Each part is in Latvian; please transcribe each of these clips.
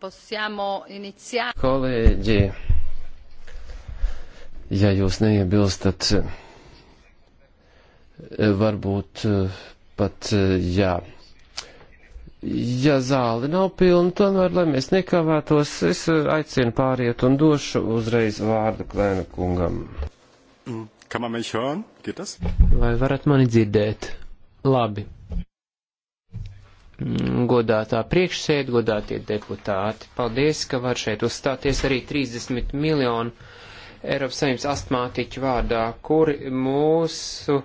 Possiamo iniziare. Kolēģi, ja jūs neiebilstat, varbūt pat, jā, ja zāli nav pilna, tomēr, lai mēs nekavētos, es aicinu pāriet un došu uzreiz vārdu Klēna kungam. Kann man mich hören? Geht das? Vai varat mani dzirdēt? Labi. Mm, godātā priekšsēd, godātie deputāti. Paldies, ka var šeit uzstāties arī 30 miljonu Eiropas Savienības astmātiķu vārdā, kuri mūsu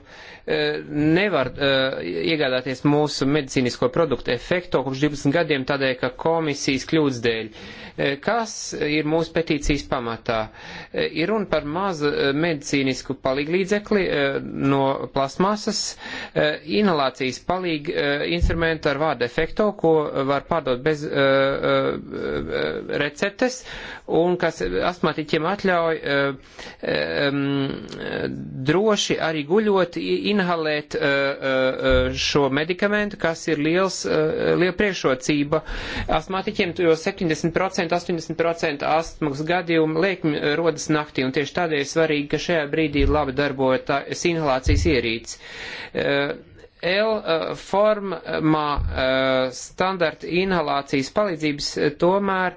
eh, nevar eh, iegādāties mūsu medicīnisko produktu efekto kopš 12 gadiem tādēļ, ka komisijas kļūdas dēļ. Eh, kas ir mūsu petīcijas pamatā? Ir runa par mazu medicīnisku palīglīdzekli no plasmasas, inhalācijas palīgi instrumentu ar vārdu efekto, ko var pārdot bez receptes un kas astmātiķiem atļauj Eh, droši arī guļot, inhalēt eh, eh, šo medikamentu, kas ir liels, liela priekšrocība astmātiķiem, jo 70%, 80% astmas gadījumu liekmi rodas naktī, un tieši tādēļ ir svarīgi, ka šajā brīdī labi darbojas inhalācijas ierīce. L eh, formā eh, standarta inhalācijas palīdzības eh, tomēr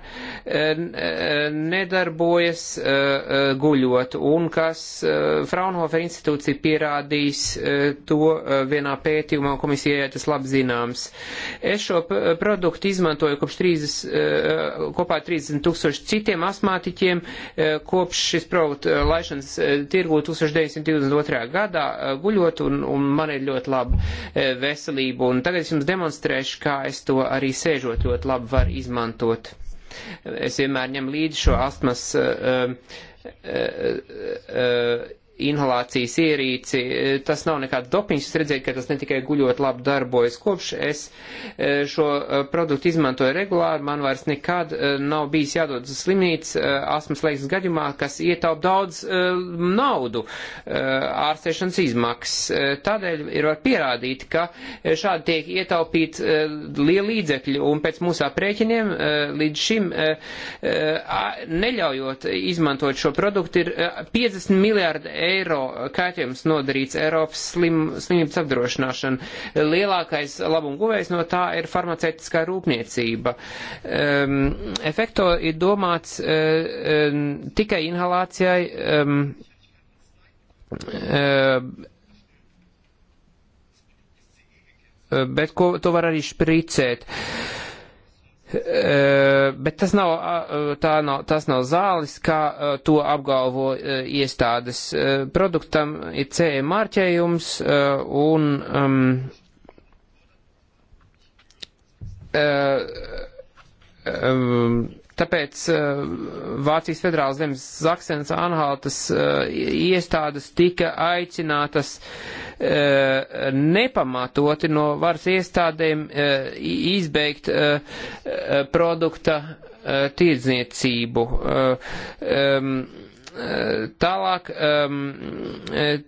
nedarbojas guļot, un kas Fraunhofer institūts ir pierādījis to vienā pētījumā, komisijai tas labi zināms. Es šo produktu izmantoju kopš 30, kopā 30 tūkstoši citiem astmātiķiem, kopš šis produktu laišanas tirgu 1922. gadā guļot, un, un man ir ļoti labi. E, veselību. Un tagad es jums demonstrēšu, kā es to arī sēžot ļoti labi varu izmantot. Es vienmēr ņemu līdzi šo astmas uh, uh, uh, inhalācijas ierīci. E, tas nav nekāds dopings, es redzēju, ka tas ne tikai guļot labi darbojas. Kopš es e, šo e, produktu izmantoju regulāri, man vairs nekad nav bijis jādod uz slimnīcu asmas leikas gadījumā, kas ietaup daudz naudu ārstēšanas izmaksas. Tādēļ ir var pierādīt, ka šādi tiek ietaupīt lieli līdzekļi un pēc mūsu aprēķiniem līdz šim neļaujot izmantot šo produktu ir 50 miljārdi eiro eiro kaitējums nodarīts Eiropas slim, slimības apdrošināšana. Lielākais labumguvējs no tā ir farmaceitiskā rūpniecība. Um, efekto ir domāts uh, um, tikai inhalācijai. Um, uh, bet ko, to var arī špricēt. Uh, bet tas nav, tā nav, tas nav zālis, kā to apgalvo iestādes. Produktam ir CE marķējums un um, um, Tāpēc uh, Vācijas federālas zemes Zaksens Anhaltas uh, iestādes tika aicinātas uh, nepamatoti no varas iestādēm uh, izbeigt uh, produkta uh, tirdzniecību. Uh, um, Tālāk um, eh,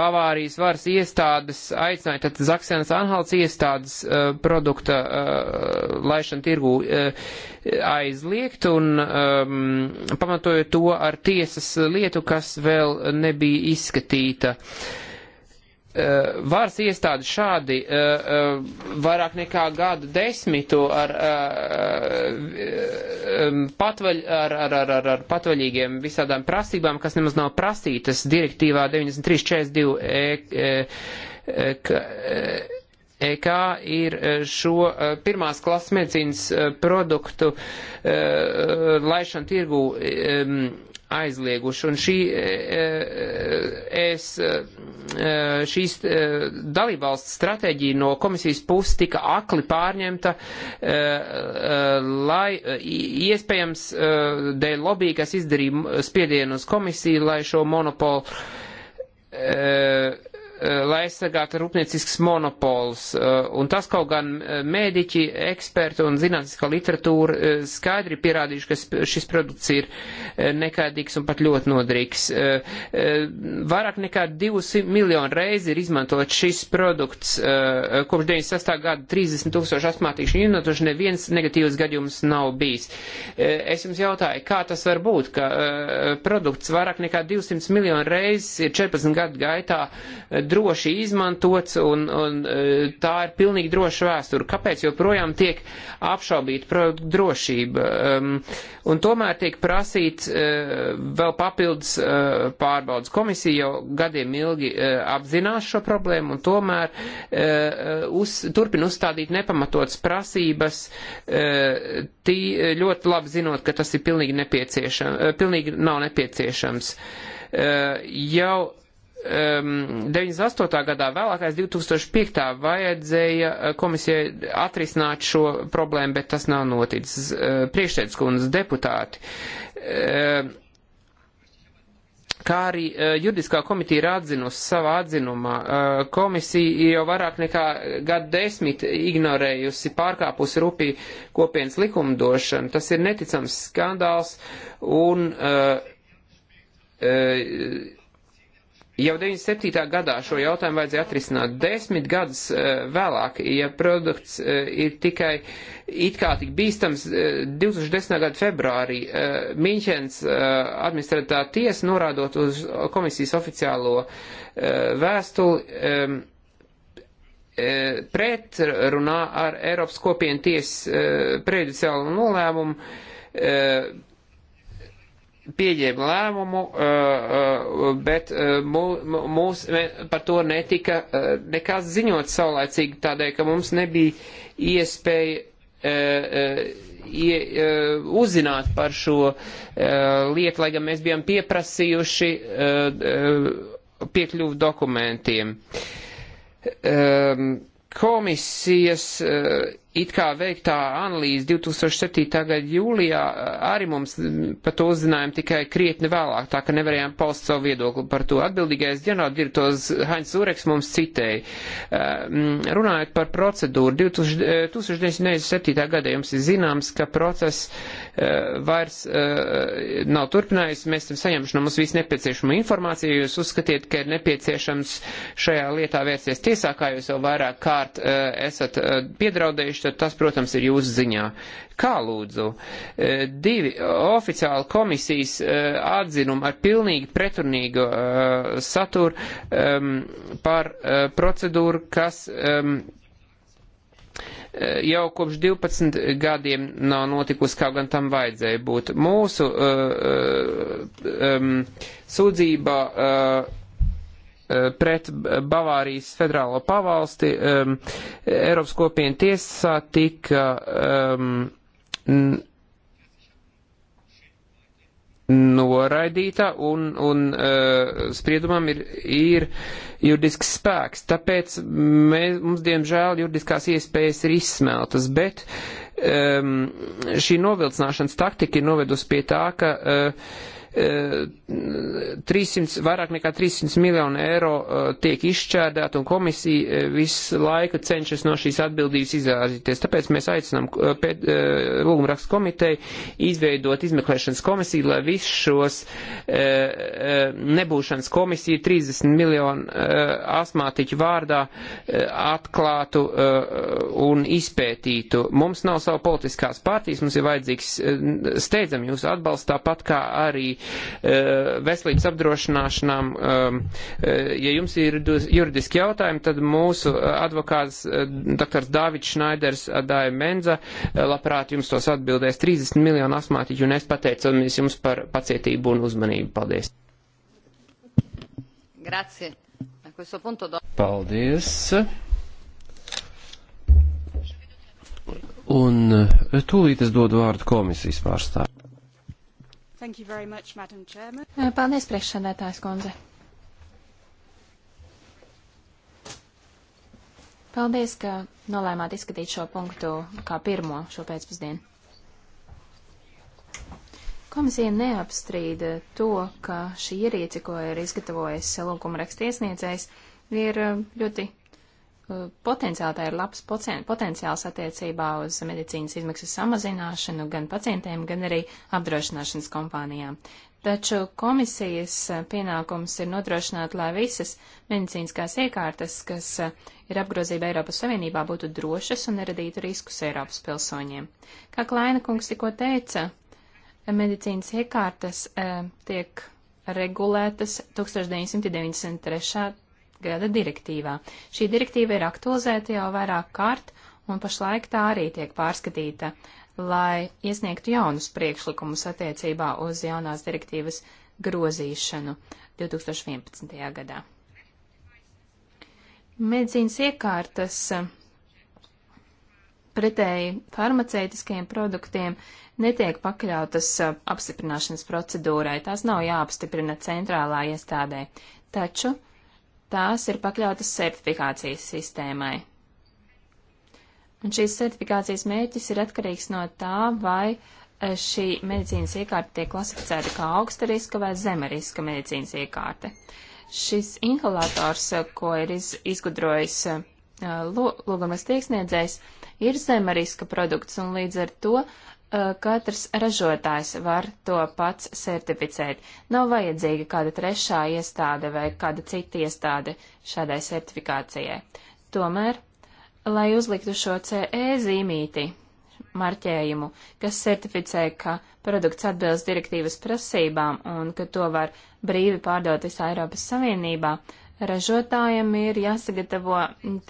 Bavārijas varas iestādes aicināja tad Zaksenas Anhalts iestādes uh, produkta uh, eh, laišanu tirgu uh, aizliegt un um, pamatojot to ar tiesas lietu, kas vēl nebija izskatīta. Uh, Eh, varas iestādes šādi eh, eh, vairāk nekā gadu desmitu ar, patvaļ, ar, ar, ar, ar, ar patvaļīgiem visādām prasībām, kas nemaz nav prasītas direktīvā 9342 EK. EK ir šo pirmās klases medicīnas produktu laišanu tirgu aizlieguši. Un šī, e, e, es, e, šīs dalībvalsts stratēģija no komisijas puses tika akli pārņemta, lai iespējams dēļ lobby, kas izdarīja spiedienu uz komisiju, lai šo monopolu Eh, lai aizsargātu rūpniecisks monopols. Eh, un tas kaut gan eh, mēdiķi, eksperti un zinātniskā literatūra skaidri pierādījuši, ka šis produkts ir nekādīgs un pat ļoti noderīgs. Vairāk nekā 200 miljonu reizi ir izmantot šis produkts. Kopš 96. gada 30 tūkstoši astmātīšu izmantošu neviens negatīvs gadījums nav bijis. Es jums jautāju, kā tas var būt, ka produkts vairāk nekā 200 miljonu reizi ir 14 gadu gaitā droši izmantots, un, un e, tā ir pilnīgi droša vēsture. Kāpēc joprojām tiek apšaubīta produktu drošība? Um, un tomēr tiek prasīts uh, vēl papildus uh, pārbaudas. Komisija jau gadiem ilgi uh, apzinās šo problēmu, un tomēr uh, uz, turpina uzstādīt nepamatotas prasības, uh, tī, ļoti labi zinot, ka tas ir pilnīgi, nepieciešam, uh, pilnīgi nav nepieciešams. Uh, jau um, 98. gadā, vēlākais 2005. vajadzēja uh, komisijai atrisināt šo problēmu, bet tas nav noticis. Uh, Priekšsēdus kundzes deputāti. Uh, kā arī uh, juridiskā komitija ir atzinusi savā atzinumā, uh, komisija jau vairāk nekā gadu desmit ignorējusi, pārkāpusi rupī kopienas likumdošanu. Tas ir neticams skandāls un uh, uh, Jau 97. gadā šo jautājumu vajadzēja atrisināt. Desmit gadus uh, vēlāk, ja produkts uh, ir tikai it kā tik bīstams, uh, eh, 2010. gada februārī uh, Miņķens uh, administratā tiesa norādot uz komisijas oficiālo uh, vēstuli. Um, pretrunā ar Eiropas kopienu tiesas prejudiciālu nolēmumu pieņēma lēmumu, uh, uh, bet uh, mūs par to netika nekas ziņot saulēcīgi tādēļ, ka mums nebija iespēja uzzināt par šo lietu, lai gan mēs bijām pieprasījuši piekļuvu dokumentiem. Um, komisijas it kā veiktā analīze 2007. gada jūlijā eh, arī mums mm, par to uzzinājām tikai krietni vēlāk, tā ka nevarējām paust savu viedokli par to. Atbildīgais ģenerāldirektors Haņs Ureks mums citēja. Eh, mm, runājot par procedūru, 2097. Eh, gada jums ir zināms, ka process vairs nav turpinājies, mēs esam saņemši no mums visu nepieciešamo informāciju, jūs uzskatiet, ka ir nepieciešams šajā lietā vērsties tiesā, kā jūs jau vairāk kārt esat piedraudējuši tad tas, protams, ir jūsu ziņā. Kā lūdzu? E, divi oficiāli komisijas e, atzinumi ar pilnīgi pretrunīgu e, saturu par procedūru, kas jau kopš 12 gadiem nav notikusi, kā gan tam vajadzēja būt. Mūsu uh, um, sūdzība uh, Eh, pret Bavārijas federālo pavalsti um, Eiropas kopienu tiesā tika um, noraidīta un, un uh, spriedumam ir, ir juridisks spēks. Tāpēc mēs, mums, diemžēl, juridiskās iespējas ir izsmeltas, bet um, šī novilcināšanas taktika ir novedusi pie tā, ka uh, 300, vairāk nekā 300 miljonu eiro e, tiek izšķērdēta un komisija e, visu laiku cenšas no šīs atbildības izrāzīties. Tāpēc mēs aicinām e, lūgumrakstu komiteju izveidot izmeklēšanas komisiju, lai visus šos nebūšanas komisiju 30 miljonu asmātiķu vārdā atklātu un izpētītu. Mums nav savu politiskās partijas, mums ir vajadzīgs steidzam jūsu atbalsts, tāpat kā arī Eh, veselības apdrošināšanām. Ehm, eh, ja jums ir juridiski jautājumi, tad mūsu eh, advokāts dr. Dāvids Šnaiders Dāja Menza labprāt jums tos atbildēs. 30 miljonu asmātiķu un es pateicamies jums par pacietību un uzmanību. Paldies! Grazie. Paldies! Un tūlīt es dodu vārdu komisijas pārstāvjiem. Much, eh, Paldies, priekšsēdētājs kundze. Paldies, ka nolēmāt izskatīt šo punktu kā pirmo šo pēcpusdienu. Komisija neapstrīda to, ka šī ierīce, ko ir izgatavojis lūguma rakstiesniedzējs, ir ļoti potenciāli tā ir labs potenciāls attiecībā uz medicīnas izmaksu samazināšanu gan pacientiem, gan arī apdrošināšanas kompānijām. Taču komisijas pienākums ir nodrošināt, lai visas medicīniskās iekārtas, kas ir apgrozība Eiropas Savienībā, būtu drošas un neradītu riskus Eiropas pilsoņiem. Kā Klaina kungs tikko teica, medicīnas iekārtas e, tiek regulētas 1993 gada direktīvā. Šī direktīva ir aktualizēta jau vairāk kārt, un pašlaik tā arī tiek pārskatīta, lai iesniegtu jaunus priekšlikumus attiecībā uz jaunās direktīvas grozīšanu 2011. gadā. Medicīnas iekārtas pretēji farmaceitiskajiem produktiem netiek pakļautas apstiprināšanas procedūrai, tās nav jāapstiprina centrālā iestādē. Taču tās ir pakļautas certifikācijas sistēmai. Un šīs certifikācijas mērķis ir atkarīgs no tā, vai e, šī medicīnas iekārta tiek klasificēta kā augsta riska vai zema riska medicīnas iekārte. Šis inhalators, e, ko ir iz, izgudrojis e, lūgumas tiesniedzējs, ir zema riska produkts, un līdz ar to Eh, katrs ražotājs var to pats certificēt. Nav vajadzīga kāda trešā iestāde vai kāda cita iestāde šādai certifikācijai. Tomēr, lai uzliktu šo CE zīmīti marķējumu, kas certificē, ka produkts atbilst direktīvas prasībām un ka to var brīvi pārdot visā Eiropas Savienībā, ražotājiem ir jāsagatavo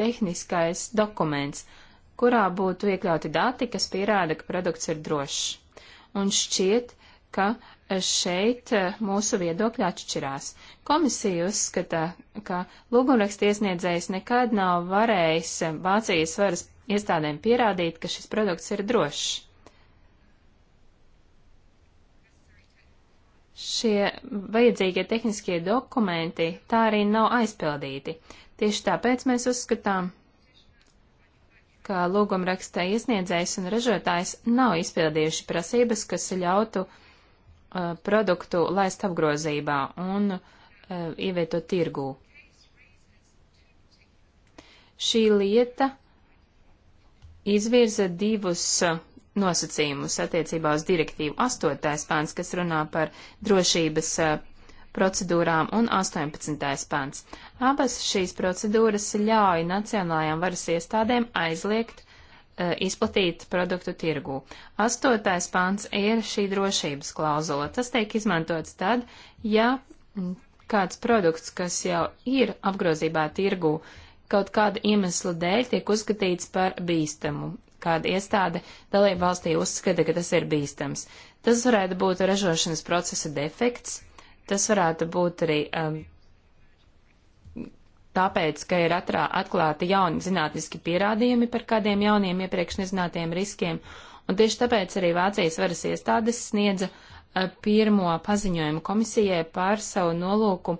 tehniskais dokuments, kurā būtu iekļauti dati, kas pierāda, ka produkts ir drošs. Un šķiet, ka šeit eh, mūsu viedokļi atšķirās. Komisija uzskata, ka lūgumraksta iesniedzējs nekad nav varējis eh, Vācijas varas iestādēm pierādīt, ka šis produkts ir drošs. Šie vajadzīgie tehniskie dokumenti tā arī nav aizpildīti. Tieši tāpēc mēs uzskatām, ka lūgumrakstā iesniedzējs un ražotājs nav izpildījuši prasības, kas ļautu uh, produktu laist apgrozībā un uh, ievietot tirgū. Šī lieta izvirza divus uh, nosacījumus attiecībā uz direktīvu 8. pāns, kas runā par drošības uh, procedūrām un 18. pants. Abas šīs procedūras ļauj nacionālajām varas iestādēm aizliegt eh, izplatīt produktu tirgū. Astotais pants ir šī drošības klauzula. Tas tiek izmantots tad, ja mm, kāds produkts, kas jau ir apgrozībā tirgū, kaut kāda iemesla dēļ tiek uzskatīts par bīstamu. Kāda iestāde dalība valstī uzskata, ka tas ir bīstams. Tas varētu būt ražošanas procesa defekts, Tas varētu būt arī um, tāpēc, ka ir atrā, atklāti jauni zinātniski pierādījumi par kādiem jauniem iepriekš nezinātiem riskiem, un tieši tāpēc arī Vācijas varas iestādes sniedza uh, pirmo paziņojumu komisijai par savu nolūku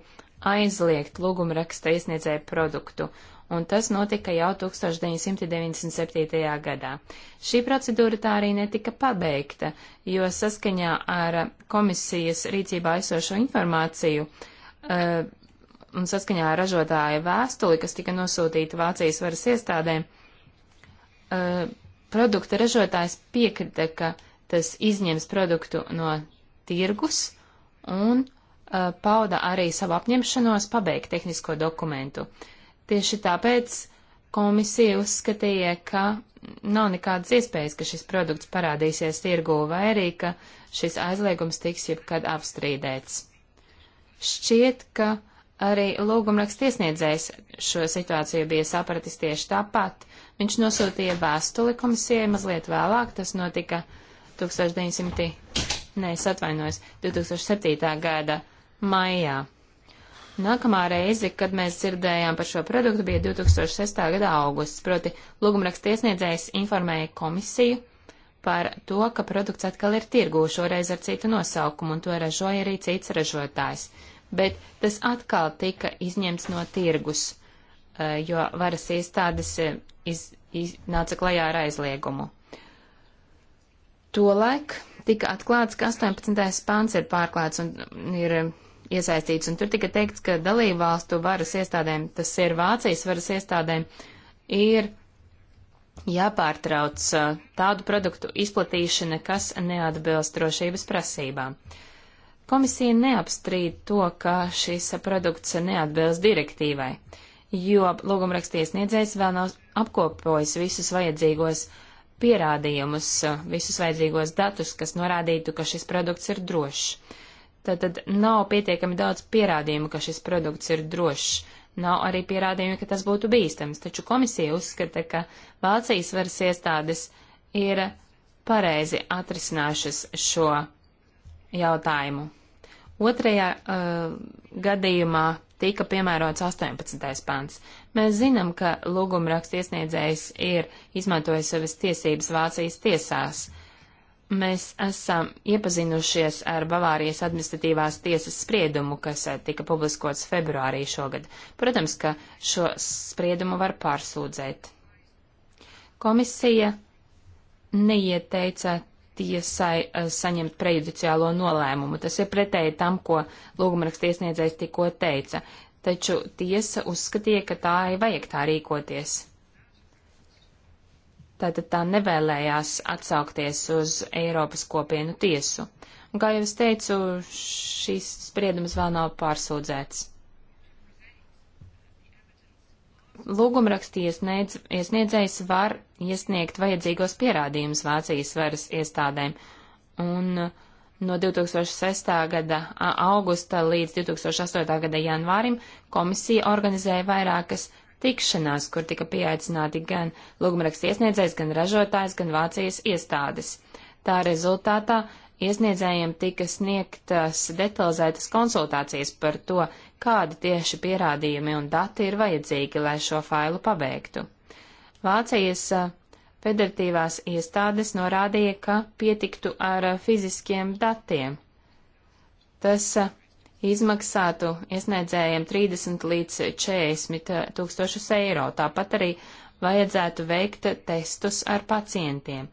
aizliegt lūguma raksta iesniedzēju produktu. Uh, un tas notika jau 1997. gadā. Šī procedūra tā arī netika pabeigta, jo saskaņā ar komisijas rīcībā esošo informāciju uh, un saskaņā ar ražotāja vēstuli, kas tika nosūtīta Vācijas varas iestādēm, uh, produkta ražotājs piekrita, ka tas izņems produktu no tirgus un uh, pauda arī savu apņemšanos pabeigt tehnisko dokumentu. Uh, Tieši tāpēc komisija uzskatīja, ka nav nekādas iespējas, ka šis produkts parādīsies tirgū vai arī, ka šis aizliegums tiks jebkad apstrīdēts. Šķiet, ka arī lūgumraksts iesniedzējs šo situāciju bija sapratis tieši tāpat. Viņš nosūtīja vēstuli komisijai mazliet vēlāk, tas notika 1900, nē, es atvainojos, 2007. gada maijā. Nākamā reize, kad mēs dzirdējām par šo produktu, bija 2006. gada augusts, proti lūgumraksta iesniedzējs informēja komisiju par to, ka produkts atkal ir tirgū, šoreiz ar citu nosaukumu, un to ražoja arī cits ražotājs. Bet tas atkal tika izņemts no tirgus, eh, jo varas iestādes eh, iz, iz, nāca klajā ar aizliegumu. Tolaik tika atklāts, ka 18. pāns ir pārklāts un ir iesaistīts, un tur tika teikts, ka dalībvalstu varas iestādēm, tas ir Vācijas varas iestādēm, ir jāpārtrauc uh, tādu produktu izplatīšana, kas neatbilst drošības prasībām. Komisija neapstrīd to, ka šis produkts neatbilst direktīvai, jo lūgumraksties niedzējs vēl nav apkopojis visus vajadzīgos pierādījumus, uh, visus vajadzīgos datus, kas norādītu, ka šis produkts ir drošs. Tātad nav pietiekami daudz pierādījumu, ka šis produkts ir drošs. Nav arī pierādījumi, ka tas būtu bīstams, taču komisija uzskata, ka Vācijas varas iestādes ir pareizi atrisinājušas šo jautājumu. Otrajā uh, gadījumā tika piemērots 18. pants. Mēs zinām, ka lūgumraksta iesniedzējs ir izmantojis savas tiesības Vācijas tiesās mēs esam iepazinušies ar Bavārijas administratīvās tiesas spriedumu, kas eh, tika publiskots februārī šogad. Protams, ka šo spriedumu var pārsūdzēt. Komisija neieteica tiesai eh, saņemt prejudiciālo nolēmumu. Tas ir pretēji tam, ko lūgumraksta iesniedzējs tikko teica. Taču tiesa uzskatīja, ka tā ir vajag tā rīkoties. Tātad tā nevēlējās atsaukties uz Eiropas kopienu tiesu. Un, kā jau es teicu, šīs spriedums vēl nav pārsūdzēts. Lūgumraksti iesniedz, iesniedzējs var iesniegt vajadzīgos pierādījumus Vācijas varas iestādēm, un no 2006. gada augusta līdz 2008. gada janvārim komisija organizēja vairākas tikšanās, kur tika pieaicināti gan lūgumraksta iesniedzējs, gan ražotājs, gan Vācijas iestādes. Tā rezultātā iesniedzējiem tika sniegtas detalizētas konsultācijas par to, kādi tieši pierādījumi un dati ir vajadzīgi, lai šo failu pabeigtu. Vācijas federatīvās iestādes norādīja, ka pietiktu ar fiziskiem datiem. Tas izmaksātu iesniedzējiem 30 līdz 40 eh, tūkstošus eiro. Tāpat arī vajadzētu veikt testus ar pacientiem.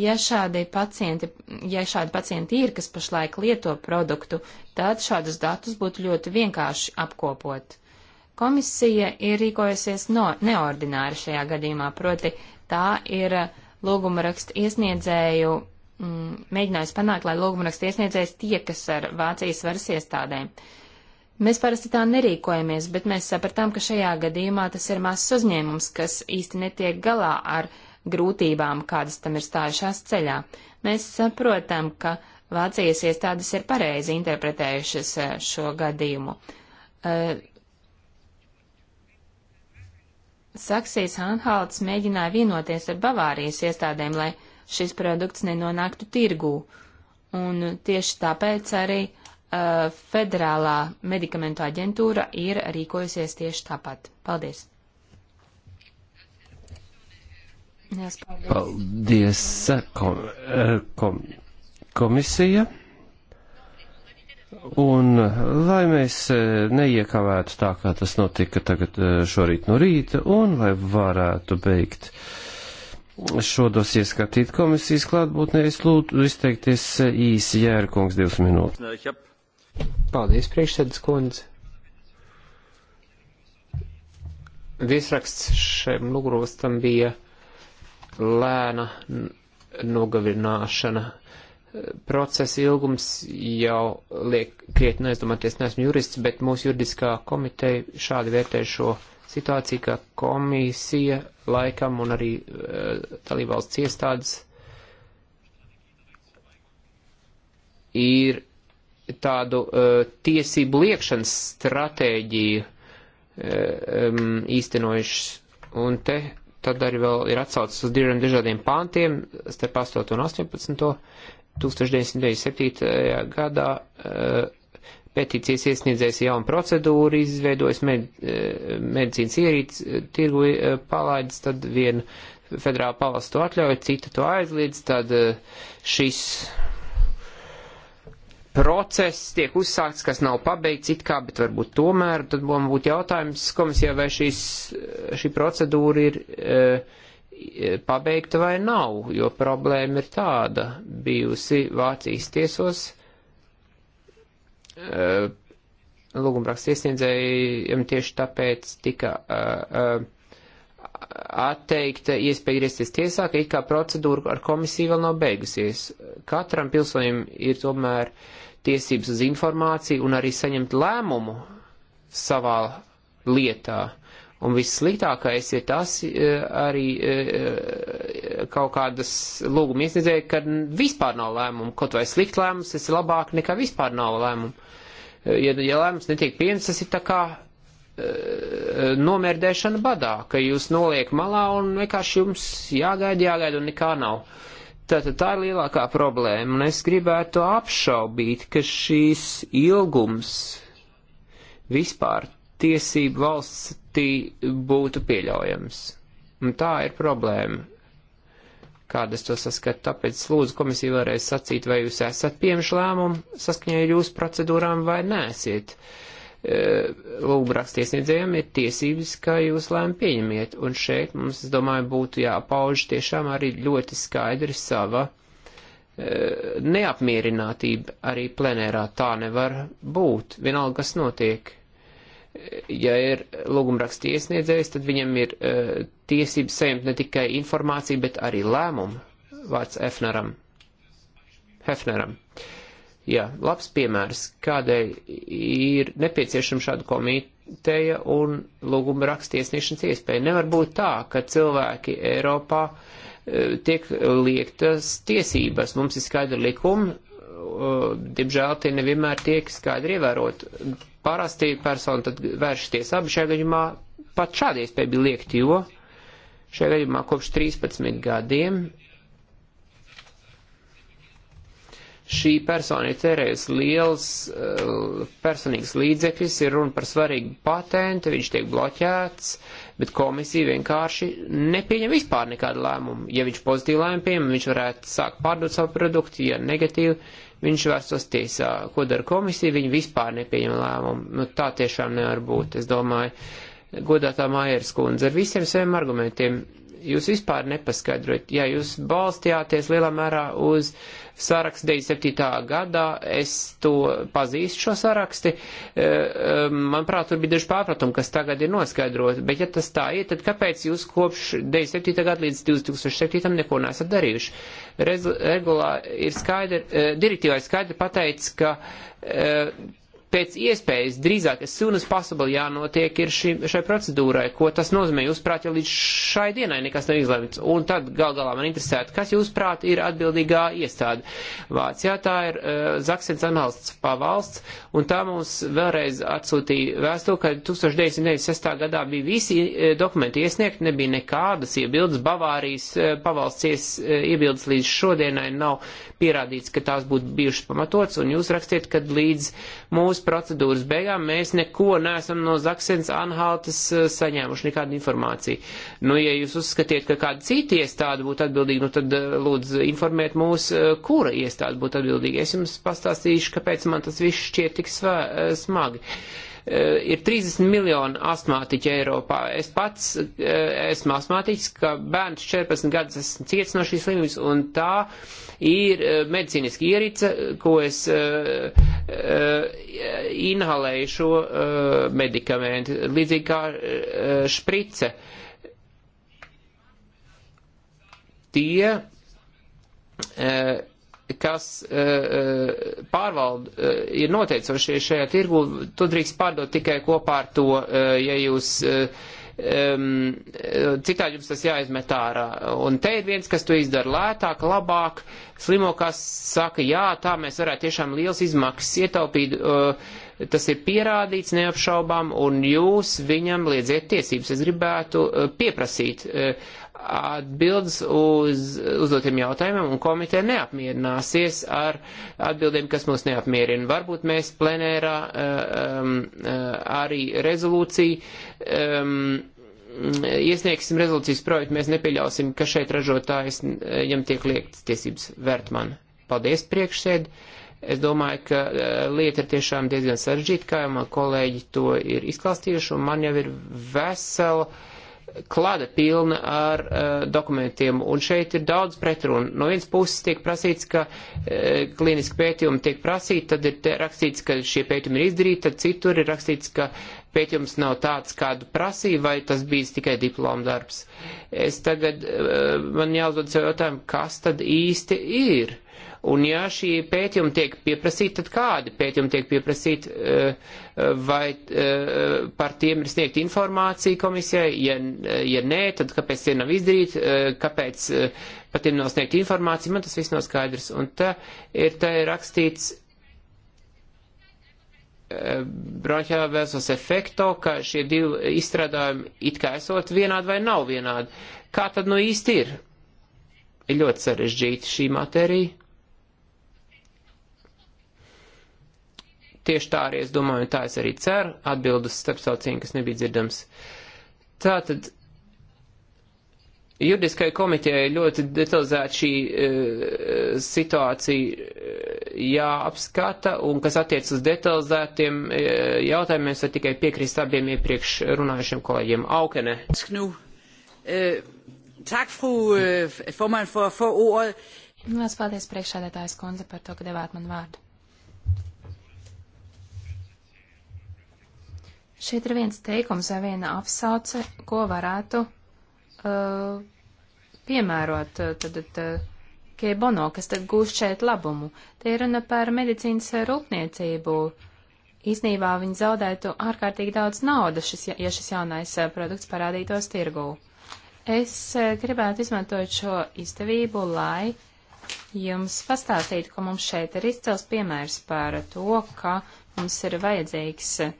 Ja šādi pacienti, ja šādi pacienti ir, kas pašlaik lieto produktu, tad šādus datus būtu ļoti vienkārši apkopot. Komisija ir rīkojusies no, neordināri šajā gadījumā, proti tā ir lūguma raksta iesniedzēju mm, mēģinājusi panākt, lai lūgumraksta iesniedzējs tiekas ar Vācijas varas iestādēm. Mēs parasti tā nerīkojamies, bet mēs sapratām, ka šajā gadījumā tas ir mazs uzņēmums, kas īsti netiek galā ar grūtībām, kādas tam ir stājušās ceļā. Mēs saprotam, ka Vācijas iestādes ir pareizi interpretējušas eh, šo gadījumu. Eh, Saksijas Anhalts mēģināja vienoties ar Bavārijas iestādēm, lai šis produkts nenonāktu tirgū. Un tieši tāpēc arī uh, Federālā medikamentu aģentūra ir rīkojusies tieši tāpat. Paldies! Jās, paldies, paldies kom, eh, kom, komisija! Un, lai mēs eh, neiekavētu tā, kā tas notika tagad eh, šorīt no rīta, un lai varētu beigt uh, šodos ieskatīt komisijas klātbūtnē. Es lūdzu izteikties eh, īsi jērkungs divas minūtes. Paldies, priekšsēdus kundze. Viesraksts šiem lūgrostam bija lēna nogalināšana. Procesa ilgums jau liek krietni aizdomāties, neesmu jurists, bet mūsu juridiskā komiteja šādi vērtē šo situācija, ka komisija laikam un arī uh, dalībvalsts iestādes ir tādu uh, tiesību liekšanas stratēģiju uh, um, īstenojušas. Un te tad arī vēl ir atsaucis uz diviem dažādiem pāntiem, starp 8 un 18. 1997. gadā. Uh, petīcijas iesniedzējs jaunu procedūru, izveidojas med, e, medicīnas ierīts, e, tirgu e, palaidis, tad viena federāla palas to atļauj, cita to aizliedz, tad šis process tiek uzsākts, kas nav pabeigts it kā, bet varbūt tomēr, tad man būtu jautājums komisijā, vai šīs, šī procedūra ir e, pabeigta vai nav, jo problēma ir tāda bijusi Vācijas tiesos Uh, lūgumrakstu iesniedzējiem tieši tāpēc tika uh, uh, atteikta iespēja griezties tiesā, ka it kā procedūra ar komisiju vēl nav beigusies. Katram pilsonim ir tomēr tiesības uz informāciju un arī saņemt lēmumu savā lietā. Un vissliktākais ir tas e, arī e, e, kaut kādas lūguma iesniedzēja, kad vispār nav lēmumu, kaut vai slikt lēmums, tas ir labāk nekā vispār nav lēmumu. Ja, ja lēmums netiek pieņemts, tas ir tā kā nomērdēšana badā, ka jūs noliek malā un vienkārši jums jāgaida, jāgaida un nekā nav. Tātad tā ir lielākā problēma, un es gribētu apšaubīt, ka šīs ilgums vispār tiesību valstī būtu pieļaujams. Un tā ir problēma, kādas to saskatu. Tāpēc lūdzu komisiju vēlreiz sacīt, vai jūs esat pieņemši lēmumu saskaņā ar jūsu procedūrām vai nēsiet. E, Lūgbrākstiesniedzējiem ir tiesības, ka jūs lēmumu pieņemiet. Un šeit mums, es domāju, būtu jāpauž tiešām arī ļoti skaidri sava e, neapmierinātība arī plenērā tā nevar būt, vienalga, kas notiek ja ir lūgumraksti iesniedzējs, tad viņam ir uh, tiesības saņemt ne tikai informāciju, bet arī lēmumu. Vārds Hefneram. Hefneram. Jā, labs piemērs, kādēļ ir nepieciešama šāda komiteja un lūgumraksti iesniegšanas iespēja. Nevar būt tā, ka cilvēki Eiropā uh, tiek liektas tiesības. Mums ir skaidri likumi, Uh, diemžēl, tie nevienmēr tiek skaidri ievērot. Parasti persona tad vēršaties abi šajā gadījumā, pat šādi iespēja bija liekt, jo šajā gadījumā kopš 13 gadiem šī persona ir cerējusi liels uh, personīgs līdzekļus, ir runa par svarīgu patentu, viņš tiek bloķēts, bet komisija vienkārši nepieņem vispār nekādu lēmumu. Ja viņš pozitīvu lēmumu pieņem, viņš varētu sākt pārdot savu produktu, ja negatīvu, viņš vērstos tiesā. Ko dara komisija? Viņa vispār nepieņem lēmumu. Nu, tā tiešām nevar būt, es domāju. Godātā Mājers kundze, ar visiem saviem argumentiem jūs vispār nepaskaidrojat. Ja jūs balstījāties lielā mērā uz uh, saraksts 97. gadā, es to pazīstu šo saraksti, e, e, manuprāt, tur bija daži pārpratumi, kas tagad ir noskaidroti, bet ja tas tā ir, tad kāpēc jūs kopš 97. gada līdz 2007. neko nesat darījuši? Regulā ir skaidri, e, direktīvā ir skaidri pateicis, ka pēc iespējas drīzāk, as soon as possible jānotiek ir šī, šai procedūrai, ko tas nozīmē, jūsuprāt, ja līdz šai dienai nekas nav izlemts. Un tad gal galā man interesētu, kas jūsuprāt ir atbildīgā iestāde. Vācijā tā ir uh, eh, Zaksens analsts pavalsts, un tā mums vēlreiz atsūtīja vēstuli, ka 1996. gadā bija visi uh, dokumenti iesniegti, nebija nekādas iebildes, Bavārijas uh, eh, pavalsties uh, iebildes līdz šodienai nav pierādīts, ka tās būtu bijušas pamatots, un jūs rakstiet, ka līdz mūsu mūsu procedūras beigām mēs neko neesam no Zaksens Anhaltas eh, saņēmuši nekādu informāciju. Nu, ja jūs uzskatiet, ka kāda cita iestāde būtu atbildīga, nu tad eh, lūdzu informēt mūs, eh, kura iestāde būtu atbildīga. Es jums pastāstīšu, kāpēc man tas viss šķiet tik smagi. Uh, Eh, ir 30 miljoni astmātiķi Eiropā. Es pats eh, esmu astmātiķis, ka bērns 14 gadus esmu ciets no šīs slimības, un tā ir eh, medicīniski ierica, ko es inhalēju šo medikamentu, līdzīgi kā šprice. Tie kas uh, e, e, pārvalda, uh, e, ir noteicošie šajā tirgu, to drīkst pārdot tikai kopā ar to, uh, ja jūs. Uh, Um, citādi jums tas jāizmet ārā. Un te ir viens, kas to izdara lētāk, labāk. Slimokās saka, jā, tā mēs varētu tiešām liels izmaksas ietaupīt. Uh, tas ir pierādīts neapšaubām, un jūs viņam liedziet tiesības. Es gribētu pieprasīt atbildes uz uzdotiem jautājumiem, un komiteja neapmierināsies ar atbildēm, kas mūs neapmierina. Varbūt mēs plenērā eh, um, eh, arī rezolūciju. Um, Iesniegsim rezolūcijas projektu, mēs nepieļausim, ka šeit ražotājs viņam eh, tiek liektas tiesības vērt man. Paldies priekšsēd. Es domāju, ka lieta ir tiešām diezgan sarežģīta, kā jau man kolēģi to ir izklāstījuši, un man jau ir vesela uh, klāda pilna ar uh, dokumentiem, un šeit ir daudz pretrunu. No vienas puses tiek prasīts, ka uh, eh, kliniski pētījumi tiek prasīti, tad ir rakstīts, ka šie pētījumi ir izdarīti, tad citur ir rakstīts, ka pētījums nav tāds, kādu prasīja, vai tas bijis tikai diploma darbs. Es tagad, uh, man jāuzdod sev jautājumu, kas tad īsti ir? Uh, Un ja šī pētījuma tiek pieprasīta, tad kādi pētījumi tiek pieprasīti, eh, eh, vai eh, par tiem ir sniegt informācija komisijai, ja, ja nē, tad kāpēc tie nav izdarīti, kāpēc par tiem nav sniegt informācija, man tas viss nav skaidrs. Un te ir, te ir rakstīts bronhēla versus efekto, ka šie divi izstrādājumi it kā esot vienādi vai nav vienādi. Kā tad nu īsti ir? Ir ļoti sarežģīta šī matērija tieši tā arī es domāju, un tā es arī ceru, atbildus starpsaucienu, kas nebija dzirdams. Tātad juridiskai komitejai ļoti detalizēti šī e, situācija e, jāapskata, un kas attiec uz detalizētiem e, jautājumiem, es varu tikai piekrist abiem iepriekš runājušiem kolēģiem. Aukene. Nu, e, tak, fru e, formann, for, for ordet. Lielas paldies priekšsēdētājas kundze par to, ka devāt man vārdu. Šeit ir viens teikums vai viena apsauce, ko varētu uh, piemērot uh, tad, tad uh, Kebono, kas tad gūst šeit labumu. Te ir runa par medicīnas rūpniecību. Īsnībā viņi zaudētu ārkārtīgi daudz naudas, šis, ja šis jaunais uh, produkts parādītos tirgū. Es gribētu izmantot šo izdevību, lai jums pastāstītu, ka mums šeit ir izcels piemērs par to, ka mums ir vajadzīgs uh,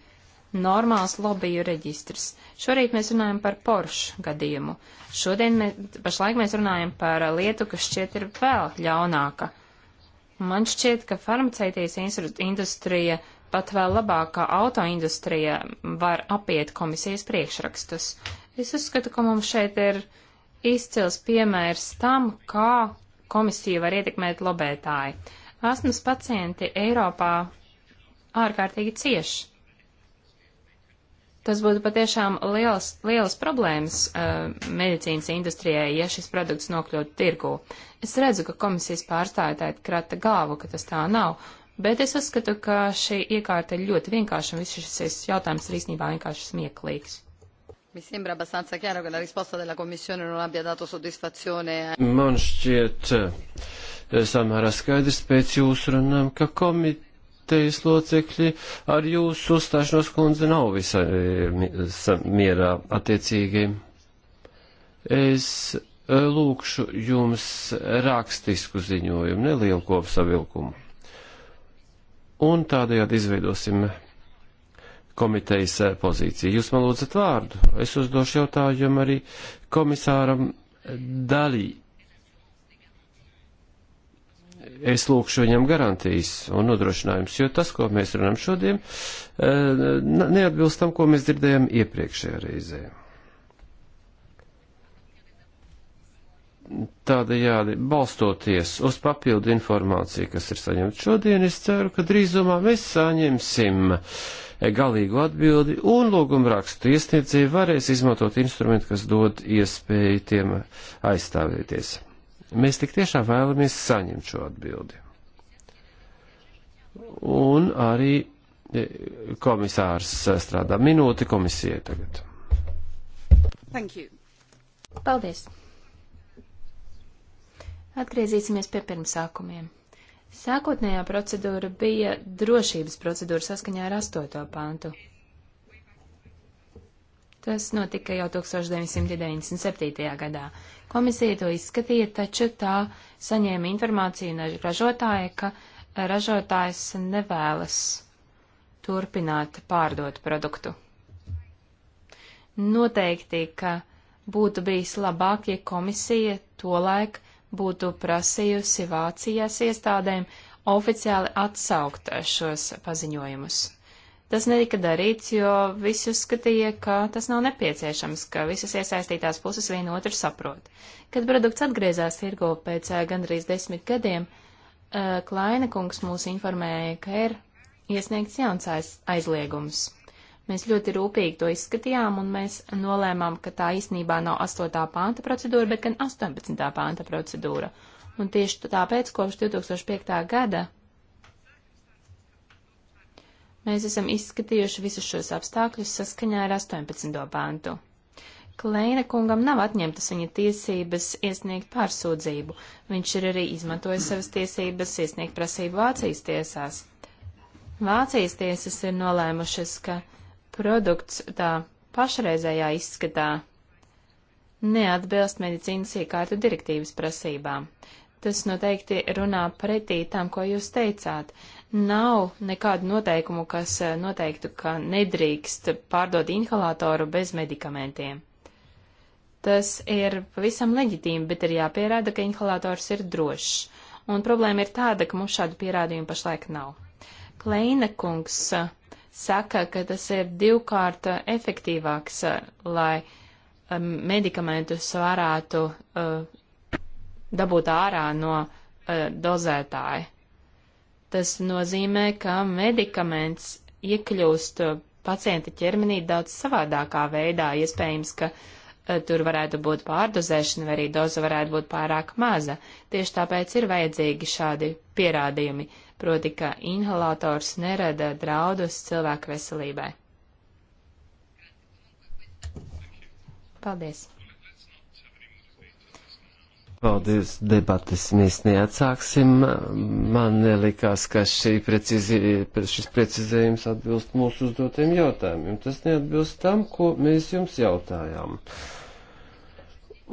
normāls lobiju reģistrs. Šorīt mēs runājam par Porsche gadījumu. Šodien mēs, pašlaik mēs runājam par lietu, kas šķiet ir vēl ļaunāka. Man šķiet, ka farmaceitijas industrija pat vēl labākā autoindustrija var apiet komisijas priekšrakstus. Es uzskatu, ka mums šeit ir izcils piemērs tam, kā komisija var ietekmēt lobētāji. Asmas pacienti Eiropā ārkārtīgi cieši. Tas būtu patiešām liels, lielas problēmas uh, medicīnas industrijai, ja šis produkts nokļūtu tirgū. Es redzu, ka komisijas pārstāvētāji krata galvu, ka tas tā nav, bet es uzskatu, ka šī iekārta ir ļoti vienkārša un viss šis jautājums ir īstenībā vienkārši smieklīgs. Mi sembra abbastanza chiaro che la risposta della Commissione non abbia dato soddisfazione. Man šķiet eh, samērā skaidrs pēc jūsu runām, ka komit komitejas locekļi ar jūsu uzstāšanos kundze nav visai mierā attiecīgi. Es e, lūkšu jums rakstisku ziņojumu, nelielu kopsavilkumu. Un tādējādi izveidosim komitejas e, pozīciju. Jūs man lūdzat vārdu. Es uzdošu jautājumu arī komisāram Dalī es lūkšu viņam garantijas un nodrošinājumus, jo tas, ko mēs runājam šodien, eh, neatbilst tam, ko mēs dzirdējām iepriekšējā reizē. Tādējādi, balstoties uz papildu informāciju, kas ir saņemta šodien, es ceru, ka drīzumā mēs saņemsim eh, galīgu atbildi un lūgumrakstu iesniedzēji varēs izmantot instrumentu, kas dod iespēju tiem aizstāvēties. Mēs tik tiešām vēlamies saņemt šo atbildi. Un arī e, komisārs strādā minūti komisijai tagad. Thank you. Paldies. Atgriezīsimies pie pirmsākumiem. Sākotnējā procedūra bija drošības procedūra saskaņā ar 8. pantu. Tas notika jau 1997. gadā. Komisija to izskatīja, taču tā saņēma informāciju no ražotāja, ka ražotājs nevēlas turpināt pārdot produktu. Noteikti, ka būtu bijis labāk, ja komisija tolaik būtu prasījusi Vācijas iestādēm oficiāli atsaukt šos paziņojumus. Tas netika darīts, jo visi uzskatīja, ka tas nav nepieciešams, ka visas iesaistītās puses vienu otru saprot. Kad produkts atgriezās tirgo pēc eh, gandrīz desmit gadiem, eh, Klaina kungs mūs informēja, ka ir iesniegts jauns aiz, aizliegums. Mēs ļoti rūpīgi to izskatījām, un mēs nolēmām, ka tā īstenībā nav 8. panta procedūra, bet gan 18. panta procedūra. Un tieši tāpēc kopš 2005. gada Mēs esam izskatījuši visus šos apstākļus saskaņā ar 18. pāntu. Kleina kungam nav atņemtas viņa tiesības iesniegt pārsūdzību. Viņš ir arī izmantojis savas tiesības iesniegt prasību Vācijas tiesās. Vācijas tiesas ir nolēmušas, ka produkts tā pašreizējā izskatā neatbilst medicīnas iekārtu direktīvas prasībām. Tas noteikti runā pretī tam, ko jūs teicāt. Nav nekādu noteikumu, kas eh, noteiktu, ka nedrīkst pārdot inhalatoru bez medikamentiem. Tas ir pavisam leģitīmi, bet ir jāpierāda, ka inhalators ir drošs. Un problēma ir tāda, ka mums šādu pierādījumu pašlaik nav. Kleina kungs eh, saka, ka tas ir divkārt eh, efektīvāks, lai medikamentus varētu uh, dabūt ārā no uh, dozētāja. Tas nozīmē, ka medikaments iekļūst eh, pacienta ķermenī daudz savādākā veidā. Iespējams, ka uh, tur varētu būt pārdozēšana vai arī doza varētu būt pārāk maza. Tieši tāpēc ir vajadzīgi šādi pierādījumi, proti, ka inhalators nerada draudus cilvēku veselībai. Paldies! Paldies, debatas mēs neatsāksim. Man nelikās, ka precizi, šis precizējums atbilst mūsu uzdotiem jautājumiem. Tas neatbilst tam, ko mēs jums jautājām.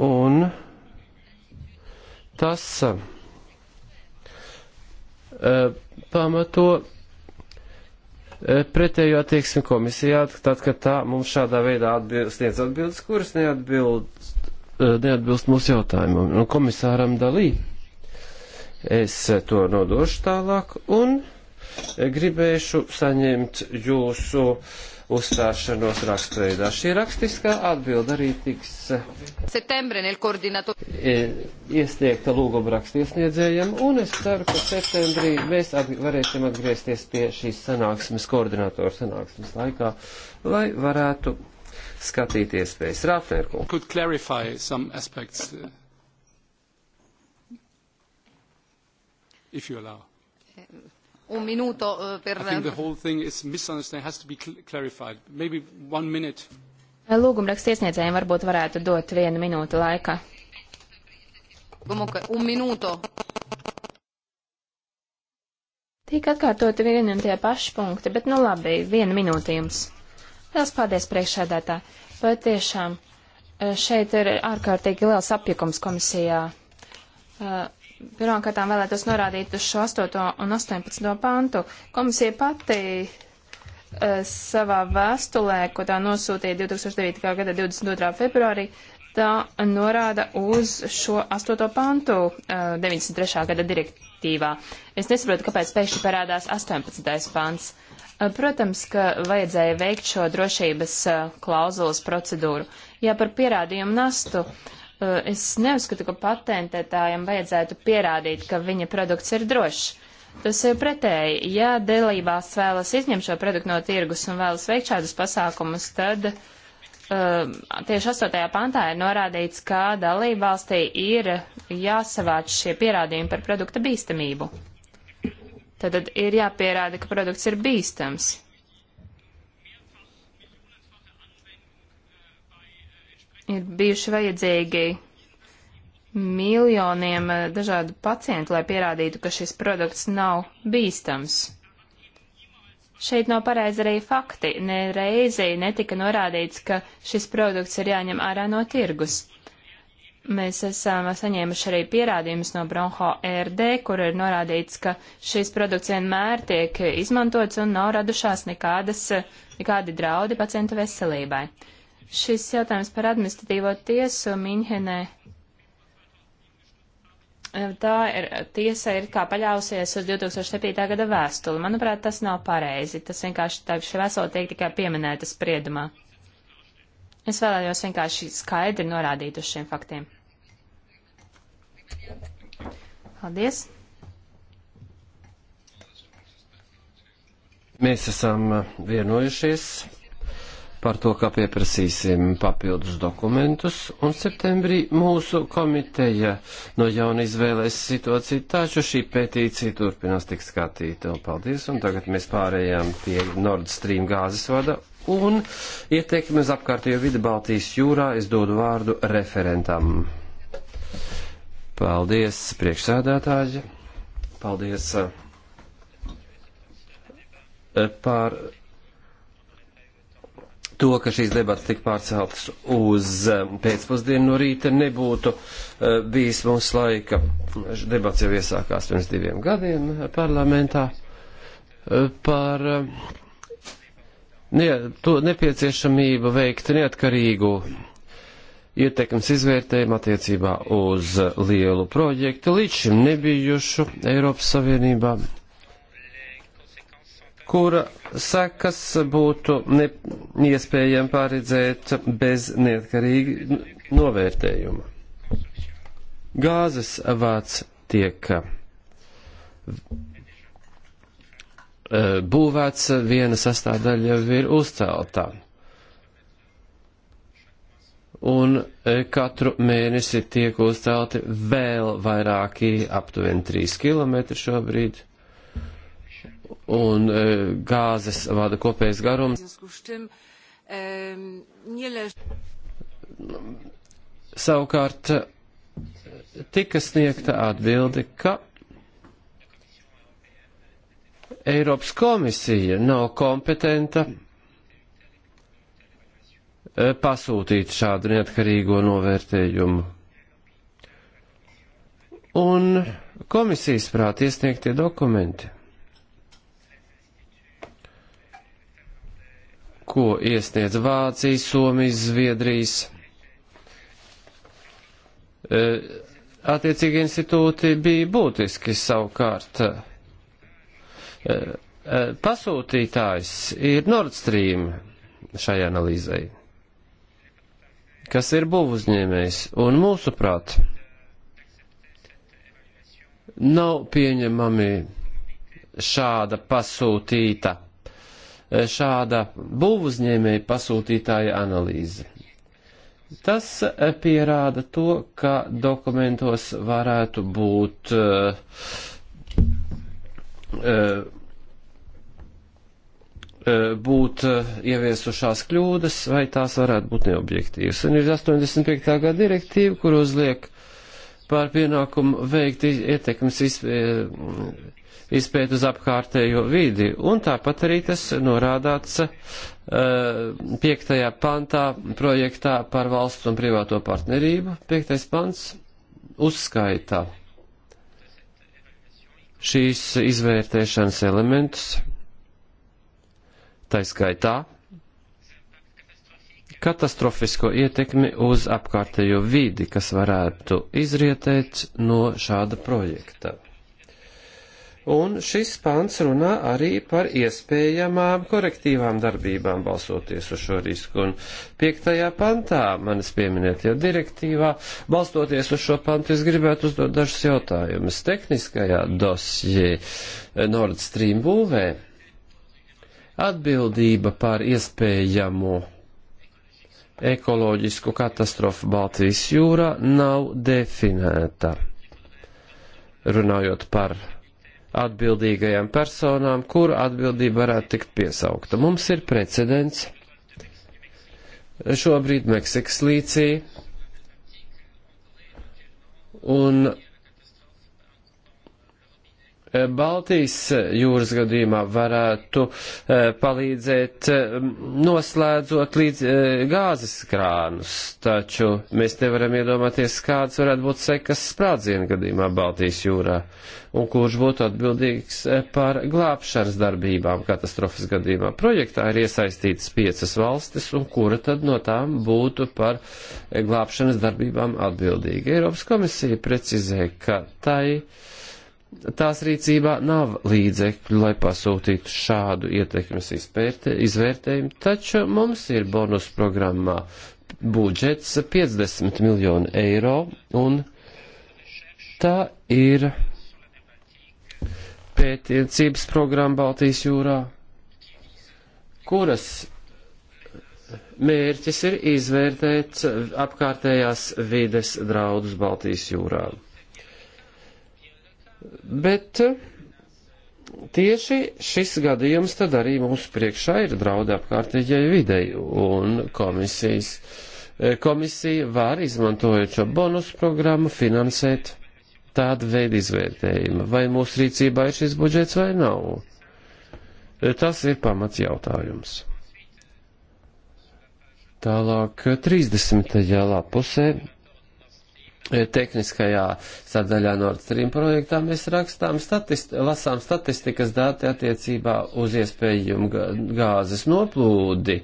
Un tas uh, pamato uh, pretējo attieksmi komisijā, tad, kad tā mums šādā veidā atbild, sniedz atbildes, kuras neatbild Eh, neatbilst mūsu jautājumam. Un komisāram Dalī es to nodošu tālāk un gribēšu saņemt jūsu uzstāšanos rakstveidā. Šī rakstiskā atbilda arī tiks eh, eh, iesniegta lūguma rakstiesniedzējiem, un es ceru, ka septembrī mēs atg varēsim atgriezties pie šīs sanāksmes, koordinātoru sanāksmes laikā, lai varētu skatīt iespējas. Rāfērku. Uh, if you allow. Eh, un minūto uh, eh, per. I think the eh, whole thing is misunderstanding, has to be cl clarified. Maybe one minute. Lūgumraksta iesniedzējiem varbūt varētu dot vienu minūti laika. Un minūto. Tika atkārtoti vieni un tie paši punkti, bet nu labi, viena minūte jums. Lielas paldies priekšēdētā. Patiešām eh, šeit ir ārkārtīgi liels apjukums komisijā. Eh, Pirmkārt, vēlētos norādīt uz šo 8. un 18. pantu. Komisija pati eh, savā vēstulē, ko tā nosūtīja 2009. gada 22. februārī, tā norāda uz šo 8. pantu 93. gada direktīvā. Es nesaprotu, kāpēc pēkšņi parādās 18. pants. Eh, protams, ka vajadzēja veikt šo drošības eh, klauzulas procedūru. Ja par pierādījumu nastu, eh, es neuzskatu, ka patentētājiem vajadzētu pierādīt, ka viņa produkts ir drošs. Tas ir pretēji. Ja dalībās vēlas izņemt šo produktu no tirgus un vēlas veikt šādus pasākumus, tad tieši 8. pantā ir norādīts, ka dalībvalstī ir jāsavāc šie pierādījumi par produkta bīstamību. Tātad ir jāpierāda, ka produkts ir bīstams. Ir bijuši vajadzīgi miljoniem eh, dažādu pacientu, lai pierādītu, ka šis produkts nav bīstams. Šeit nav pareizi arī fakti. Nereizi netika norādīts, ka šis produkts ir jāņem ārā no tirgus. Mēs esam saņēmuši arī pierādījumus no Bronho RD, kur ir norādīts, ka šis produkts vienmēr tiek izmantots un nav radušās nekādas, nekādi draudi pacientu veselībai. Šis jautājums par administratīvo tiesu Miņhenē. Tā ir, tiesa ir kā paļausies uz 2007. gada vēstuli. Manuprāt, tas nav pareizi. Tas vienkārši tā šī vēstule tiek tikai pieminēta spriedumā. Es vēlējos vienkārši skaidri norādīt uz šiem faktiem. Paldies! Mēs esam vienojušies par to, ka pieprasīsim papildus dokumentus, un septembrī mūsu komiteja no jauna izvēlēs situāciju, taču šī pētīcija turpinās tik skatīta. Un paldies, un tagad mēs pārējām pie Nord Stream gāzes vada, un ieteikumi uz apkārtējo vidi Baltijas jūrā es dodu vārdu referentam. Paldies, priekšsēdētāji. Paldies eh, eh, par to, ka šīs debatas tika pārceltas uz eh, pēcpusdienu no rīta, nebūtu bijis mums laika. Debats jau iesākās pirms diviem gadiem parlamentā par ne, to nepieciešamību veikt neatkarīgu ietekmes izvērtējumu attiecībā uz lielu projektu līdz šim nebijušu Eiropas Savienībā, kura sekas būtu ne, iespējami pārredzēt bez neatkarīgi novērtējuma. Gāzes vāds tiek eh, būvēts, viena sastāvdaļa jau ir uzceltā un e, katru mēnesi tiek uzcelti vēl vairāki, aptuveni 3 km šobrīd, un e, gāzes vada kopējs garums. Savukārt e, tika sniegta atbildi, ka Eiropas komisija nav kompetenta Eh, pasūtīt šādu neatkarīgo novērtējumu. Un komisijas prāt iesniegtie dokumenti, ko iesniedz Vācijas, Somijas, Zviedrijas, eh, attiecīgi institūti bija būtiski savukārt. Eh, pasūtītājs ir Nord Stream šai analīzei kas ir būvuzņēmējs, un mūsuprāt, nav pieņemami šāda pasūtīta, šāda būvuzņēmēja pasūtītāja analīze. Tas eh, pierāda to, ka dokumentos varētu būt uh, uh, E, būt e, ieviesušās kļūdas, vai tās varētu būt neobjektīvas. Un ir 85. gada direktīva, kur uzliek pār pienākumu veikt ietekmes e, izpēt uz apkārtējo vidi. Un tāpat arī tas norādāts uh, piektajā pantā projektā par valsts un privāto partnerību. Piektais pants uzskaitā šīs izvērtēšanas elementus tā skaitā katastrofisko ietekmi uz apkārtējo vidi, kas varētu izrietēt no šāda projekta. Un šis pants runā arī par iespējamām korektīvām darbībām balstoties uz šo risku. Un piektajā pantā, manis pieminētajā direktīvā, balstoties uz šo pantu, es gribētu uzdot dažus jautājumus. Tehniskajā dosjē Nord Stream būvē Atbildība par iespējamo ekoloģisku katastrofu Baltijas jūrā nav definēta. Runājot par atbildīgajām personām, kur atbildība varētu tikt piesaukta. Mums ir precedents. Šobrīd Meksikas līcī. Un Eh, Baltijas eh, jūras gadījumā varētu eh, palīdzēt noslēdzot līdz gāzes krānus, taču mēs nevaram iedomāties, kādas varētu būt sekas sprādzienu gadījumā Baltijas jūrā un kurš būtu atbildīgs par glābšanas darbībām katastrofas gadījumā. Projektā ir iesaistītas piecas valstis, un kura tad no tām būtu par glābšanas darbībām atbildīga. Eiropas komisija precizē, ka tai tās rīcībā nav līdzekļu, lai pasūtītu šādu ietekmes izpērte, izvērtējumu, taču mums ir bonus programmā budžets 50 miljonu eiro, un tā ir pētniecības programma Baltijas jūrā, kuras mērķis ir izvērtēt apkārtējās vides draudus Baltijas jūrām. Bet eh, tieši šis gadījums tad arī mums priekšā ir draudi apkārtējai videi un komisijas. Eh, komisija var izmantojot šo bonus programmu finansēt tādu veidu izvērtējumu, vai mūsu rīcībā ir šis budžets vai nav. Eh, tas ir pamats jautājums. Tālāk 30. lapusē E, tehniskajā sadaļā Nord Stream projektā mēs rakstām statist, lasām statistikas dati attiecībā uz iespējumu gāzes noplūdi.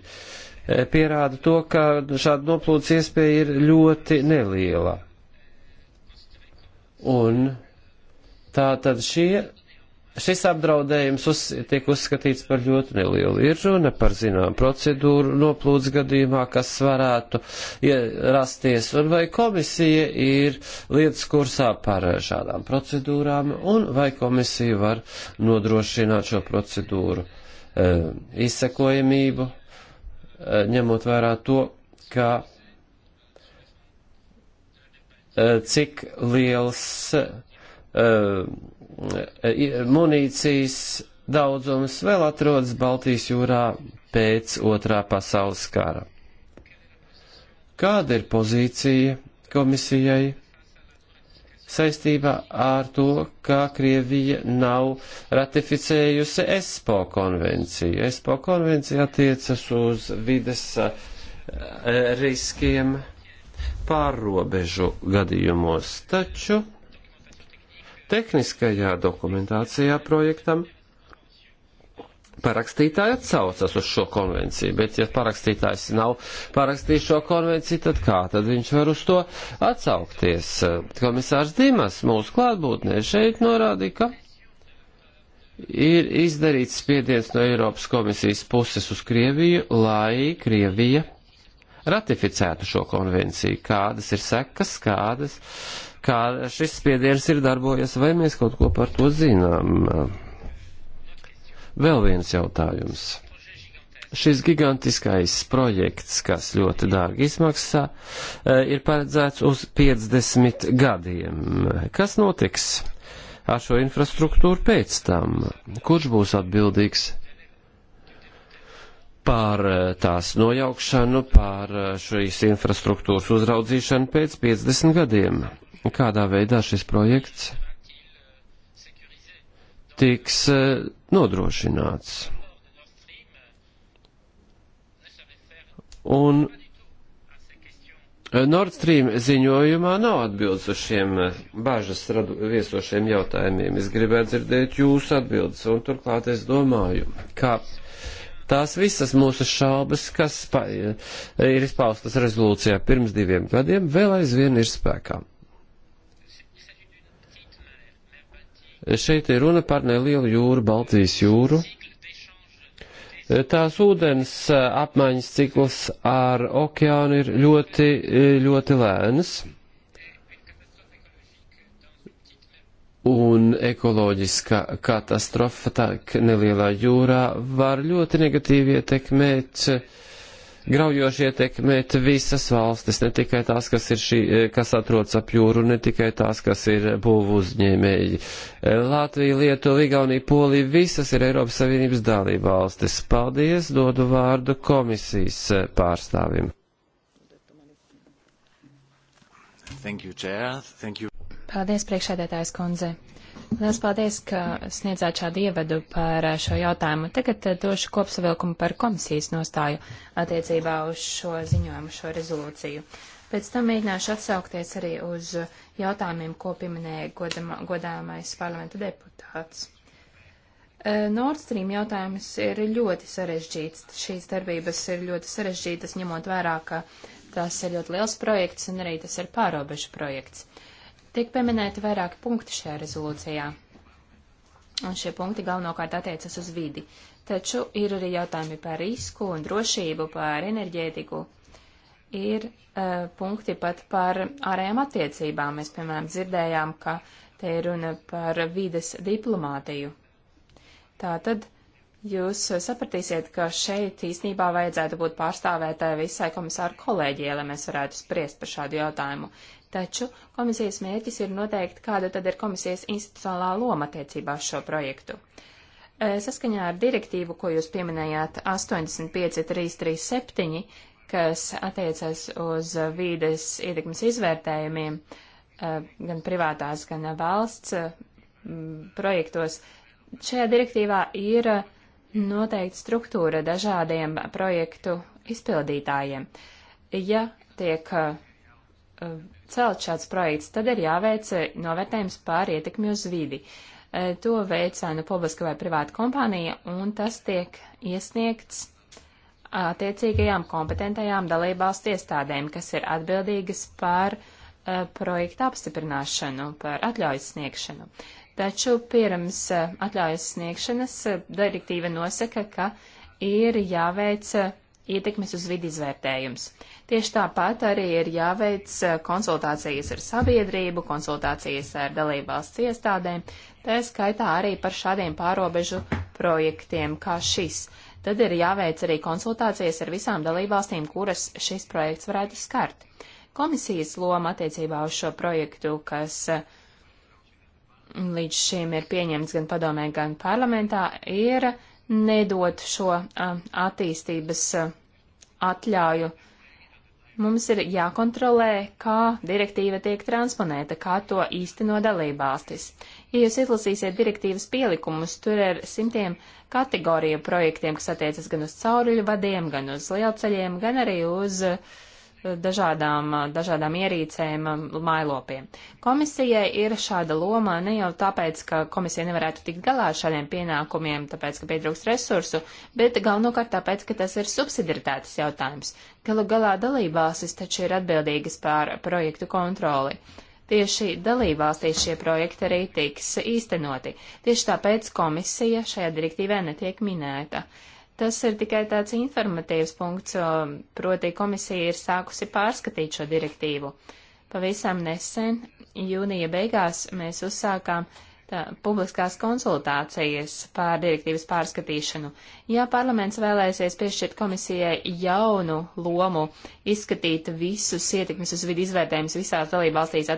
E, pierāda to, ka šāda noplūdes iespēja ir ļoti neliela. Un tā tad šie Šis apdraudējums uz, tiek uzskatīts par ļoti nelielu. Ir runa par zinām procedūru noplūdes gadījumā, kas varētu rasties, un vai komisija ir lietas kursā par šādām procedūrām, un vai komisija var nodrošināt šo procedūru e, izsekojamību, e, ņemot vērā to, ka e, cik liels. E, munīcijas daudzums vēl atrodas Baltijas jūrā pēc otrā pasaules kara. Kāda ir pozīcija komisijai saistībā ar to, ka Krievija nav ratificējusi ESPO konvenciju? ESPO konvencija attiecas uz vides eh, riskiem pārrobežu gadījumos, taču Tehniskajā dokumentācijā projektam parakstītāji atsaucas uz šo konvenciju, bet ja parakstītājs nav parakstījis šo konvenciju, tad kā tad viņš var uz to atsaukties? Komisārs Dimas mūsu klātbūtnē šeit norādīja, ka ir izdarīts spiediens no Eiropas komisijas puses uz Krieviju, lai Krievija ratificētu šo konvenciju, kādas ir sekas, kādas kā šis spiediens ir darbojies, vai mēs kaut ko par to zinām. Vēl viens jautājums. Šis gigantiskais projekts, kas ļoti dārgi izmaksā, eh, ir paredzēts uz 50 gadiem. Kas notiks ar šo infrastruktūru pēc tam? Kurš būs atbildīgs par eh, tās nojaukšanu, par eh, šīs infrastruktūras uzraudzīšanu pēc 50 gadiem kādā veidā šis projekts tiks e, nodrošināts. Un e, Nord Stream ziņojumā nav atbildes uz šiem e, bažas radu, viesošiem jautājumiem. Es gribētu dzirdēt jūsu atbildes, un turklāt es domāju, ka tās visas mūsu šaubas, kas pa, ir izpaustas rezolūcijā pirms diviem gadiem, vēl aizvien ir spēkā. Šeit ir runa par nelielu jūru, Baltijas jūru. Tās ūdens eh, apmaiņas cikls ar okeānu ir ļoti, eh, ļoti lēns. Un ekoloģiska katastrofa tā nelielā jūrā var ļoti negatīvi ietekmēt uh, graujoši ietekmēt visas valstis, ne tikai tās, kas, ir šī, eh, kas atrodas ap jūru, ne tikai tās, kas ir būvu uzņēmēji. Latvija, Lietuva, Igaunija, Polija, visas ir Eiropas Savienības dalība valstis. Paldies, dodu vārdu komisijas eh, pārstāvim. Thank you, Chair. Thank you. Paldies, priekšēdētājs kundze. Lielas paldies, ka sniedzāt šādu ievadu par eh, šo jautājumu. Tagad eh, došu kopsavilkumu par komisijas nostāju attiecībā uz šo ziņojumu, šo rezolūciju. Pēc tam mēģināšu atsaukties arī uz jautājumiem, ko pieminēja godājumais parlamenta deputāts. Eh, Nord Stream jautājums ir ļoti sarežģīts. Šīs darbības ir ļoti sarežģītas, ņemot vērā, ka tas ir ļoti liels projekts un arī tas ir pārobežu projekts. Uh, Tiek pieminēti vairāki punkti šajā rezolūcijā, un šie punkti galvenokārt attiecas uz vidi, taču ir arī jautājumi par risku un drošību, par enerģētiku. Ir uh, punkti pat par ārējām attiecībām. Mēs, piemēram, dzirdējām, ka te ir runa par vides diplomātiju. Tātad Jūs sapratīsiet, ka šeit īsnībā vajadzētu būt pārstāvētāji visai komisāru kolēģijai, lai mēs varētu spriest par šādu jautājumu taču komisijas mērķis ir noteikt, kāda tad ir komisijas institucionālā loma attiecībā uz šo projektu. E, saskaņā ar direktīvu, ko jūs pieminējāt, 85337, kas attiecas uz vīdes ietekmes izvērtējumiem, e, gan privātās, gan valsts e, projektos, šajā direktīvā ir noteikta struktūra dažādiem projektu izpildītājiem. Ja tiek celt šāds projekts, tad ir jāveic eh, novērtējums pār ietekmi uz vidi. Eh, to veic vai nu publiska vai privāta kompānija, un tas tiek iesniegts attiecīgajām kompetentajām dalībvalstu iestādēm, kas ir atbildīgas par uh, projekta apstiprināšanu, par atļaujas sniegšanu. Taču pirms uh, atļaujas sniegšanas uh, direktīva nosaka, ka ir jāveic ietekmes uz vidi izvērtējums. Tieši tāpat arī ir jāveic eh, konsultācijas ar sabiedrību, konsultācijas ar dalībvalsts iestādēm, tā skaitā arī par šādiem pārobežu projektiem kā šis. Tad ir jāveic arī konsultācijas ar visām dalībvalstīm, kuras šis projekts varētu skart. Komisijas loma attiecībā uz šo projektu, kas eh, līdz šim ir pieņemts gan padomē, gan parlamentā, ir uh, nedod šo attīstības atļauju. Mums ir jākontrolē, kā direktīva tiek transponēta, kā to īsteno dalībvalstis. Ja jūs izlasīsiet direktīvas pielikumus, tur ir simtiem kategoriju projektiem, kas attiecas gan uz cauruļu vadiem, gan uz lielceļiem, gan arī uz uh, dažādām, dažādām ierīcēm mailopiem. Komisijai ir šāda loma ne jau tāpēc, ka komisija nevarētu tikt galā ar šādiem pienākumiem, tāpēc, ka pietrūks resursu, bet galvenokārt tāpēc, ka tas ir subsidiaritātes jautājums. Galu galā dalībvalstis taču ir atbildīgas pār projektu kontroli. Tieši dalībvalstīs šie projekti arī tiks īstenoti. Tieši tāpēc komisija šajā direktīvē netiek minēta. Uh, Tas ir tikai tāds informatīvs punkts, proti komisija ir sākusi pārskatīt šo direktīvu. Pavisam nesen, jūnija beigās, mēs uzsākām tā, publiskās konsultācijas pār direktīvas pārskatīšanu. Ja parlaments vēlēsies piešķirt komisijai jaunu lomu, izskatīt visus ietekmes uz vidi izvērtējumus visās dalībvalstīs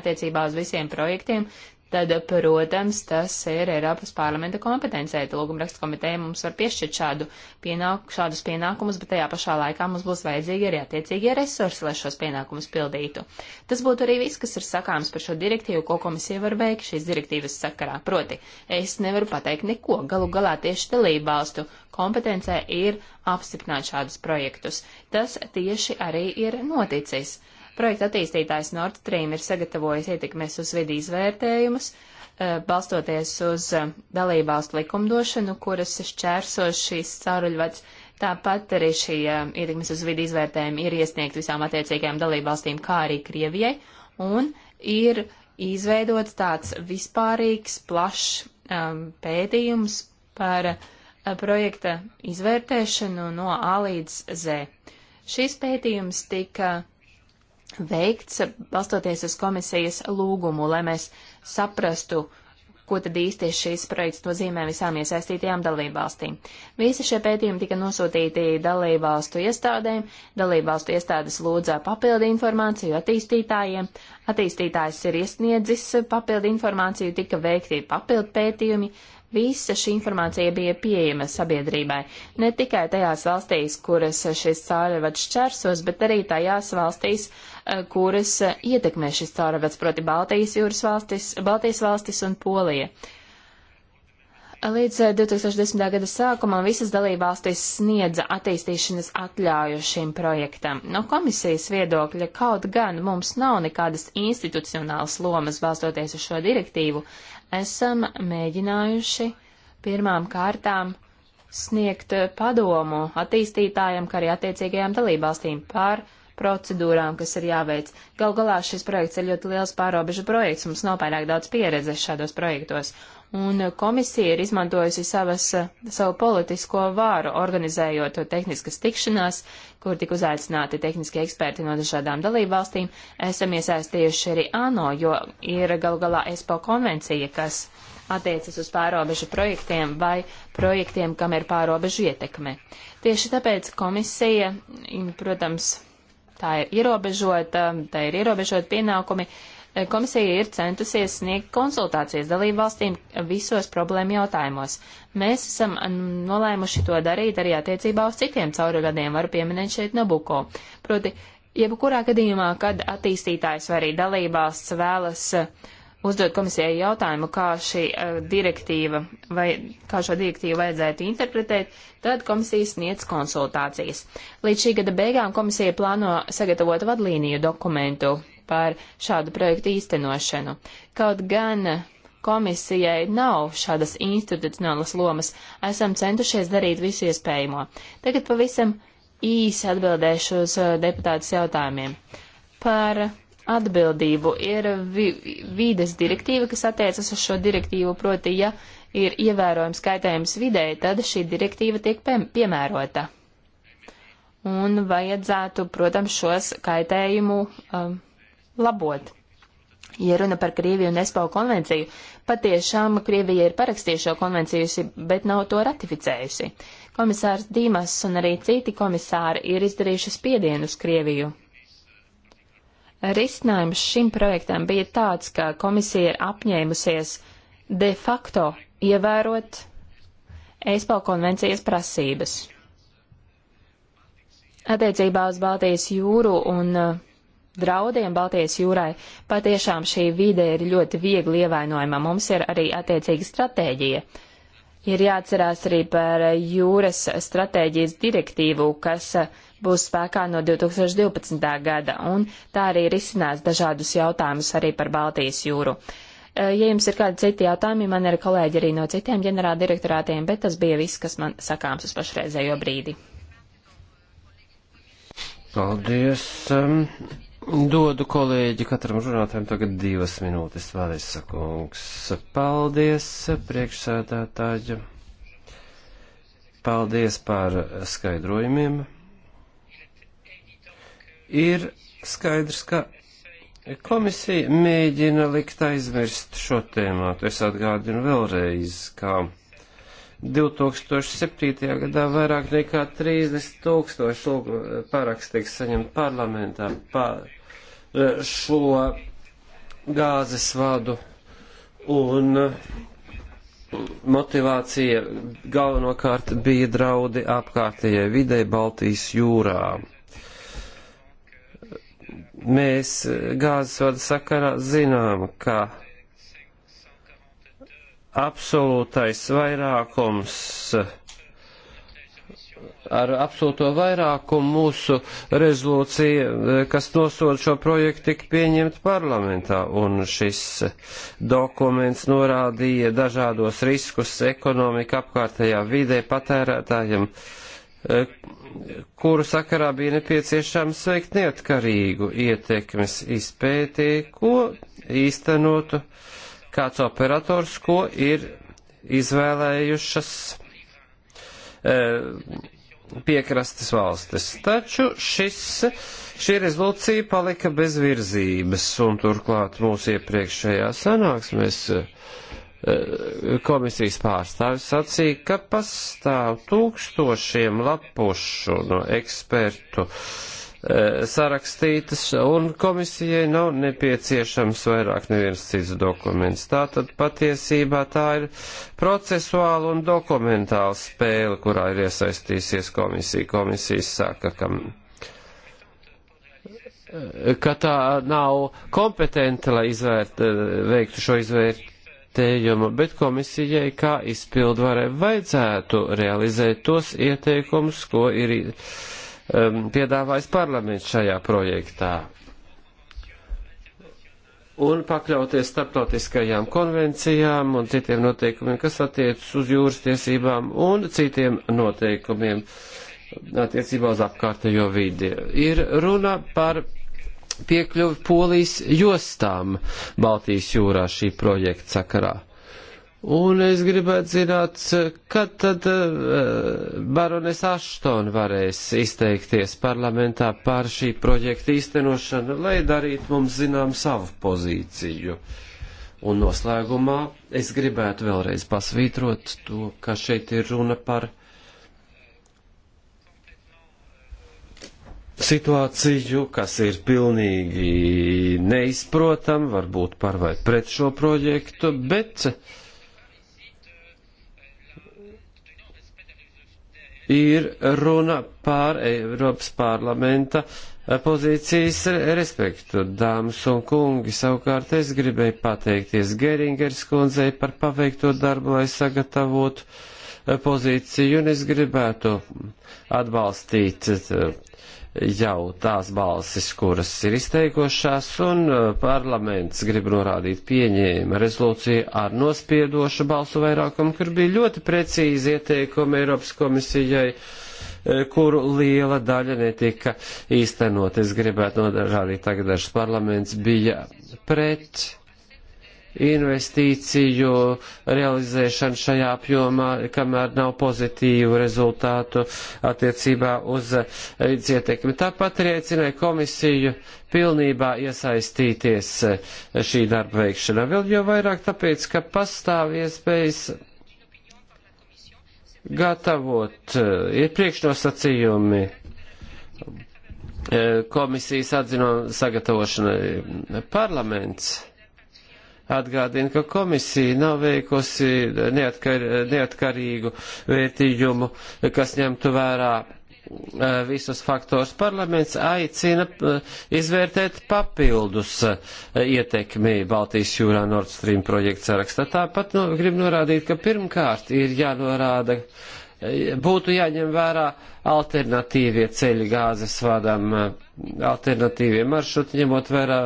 attiecībā uz visiem projektiem, tad, protams, tas ir Eiropas parlamenta kompetencija. Lūgumrakstu komiteja mums var piešķirt šādu pienāk, šādus pienākumus, bet tajā pašā laikā mums būs vajadzīgi arī attiecīgie resursi, lai šos pienākumus pildītu. Tas būtu arī viss, kas ir sakāms par šo direktīvu, ko komisija var veikt šīs direktīvas sakarā. Proti, es nevaru pateikt neko. Galu galā tieši dalību valstu kompetencē ir apstiprināt šādus projektus. Tas tieši arī ir noticis. Projekta attīstītājs Nord Stream ir sagatavojis ietekmes uz vidi izvērtējumus, eh, balstoties uz eh, dalībvalstu likumdošanu, kuras šķērsos šīs cauruļvads. Tāpat arī šī eh, ietekmes uz vidi izvērtējumi ir iesniegt visām attiecīgajām dalībvalstīm, kā arī Krievijai, un ir izveidots tāds vispārīgs, plašs um, pētījums par uh, projekta izvērtēšanu no A līdz Z. Šis pētījums tika veikts, eh, balstoties uz komisijas lūgumu, lai mēs saprastu, ko tad īsti šīs projekts nozīmē visām iesaistītajām dalībvalstīm. Visi šie pētījumi tika nosūtīti dalībvalstu iestādēm, dalībvalstu iestādes lūdza papildi informāciju attīstītājiem, attīstītājs ir iesniedzis papildi informāciju, tika veikti papildu pētījumi, Visa šī informācija bija pieejama sabiedrībai, ne tikai tajās valstīs, kuras šis caurvads šķērsos, bet arī tajās valstīs, eh, kuras eh, ietekmē šis caurvads, proti Baltijas jūras valstis, Baltijas valstis un Polija. Līdz 2010. Eh, gada sākumam visas dalībvalstis sniedza attīstīšanas atļauju šim projektam. No komisijas viedokļa kaut gan mums nav nekādas institucionālas lomas balstoties uz šo direktīvu, esam mēģinājuši pirmām kārtām sniegt padomu attīstītājiem, kā arī attiecīgajām dalībvalstīm par uh, procedūrām, kas ir jāveic. Gal galā šis projekts ir ļoti liels pārobežu projekts, mums nav pārāk daudz pieredzes šādos projektos. Un komisija ir izmantojusi savas, savu politisko vāru, organizējot tehniskas tikšanās, kur tika uzaicināti tehniski eksperti no dažādām dalībvalstīm. Esam iesaistījuši arī ANO, jo ir gal galā ESPO konvencija, kas attiecas uz pārobežu projektiem vai projektiem, kam ir pārobežu ietekme. Tieši tāpēc komisija, protams, tā ir ierobežota, um, tā ir ierobežota pienākumi. E, komisija ir centusies sniegt konsultācijas dalību valstīm visos problēmu jautājumos. Mēs esam um, nolēmuši to darīt arī attiecībā uz citiem cauruļvadiem, varu pieminēt šeit Nabuko. Proti, jebkurā gadījumā, kad attīstītājs vai arī dalībvalsts vēlas uh, uzdot komisijai jautājumu, kā šī uh, direktīva vai kā šo direktīvu vajadzētu interpretēt, tad komisija sniedz konsultācijas. Līdz šī gada beigām komisija plāno sagatavot vadlīniju dokumentu par šādu projektu īstenošanu. Kaut gan komisijai nav šādas institucionālas lomas, esam centušies darīt visu iespējamo. Tagad pavisam īsi atbildēšu uz uh, eh, deputātas jautājumiem. Par uh, atbildību. Ir vi vīdes direktīva, kas attiecas uz šo direktīvu, proti, ja ir ievērojams kaitējums vidē, tad šī direktīva tiek piemērota. Un vajadzētu, protams, šos kaitējumu um, labot. Ja runa par Krieviju un Espau konvenciju, patiešām Krievija ir parakstījušo konvenciju, bet nav to ratificējusi. Komisārs Dīmas un arī citi komisāri ir izdarījuši spiedienu uz Krieviju Risinājums šim projektam bija tāds, ka komisija ir apņēmusies de facto ievērot ESPO konvencijas prasības. Attiecībā uz Baltijas jūru un uh, draudiem Baltijas jūrai patiešām šī vide ir ļoti viegli ievainojama. Mums ir arī attiecīga stratēģija. Uh, Ir jāatcerās arī par jūras stratēģijas direktīvu, kas būs spēkā no 2012. gada, un tā arī risinās dažādus jautājumus arī par Baltijas jūru. E, ja jums ir kādi citi jautājumi, man ir kolēģi arī no citiem ģenerāla direktorātiem, bet tas bija viss, kas man sakāms uz pašreizējo brīdi. Paldies. Um, Dodu kolēģi katram runātājam tagad divas minūtes vēl izsakungs. Paldies, priekšsēdētāji. Paldies par skaidrojumiem. Ir skaidrs, ka komisija mēģina likt aizmirst šo tēmātu. Es atgādinu vēlreiz, ka. 2007. gadā vairāk nekā 30 tūkstoši parakstu tiek saņemti parlamentā par šo gāzes vadu un motivācija galvenokārt bija draudi apkārtējai videi Baltijas jūrā. Mēs gāzes vada sakarā zinām, ka absolūtais vairākums uh, ar absolūto vairākumu mūsu rezolūcija, eh, kas nosoda šo projektu, tika pieņemta parlamentā, un šis dokuments norādīja dažādos riskus ekonomika apkārtējā vidē patērētājiem, eh, kuru sakarā bija nepieciešams veikt neatkarīgu ietekmes izpētī, ko īstenotu kāds operators, ko ir izvēlējušas. E, piekrastes valstis. Taču šis, šī rezolūcija palika bez virzības, un turklāt mūsu iepriekšējā sanāksmēs eh, komisijas pārstāvis sacīja, ka pastāv tūkstošiem lapušu no ekspertu uh, Eh, sarakstītas, un komisijai nav nepieciešams vairāk neviens cits dokuments. Tātad patiesībā tā ir procesuāla un dokumentāla spēle, kurā ir iesaistīsies komisija. Komisijas saka, ka, eh, ka tā nav kompetenta, lai izvērt, eh, veiktu šo izvērtību vērtējumu, bet komisijai kā izpildvarai vajadzētu realizēt tos ieteikumus, ko ir um, piedāvājis parlaments šajā projektā. Un pakļauties starptautiskajām konvencijām un citiem noteikumiem, kas attiecas uz jūras tiesībām un citiem noteikumiem attiecībā uz apkārtējo vidi. Ir runa par piekļuvi polijas jostām Baltijas jūrā šī projekta sakarā. Un es gribētu zināt, kad tad eh, barones Aštona varēs izteikties parlamentā par šī projekta īstenošanu, lai darītu mums zinām savu pozīciju. Un noslēgumā es gribētu vēlreiz pasvītrot to, ka šeit ir runa par situāciju, kas ir pilnīgi neizprotam, varbūt par vai pret šo projektu, bet uh, ir runa pār Eiropas parlamenta pozīcijas respektu. Dāmas un kungi, savukārt es gribēju pateikties Geringers kundzei par paveikto darbu, lai sagatavotu pozīciju, un es gribētu atbalstīt jau tās balsis, kuras ir izteikošās, un uh, parlaments grib norādīt pieņēma rezolūciju ar nospiedošu balsu vairākumu, kur bija ļoti precīzi ieteikumi Eiropas komisijai uh, kuru liela daļa netika īstenot. Es gribētu norādīt tagad, dažs parlaments bija pret investīciju realizēšanu šajā apjomā, kamēr nav pozitīvu rezultātu attiecībā uz vidas eh, ietekmi. Tāpat arī aicināja komisiju pilnībā iesaistīties eh, šī darba veikšanā. Vēl jau vairāk tāpēc, ka pastāv iespējas gatavot, eh, ir priekšnosacījumi komisijas atzinuma sagatavošanai parlaments Atgādina, ka komisija nav veikusi neatkar, neatkarīgu vērtījumu, kas ņemtu vērā eh, visus faktors. Parlaments aicina eh, izvērtēt papildus eh, ietekmi Baltijas jūrā Nord Stream projekta sarakstā. Tāpat no, grib norādīt, ka pirmkārt ir jānorāda, uh, būtu jāņem vērā alternatīvie ceļi gāzes vadam, alternatīvie maršruti, ņemot vērā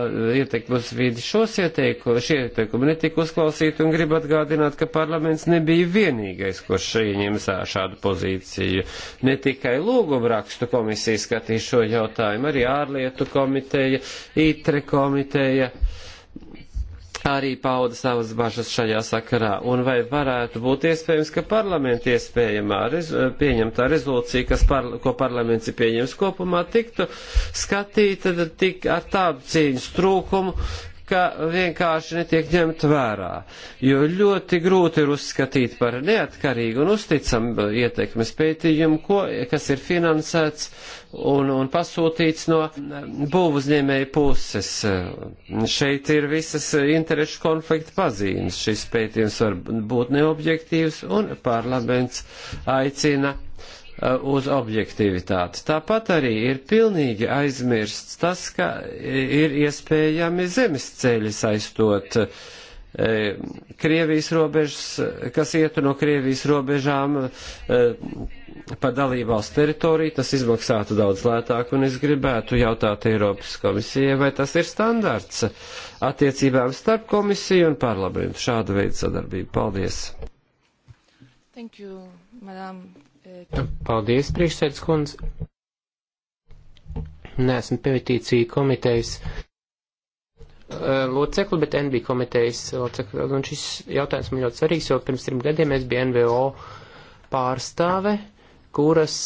ietekmus vidi. Šos ieteikumu, šie ieteikumi netika uzklausīti un gribu atgādināt, ka parlaments nebija vienīgais, kurš ieņems šādu pozīciju. Ne tikai lūgumrakstu komisija skatīja šo jautājumu, arī ārlietu komiteja, ITRE komiteja. Uh, arī pauda savas bažas šajā sakarā. Un vai varētu būt iespējams, ka parlamenta iespējamā rez, pieņemtā rezolūcija, kas par, ko parlaments ir pieņems kopumā, tiktu skatīta tik ar tādu cīņas trūkumu, ka vienkārši netiek ņemt vērā, jo ļoti grūti ir uzskatīt par neatkarīgu un uzticamu ietekmes pētījumu, ko, kas ir finansēts un, un pasūtīts no būvuzņēmēja puses. Šeit ir visas interešu konflikta pazīmes. Šis pētījums var būt neobjektīvs un parlaments aicina Uh, uz objektivitāti. Tāpat arī ir pilnīgi aizmirsts tas, ka e, ir iespējami zemes ceļi saistot e, Krievijas robežas, kas ietu no Krievijas robežām e, pa dalībvalsts teritoriju, tas izmaksātu daudz lētāk, un es gribētu jautāt Eiropas komisijai, vai tas ir standarts attiecībām starp komisiju un parlamentu šāda veida sadarbība. Paldies! Thank you, madam Nu, paldies, priekšsēdus kundze. Nesmu pievitīcija komitejas eh, locekli, bet NB komitejas locekli. Un šis jautājums man ļoti svarīgs, jo pirms trim gadiem es biju NVO pārstāve, kuras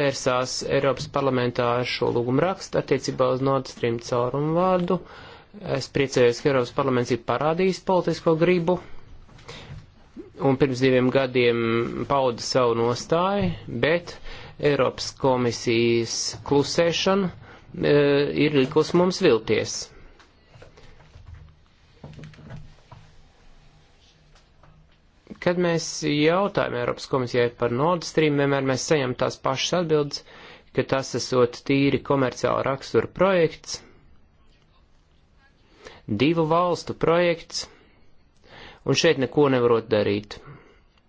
vērsās Eiropas parlamentā ar šo lūgumrakstu attiecībā uz Nord Stream caurumvādu. Es priecājos, ka Eiropas parlaments ir parādījis politisko gribu un pirms diviem gadiem pauda savu nostāju, bet Eiropas komisijas klusēšana e, ir likus mums vilties. Kad mēs jautājam Eiropas komisijai par Nord Stream, vienmēr mēs saņem tās pašas atbildes, ka tas esot tīri komerciāla rakstura projekts, divu valstu projekts, un šeit neko nevarot darīt.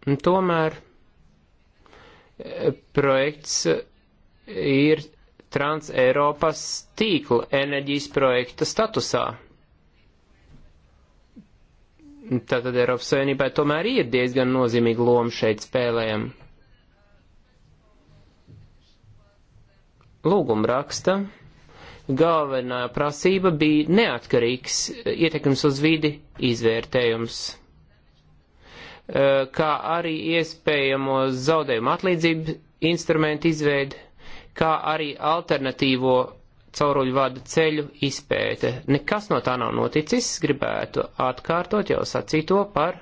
Un tomēr eh, projekts eh, ir Trans-Eiropas tīkla enerģijas projekta statusā. Tātad Eiropas Savienībai tomēr ir diezgan nozīmīga loma šeit spēlējama. Lūguma raksta. Galvenā prasība bija neatkarīgs eh, ietekmes uz vidi izvērtējums. Eh, kā arī iespējamo zaudējumu atlīdzību instrumentu izveidi, kā arī alternatīvo cauruļu vadu ceļu izpēte. Nekas no tā nav noticis, gribētu atkārtot jau sacīto par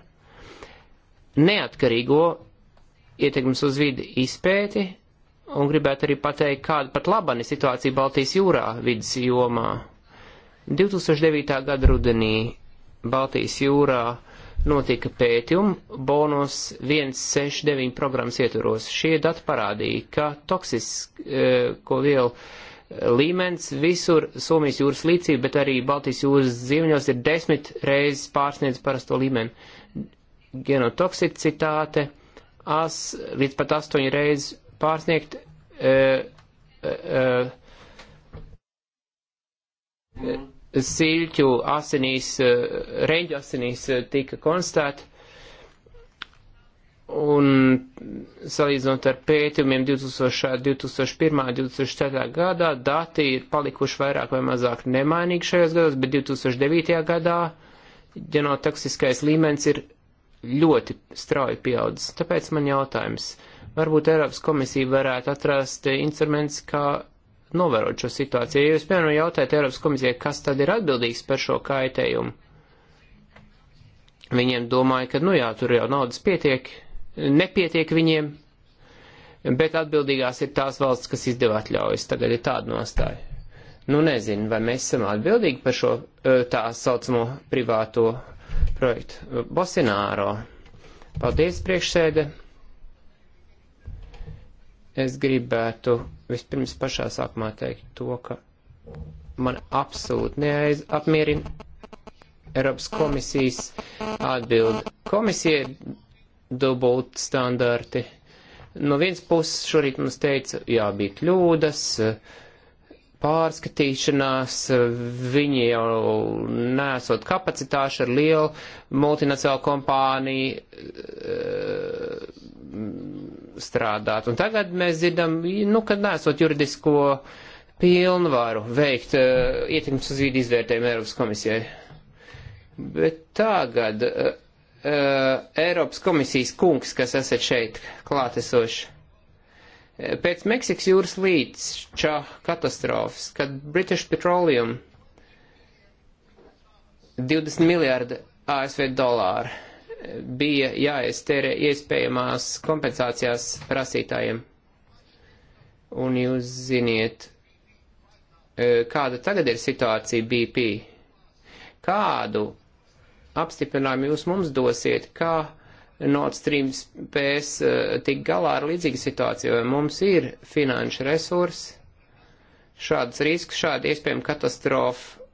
neatkarīgo ietekmes uz vidi izpēti, un gribētu arī pateikt, kāda pat labani situācija Baltijas jūrā vidas jomā. 2009. gada rudenī Baltijas jūrā notika pētījumi bonus 169 programmas ietvaros. Šie dati parādīja, ka toksisko vielu e, e, līmenis visur Somijas jūras līcī, bet arī Baltijas jūras ziemeļos ir desmit reizes pārsniedz parasto līmeni. Genotoksicitāte as, līdz pat astoņu reizes pārsniegt. Uh, uh, uh, siļķu asinīs, eh, reņģu asinīs eh, tika konstatēta. Un salīdzinot ar pētījumiem 2000, 2001. 2004. gadā, dati ir palikuši vairāk vai mazāk nemainīgi šajos gados, bet 2009. gadā ģenotoksiskais līmenis ir ļoti strauji pieaudzis. Tāpēc man jautājums, varbūt Eiropas komisija varētu atrast instruments, kā novērot šo situāciju. Ja jūs, piemēram, jautājat Eiropas komisijai, kas tad ir atbildīgs par šo kaitējumu, viņiem domāja, ka, nu jā, tur jau naudas pietiek, nepietiek viņiem, bet atbildīgās ir tās valsts, kas izdeva atļaujas. Tagad ir tāda nostāja. Nu, nezinu, vai mēs esam atbildīgi par šo eh, tā saucamo privāto projektu. Bosināro. Paldies, priekšsēde. Es gribētu vispirms pašā sākumā teikt to, ka man absolūti neapmierina Eiropas komisijas atbildi. Komisija ir dubult standarti. No vienas puses šorīt mums teica, jā, bija kļūdas, pārskatīšanās, viņi jau nesot kapacitāšu ar lielu multinacionālu kompāniju strādāt. Un tagad mēs dzirdam, nu, kad nesot juridisko pilnvaru veikt uh, ietekmes uz vīdi izvērtējumu Eiropas komisijai. Bet tagad uh, uh, Eiropas komisijas kungs, kas esat šeit klātesoši, eh, pēc Meksikas jūras līča katastrofas, kad British Petroleum 20 miljārdi ASV dolāru bija jāiztērē iespējamās kompensācijās prasītājiem. Un jūs ziniet, e, kāda tagad ir situācija BP? Kādu apstiprinājumu jūs mums dosiet, kā Nord Stream PS e, tik galā ar līdzīgu situāciju, vai mums ir finanšu resursi, šāds risks, šāda iespējama katastrofa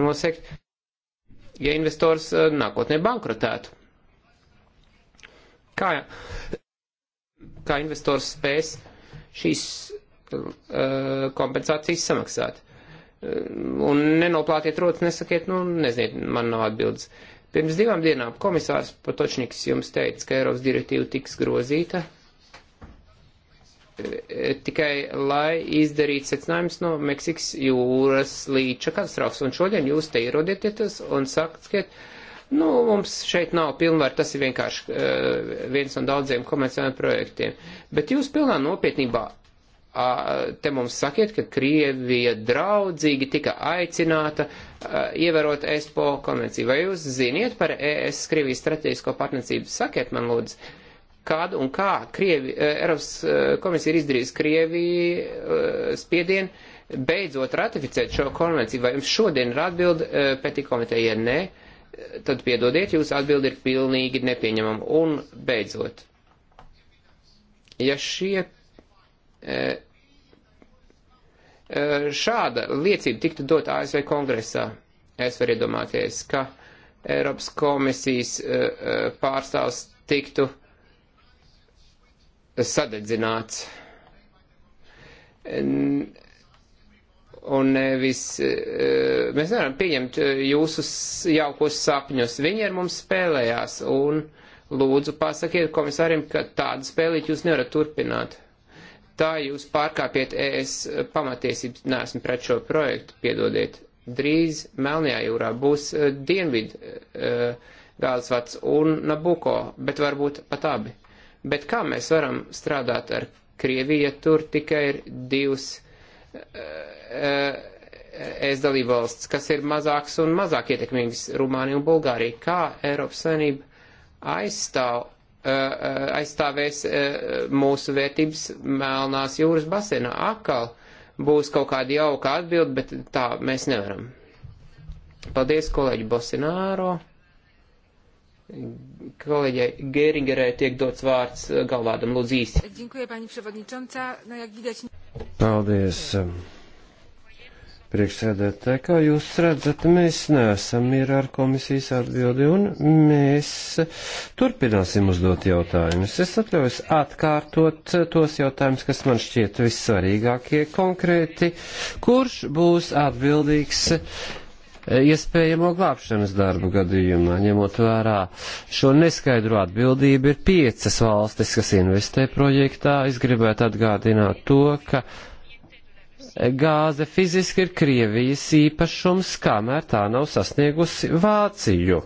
nosekt? ja investors eh, nākotnē bankrotētu. Kā, kā investors spēs šīs eh, kompensācijas samaksāt? Eh, un nenoplātiet rotas, nesakiet, nu, neziniet, man nav atbildes. Pirms divām dienām komisārs Patočniks jums teica, ka Eiropas direktīva tiks grozīta, Eh, tikai lai izdarītu secinājumus no Meksikas jūras līča katastrofas. Un šodien jūs te ierodieties un sakat, ka nu, mums šeit nav pilnvar, tas ir vienkārši uh, viens no daudziem komerciāliem projektiem. Bet jūs pilnā nopietnībā te mums sakiet, ka Krievija draudzīgi tika aicināta ievērot ESPO konvenciju. Vai jūs ziniet par ES Krievijas strateģisko partnerību? Sakiet man, lūdzu kad un kā Krievi, eh, Eiropas eh, komisija ir izdarījusi Krieviju eh, spiedienu beidzot ratificēt šo konvenciju. Vai jums šodien ir atbildi pētī komiteja, ja nē, tad piedodiet, jūsu atbildi ir pilnīgi nepieņemama. Un beidzot, ja šie. Šāda liecība tiktu dot ASV kongresā. Es varu iedomāties, ka Eiropas komisijas pārstāvs tiktu uh, sadedzināts. Un nevis, e, mēs nevaram pieņemt jūsu jaukos sapņus. Viņi ar mums spēlējās un lūdzu pasakiet komisāriem, ka tādu spēlīt jūs nevarat turpināt. Tā jūs pārkāpiet ES pamatiesības, neesmu pret šo projektu, piedodiet. Drīz Melnajā jūrā būs uh, e, dienvidu uh, e, gāzes vats un Nabuko, bet varbūt pat abi Bet kā mēs varam strādāt ar Krieviju, ja tur tikai ir divas uh, uh, es dalībvalsts, kas ir mazāks un mazāk ietekmīgas Rumānija un Bulgārija? Kā Eiropas Savienība aizstāv, uh, aizstāvēs mūsu vērtības Melnās jūras basēnā? Akal būs kaut kāda jauka atbild, bet tā mēs nevaram. Paldies, kolēģi Bosināro! Kolēģei Gēringerai tiek dots vārds eh, galvādam lūdzu īsi. Paldies. Priekšsēdētāji, kā jūs redzat, mēs neesam mierā ar komisijas atbildi un mēs turpināsim uzdot jautājumus. Es atļaujos atkārtot tos jautājumus, kas man šķiet vissvarīgākie konkrēti. Kurš būs atbildīgs E, iespējamo glābšanas darbu gadījumā. Ņemot vērā šo neskaidro atbildību, ir piecas valstis, kas investē projektā. Es gribētu atgādināt to, ka gāze fiziski ir Krievijas īpašums, kamēr tā nav sasniegusi Vāciju.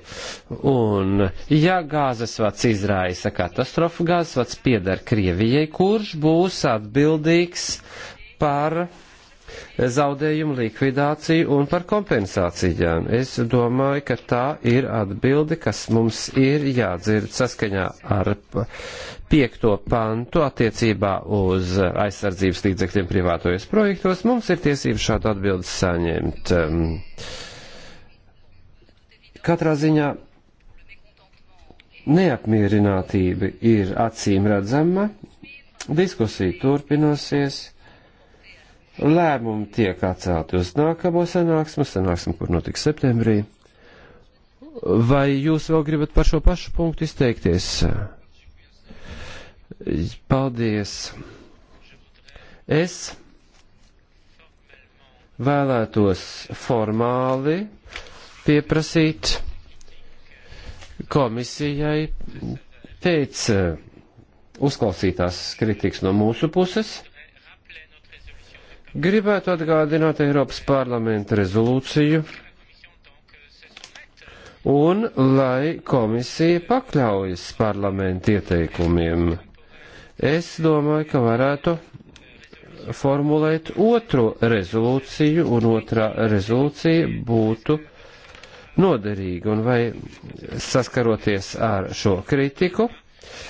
Un, ja gāzes vats izraisa katastrofu, gāzes vats pieder Krievijai, kurš būs atbildīgs par zaudējumu likvidāciju un par kompensācijām. Es domāju, ka tā ir atbildi, kas mums ir jādzird saskaņā ar piekto pantu attiecībā uz aizsardzības līdzekļiem privātojas projektos. Mums ir tiesības šādu atbildi saņemt. Katrā ziņā neapmierinātība ir acīm redzama, diskusija turpināsies lēmumi tiek atcelti uz nākamo sanāksmu, sanāksmu, kur notiks septembrī. Vai jūs vēl gribat par šo pašu punktu izteikties? Paldies. Es vēlētos formāli pieprasīt komisijai pēc eh, uzklausītās kritikas no mūsu puses Gribētu atgādināt Eiropas parlamenta rezolūciju un lai komisija pakļaujas parlamenta ieteikumiem. Es domāju, ka varētu formulēt otro rezolūciju, un otrā rezolūcija būtu noderīga, un vai saskaroties ar šo kritiku, uh,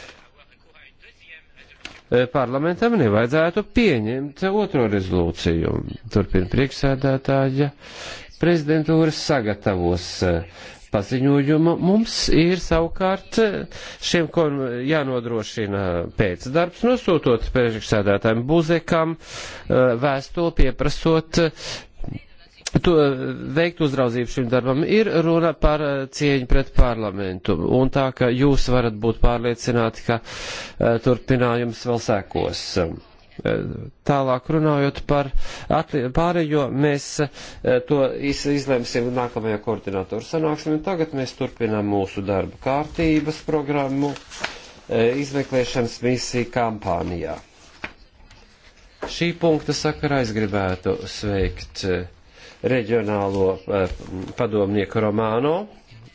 Eh, parlamentam nevajadzētu pieņemt otro rezolūciju. Turpina priekšsēdētāja. Prezidentūra sagatavos eh, paziņojumu. Mums ir savukārt eh, šiem jānodrošina pēcdarbs, nosūtot priekšsēdētājiem buzekam vēstuli pieprasot to veikt uzraudzību šim darbam ir runa par eh, cieņu pret parlamentu. Un tā, ka jūs varat būt pārliecināti, ka eh, turpinājums vēl sekos. Eh, tālāk runājot par pārējo, mēs to izlemsim nākamajā koordinātoru sanāksmē. Tagad mēs turpinām mūsu darba kārtības programmu izmeklēšanas misiju kampānijā. Šī punkta sakarā es gribētu sveikt uh, reģionālo eh, padomnieku Romāno.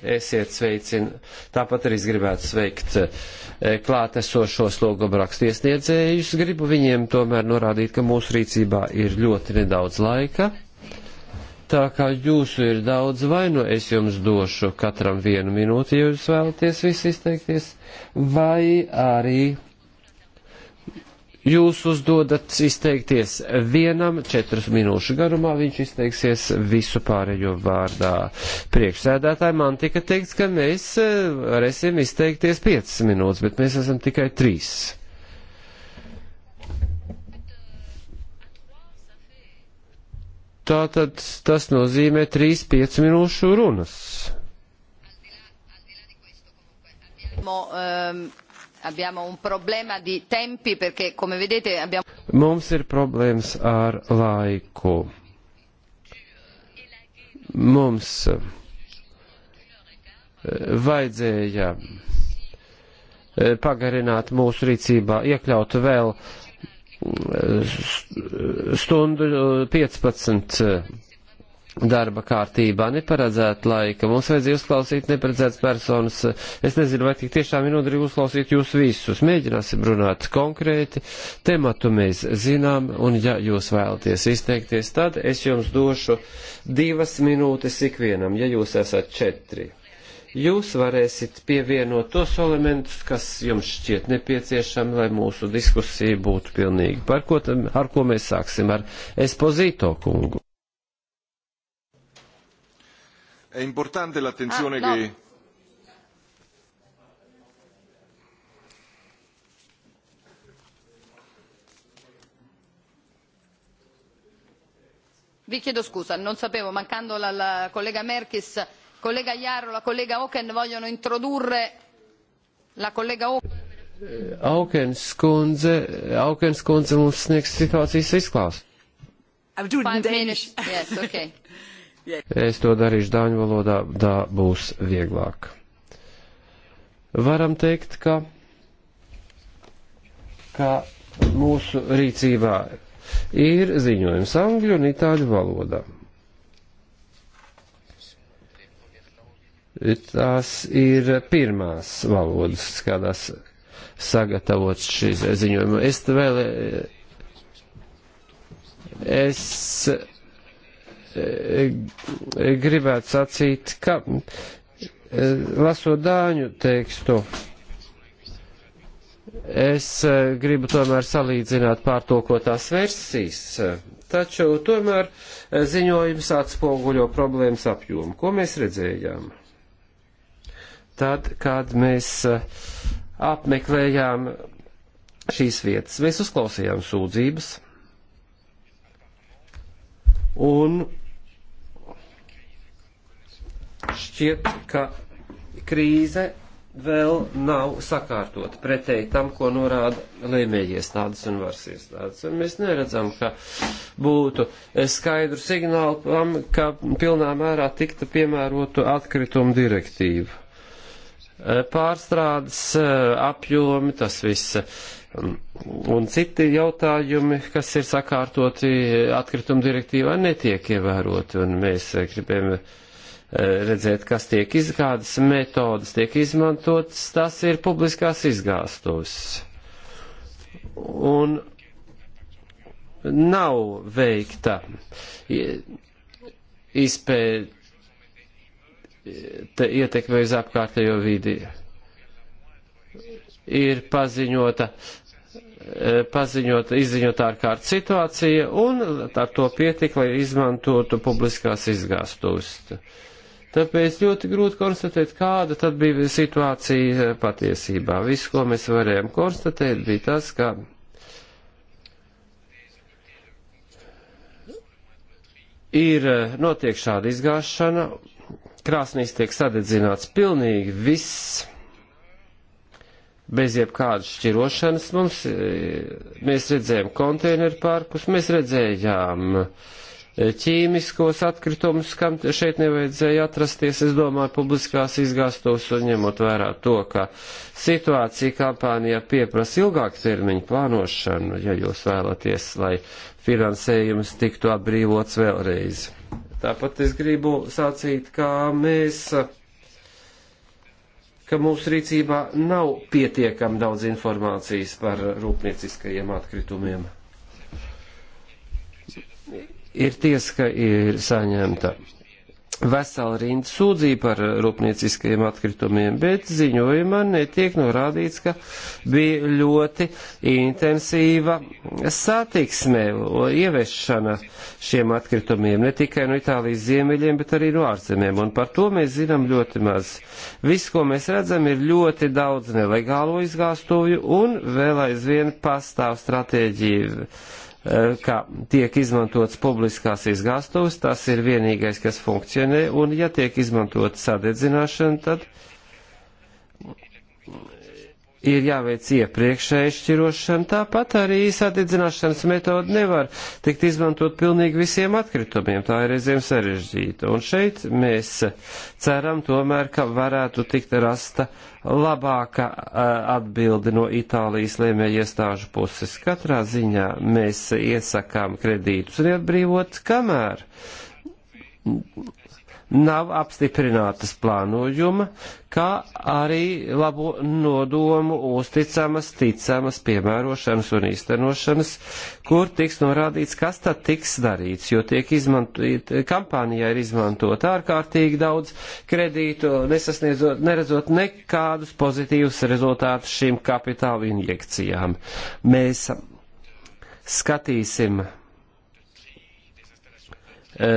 Esiet sveicin, tāpat arī es gribētu sveikt eh, klātesošos logobrakstu iesniedzējus. Gribu viņiem tomēr norādīt, ka mūsu rīcībā ir ļoti nedaudz laika. Tā kā jūsu ir daudz, vai nu es jums došu katram vienu minūti, ja jūs vēlaties visi izteikties, vai arī jūs uzdodat izteikties vienam četras minūšu garumā, viņš izteiksies visu pārējo vārdā. Priekšsēdētāji man tika teikts, ka mēs e, varēsim izteikties piecas minūtes, bet mēs esam tikai trīs. Tātad tas nozīmē 3-5 minūšu runas. Mo, um, abbiamo un problema di tempi perché come vedete abbiamo Mums ir problēmas ar laiku. Mums eh, vajadzēja eh, pagarināt mūsu rīcībā, iekļaut vēl eh, stundu 15 darba kārtībā neparedzēta laika. Mums vajadzēja uzklausīt neparedzētas personas. Es nezinu, vai tik tiešām ir noderīgi uzklausīt jūs visus. Mēģināsim runāt konkrēti. Tematu mēs zinām, un ja jūs vēlaties izteikties, tad es jums došu divas minūtes ikvienam, ja jūs esat četri. Jūs varēsit pievienot tos elementus, kas jums šķiet nepieciešami, lai mūsu diskusija būtu pilnīga. Par ko, tam, ar ko mēs sāksim? Ar Espozīto kungu. È importante l'attenzione ah, no. che. Vi chiedo scusa, non sapevo, mancando la, la collega Merkis, il collega Iarro, la collega Oken vogliono introdurre la collega Oken. Eh, Aukens kundze, Aukens kundze mums sniegs situācijas izklāstu. I'm doing Five Danish. minutes. Yes, okay. Es to darīšu dāņu valodā, tā būs vieglāk. Varam teikt, ka, ka mūsu rīcībā ir ziņojums angļu un itāļu valodā. Tās ir pirmās valodas, kādās sagatavots šis ziņojums. Es vēl, es Eh, eh, gribētu sacīt, ka eh, lasot dāņu tekstu, es gribu tomēr salīdzināt pārtulkotās versijas, taču tomēr ziņojums atspoguļo problēmas apjomu. Ko mēs redzējām? Tad, kad mēs apmeklējām šīs vietas, mēs uzklausījām sūdzības un šķiet, ka krīze vēl nav sakārtot pretēji tam, ko norāda lēmējiestādes un varas iestādes. Un mēs neredzam, ka būtu skaidru signālu tam, ka pilnā mērā tikta piemērotu atkritumu direktīvu. Pārstrādes eh, apjomi, tas viss un citi jautājumi, kas ir sakārtoti atkrituma direktīvā, netiek ievēroti, un mēs eh, gribējam Eh, redzēt, kas tiek izgādas, metodas tiek izmantotas, tas ir publiskās izgāstos. Un nav veikta izpēta ietekme uz apkārtējo vidi. Ir paziņota eh, paziņot, izziņot ārkārt situācija, un ar to pietika, lai izmantotu publiskās izgāstūst. Tāpēc ļoti grūti konstatēt, kāda tad bija situācija eh, patiesībā. Viss, ko mēs varējām konstatēt, bija tas, ka ir eh, notiek šāda izgāšana, krāsnīs tiek sadedzināts pilnīgi viss, bez jebkādas šķirošanas. Mums, eh, mēs redzējām konteineru parkus, mēs redzējām uh, ķīmiskos atkritumus, kam šeit nevajadzēja atrasties, es domāju, publiskās izgāstos un ņemot vērā to, ka situācija kampānijā pieprasa ilgāku termiņu plānošanu, ja jūs vēlaties, lai finansējums tiktu atbrīvots vēlreiz. Tāpat es gribu sacīt, kā mēs ka mūsu rīcībā nav pietiekami daudz informācijas par rūpnieciskajiem atkritumiem ir tiesa, ka ir saņemta vesela rinda sūdzība par rūpnieciskajiem atkritumiem, bet ziņojumā netiek norādīts, ka bija ļoti intensīva satiksme, ieviešana šiem atkritumiem, ne tikai no Itālijas ziemeļiem, bet arī no ārzemēm, un par to mēs zinām ļoti maz. Viss, ko mēs redzam, ir ļoti daudz nelegālo izgāstuju, un vēl aizvien pastāv stratēģija Eh, ka tiek izmantots publiskās izgāstuves, tas ir vienīgais, kas funkcionē, un ja tiek izmantot sadedzināšana, tad ir jāveic iepriekšēja šķirošana, tāpat arī satidzināšanas metoda nevar tikt izmantot pilnīgi visiem atkritumiem, tā ir reizēm sarežģīta. Un šeit mēs ceram tomēr, ka varētu tikt rasta labāka atbildi no Itālijas lēmēja iestāžu puses. Katrā ziņā mēs iesakām kredītus neatbrīvot, kamēr nav apstiprinātas plānojuma, kā arī labo nodomu uzticamas, ticamas piemērošanas un īstenošanas, kur tiks norādīts, kas tad tiks darīts, jo tiek izmantot, kampānijā ir izmantot ārkārtīgi daudz kredītu, nesasniedzot, neredzot nekādus pozitīvus rezultātus šīm kapitāla injekcijām. Mēs skatīsim E,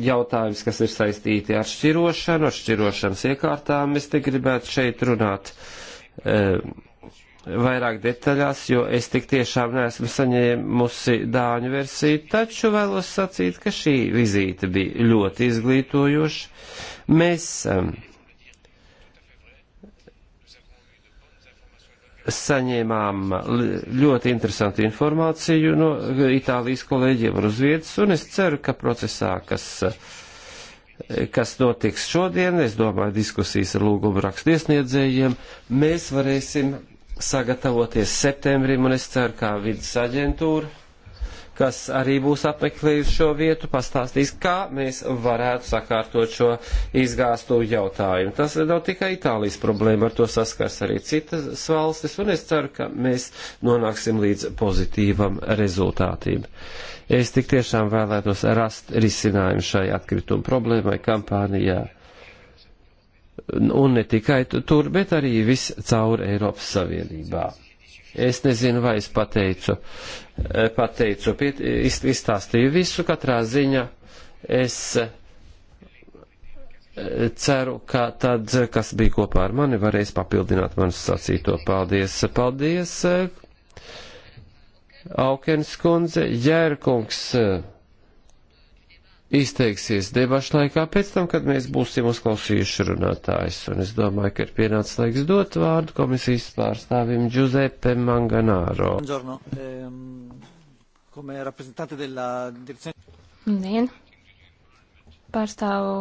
jautājums, kas ir saistīti ar šķirošanu, ar šķirošanas iekārtām. Es te gribētu šeit runāt e, vairāk detaļās, jo es tik tiešām neesmu saņēmusi dāņu versiju, taču vēlos sacīt, ka šī vizīte bija ļoti izglītojoša. Mēs saņēmām ļoti interesantu informāciju no Itālijas kolēģiem un uz vietas, un es ceru, ka procesā, kas, kas notiks šodien, es domāju, diskusijas ar lūgumu rakstu iesniedzējiem, mēs varēsim sagatavoties septembrim, un es ceru, kā vidas aģentūra kas arī būs apmeklējuši šo vietu, pastāstīs, kā mēs varētu sakārtot šo izgāsto jautājumu. Tas nav tikai Itālijas problēma, ar to saskars arī citas valstis, un es ceru, ka mēs nonāksim līdz pozitīvam rezultātiem. Es tik tiešām vēlētos rast risinājumu šai atkritumu problēmai kampānijā. Un ne tikai tur, bet arī viscaur Eiropas Savienībā. Es nezinu, vai es pateicu, eh, pateicu piet, izstāstīju visu katrā ziņa. Es eh, ceru, ka tad, eh, kas bija kopā ar mani, varēs papildināt manu sacīto. Paldies, paldies, Aukens kundze, Jērkungs izteiksies debašu laikā pēc tam, kad mēs būsim uzklausījuši runātājs. Un es domāju, ka ir pienācis laiks dot vārdu komisijas pārstāvim Giuseppe Manganaro. Ehm, Labdien! Pārstāvu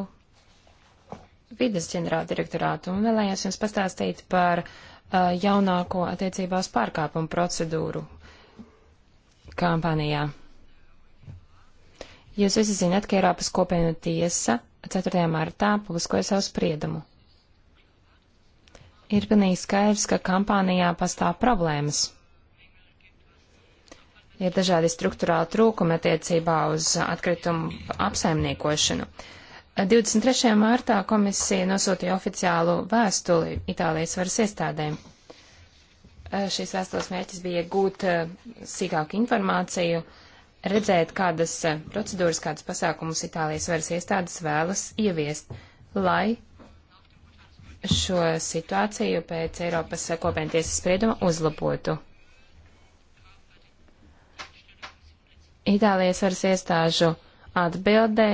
vides ģenerāldirektorātu un vēlējos jums pastāstīt par uh, jaunāko attiecībās pārkāpumu procedūru kampānijā. Jūs visi zināt, ka Eiropas kopienu tiesa 4. martā publiskoja savu spriedumu. Ir pilnīgi skaidrs, ka kampānijā pastāv problēmas. Ir dažādi struktūrāli trūkumi attiecībā uz atkritumu apsaimniekošanu. 23. martā komisija nosūtīja oficiālu vēstuli Itālijas varas iestādēm. Šīs vēstules mērķis bija iegūt eh, sīkāku informāciju uh, redzēt, kādas eh, procedūras, kādas pasākumus Itālijas varas iestādes vēlas ieviest, lai šo situāciju pēc Eiropas eh, kopientiesas sprieduma uzlabotu. Itālijas varas iestāžu atbildē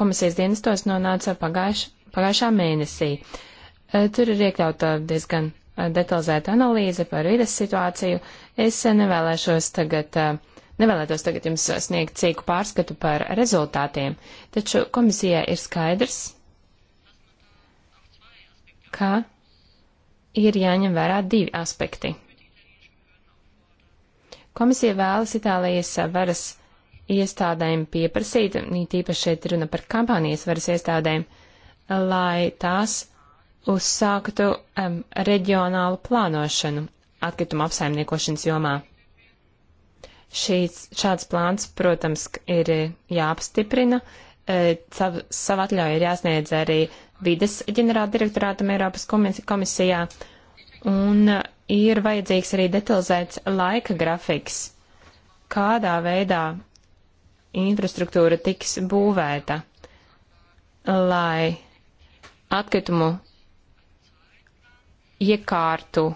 komisijas dienestos nonāca pagājuš, pagājušā mēnesī. Eh, tur ir iekļauta diezgan detalizēta analīze par vides situāciju. Es nevēlēšos tagad uh, Nevēlētos tagad jums sniegt cīku pārskatu par rezultātiem, taču komisijai ir skaidrs, ka ir jāņem vērā divi aspekti. Komisija vēlas Itālijas varas iestādēm pieprasīt, īpaši šeit runa par kampānijas varas iestādēm, lai tās uzsāktu um, reģionālu plānošanu atkrituma apsaimniekošanas jomā. Šīs, šāds plāns, protams, ir eh, jāapstiprina, eh, savu, savu atļauju ir jāsniedz arī vides ģenerāldirektorātam Eiropas komisijā, un eh, ir vajadzīgs arī detalizēts laika grafiks, kādā veidā infrastruktūra tiks būvēta, lai atkritumu iekārtu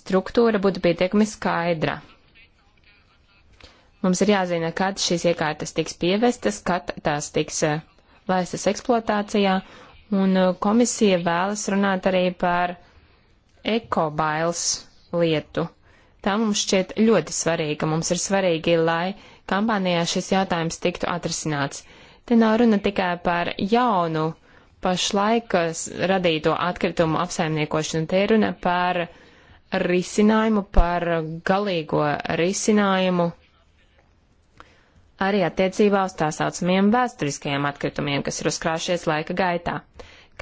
struktūra būtu pietiekami skaidra. Mums ir jāzina, kad šīs iekārtas tiks pievestas, kad tās tiks eh, laistas eksploatācijā, un eh, komisija vēlas runāt arī par ekobails lietu. Tā mums šķiet ļoti svarīga. Mums ir svarīgi, lai kampanijā šis jautājums tiktu atrisināts. Te nav runa tikai par jaunu pašlaik eh, radīto atkritumu apsaimniekošanu, te ir runa par risinājumu, par galīgo risinājumu arī attiecībā uz tā saucamiem vēsturiskajiem atkritumiem, kas ir uzkrāšies laika gaitā.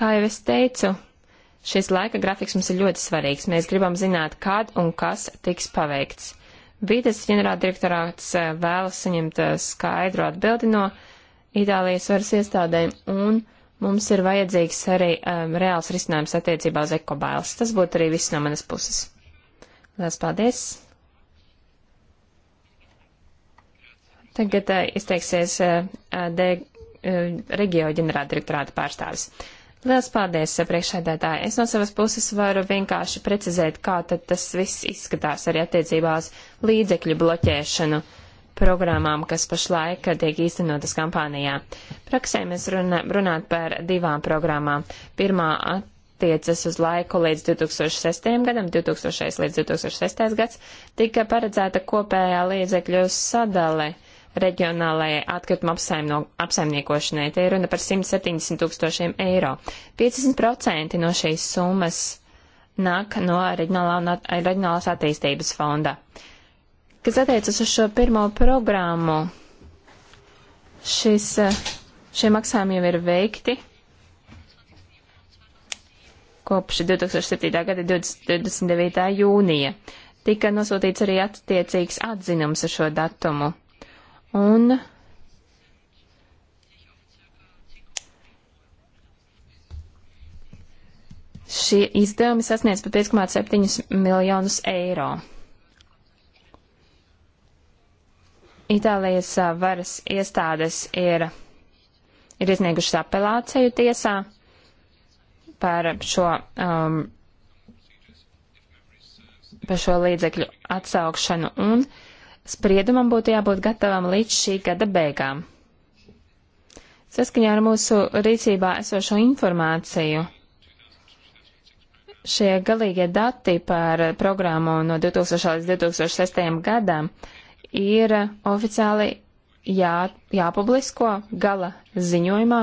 Kā jau es teicu, šis laika grafiks mums ir ļoti svarīgs. Mēs gribam zināt, kad un kas tiks paveikts. Vides ģenerāldirektorāts eh, vēlas saņemt eh, skaidru atbildi no Itālijas varas iestādēm, un mums ir vajadzīgs arī um, reāls risinājums attiecībā uz ekobailes. Tas būtu arī viss no manas puses. Lielas paldies! Tagad eh, izteiksies eh, eh, D reģio ģenerāldirektorāta pārstāvis. Liels paldies, priekšsēdētāji. Es no savas puses varu vienkārši precizēt, kā tad tas viss izskatās arī attiecībās līdzekļu bloķēšanu programmām, kas pašlaik tiek īstenotas kampānijā. Praksē mēs runā, runāt par divām programmām. Pirmā attiecas uz laiku līdz 2006. gadam, 2006 līdz 2006 gads, tika paredzēta kopējā līdzekļu sadale reģionālajai atkrituma apsaimno, apsaimniekošanai. Te ir runa par 170 tūkstošiem eiro. 50% no šīs summas nāk no reģionālā un at, reģionālās attīstības fonda. Kas attiecas uz šo pirmo programmu, šis, eh, šie maksājumi jau ir veikti kopš 2007. gada 29. jūnija. Tika nosūtīts arī attiecīgs atzinums ar šo datumu un šie izdevumi sasniedz pat 5,7 miljonus eiro. Itālijas varas iestādes ir, ir iesniegušas apelāciju tiesā par šo, um, par šo līdzekļu atsaukšanu un uh, Spriedumam būtu jābūt gatavam līdz šī gada beigām. Saskaņā ar mūsu rīcībā esošo informāciju, šie galīgie dati par programmu no 2000 līdz 2006 gadam ir oficiāli jā, jāpublisko gala ziņojumā,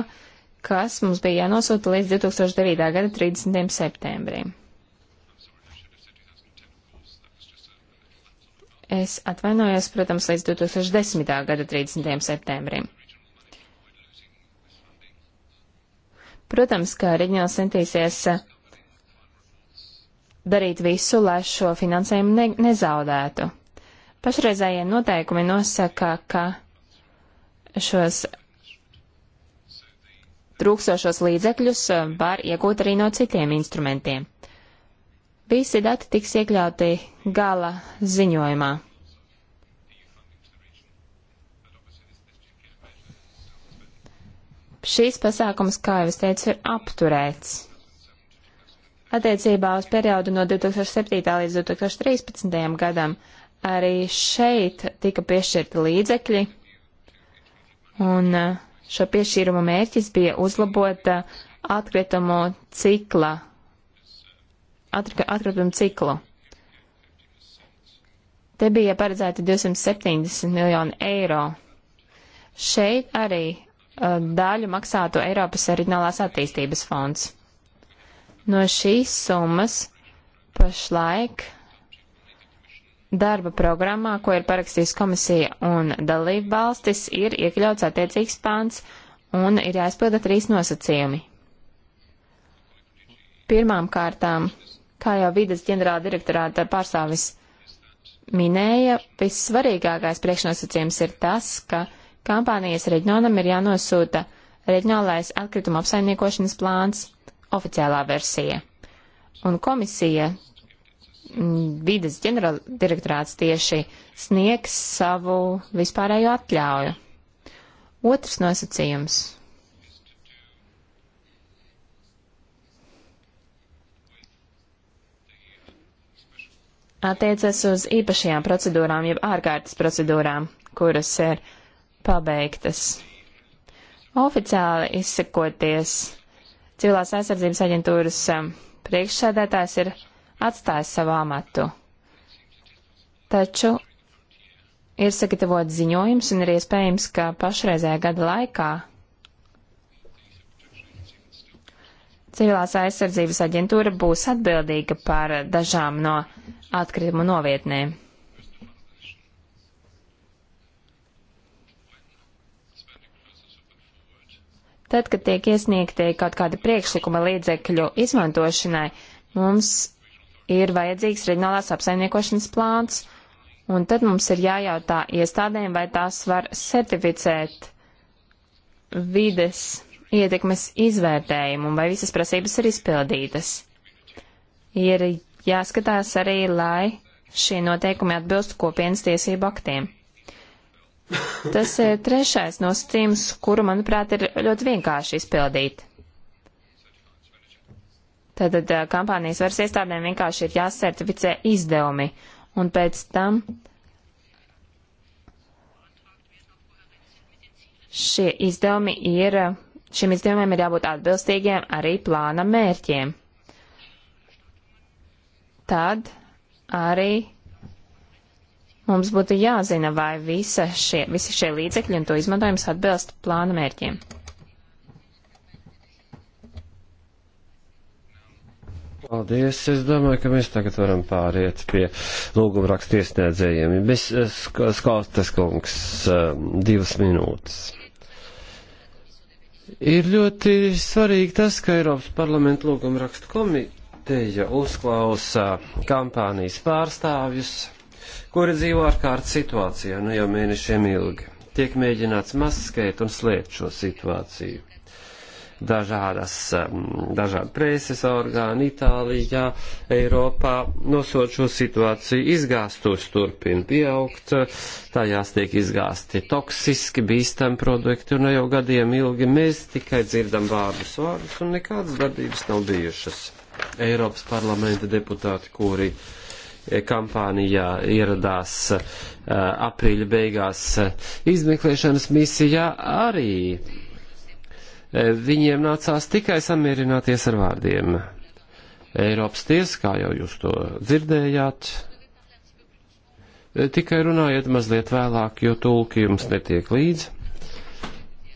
kas mums bija jānosūta līdz 2009. gada 30. septembrim. Es atvainojos, protams, līdz 2010. gada 30. septembrim. Protams, ka Riņāls centīsies eh, darīt visu, lai šo finansējumu ne nezaudētu. Pašreizējie noteikumi nosaka, ka šos trūkstošos līdzekļus eh, var iegūt arī no citiem instrumentiem. Visi dati tiks iekļauti gala ziņojumā. Šīs pasākums, kā jau es teicu, ir apturēts. Attiecībā uz periodu no 2007. līdz 2013. gadam arī šeit tika piešķirti līdzekļi, un uh, šo piešķīrumu mērķis bija uzlabot uh, atkritumu cikla atkritumu ciklu. Te bija paredzēti 270 miljoni eiro. Šeit arī uh, daļu maksātu Eiropas Reģionālās attīstības fonds. No šīs summas pašlaik darba programmā, ko ir parakstījis komisija un dalība valstis, ir iekļauts attiecīgs pāns un ir jāizpilda trīs nosacījumi. Pirmām kārtām Kā jau vidas ģenerāla direktorāta pārstāvis minēja, vissvarīgākais priekšnosacījums ir tas, ka kampānijas reģionam ir jānosūta reģionālais atkrituma apsaimniekošanas plāns oficiālā versija. Un komisija mm, vides ģenerāldirektorāts tieši sniegs savu vispārējo atļauju. Otrs nosacījums attiecas uz īpašajām procedūrām, jeb ārkārtas procedūrām, kuras ir pabeigtas. Oficiāli izsakoties, civilās aizsardzības aģentūras um, priekšsēdētājs ir atstājis savu amatu. Taču ir sagatavots ziņojums un ir iespējams, ka pašreizējā gada laikā civilās aizsardzības aģentūra būs atbildīga par dažām no atkritumu novietnēm. Tad, kad tiek iesniegti kaut kādi priekšlikuma līdzekļu izmantošanai, mums ir vajadzīgs reģionālās apsaimniekošanas plāns, un tad mums ir jājautā iestādēm, vai tās var certificēt vides ietekmes izvērtējumu, vai visas prasības ir izpildītas. Ir jāskatās arī, lai šie noteikumi atbilst kopienas tiesību aktiem. Tas ir trešais nosacījums, kuru, manuprāt, ir ļoti vienkārši izpildīt. Tātad kampānijas varas iestādēm vienkārši ir jāsertificē izdevumi, un pēc tam šie izdevumi ir, šiem izdevumiem ir jābūt atbilstīgiem arī plāna mērķiem tad arī mums būtu jāzina, vai visa šie, visi šie līdzekļi un to izmantojums atbilst plāna mērķiem. Paldies. Es domāju, ka mēs tagad varam pāriet pie lūguma rakstu iesniedzējiem. Mēs eh, skaustas kungs eh, divas minūtes. Ir ļoti svarīgi tas, ka Eiropas parlamenta lūguma rakstu komiteja komiteja uzklausa kampānijas pārstāvjus, kuri dzīvo ārkārtas situācijā nu jau mēnešiem ilgi. Tiek mēģināts maskēt un slēpt šo situāciju. Dažādas, um, dažādi preses orgāni Itālijā, Eiropā nosot šo situāciju, izgāstos turpina pieaugt, tajās tiek izgāsti toksiski, bīstami produkti, un jau gadiem ilgi mēs tikai dzirdam vārdus vārdus, un nekādas darbības nav bijušas Eiropas parlamenta deputāti, kuri eh, kampānijā ieradās eh, aprīļa beigās eh, izmeklēšanas misijā, arī viņiem nācās tikai samierināties ar vārdiem. Eiropas tiesa, kā jau jūs to dzirdējāt, tikai runājiet mazliet vēlāk, jo tulki jums netiek līdzi.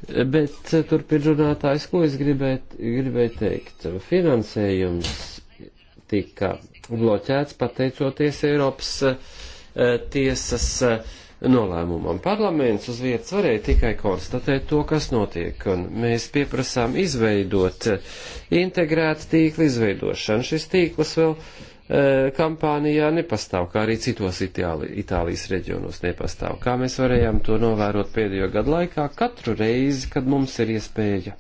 Bet eh, turpin runātājs, ko es gribēju, gribēju teikt. Finansējums tika bloķēts pateicoties Eiropas eh, tiesas eh, nolēmumam. Parlaments uz vietas varēja tikai konstatēt to, kas notiek, un mēs pieprasām izveidot integrētu tīklu izveidošanu. Šis tīkls vēl E, kampānijā nepastāv, kā arī citos Itāli, Itālijas reģionos nepastāv. Kā mēs varējām to novērot pēdējo gadu laikā, katru reizi, kad mums ir iespēja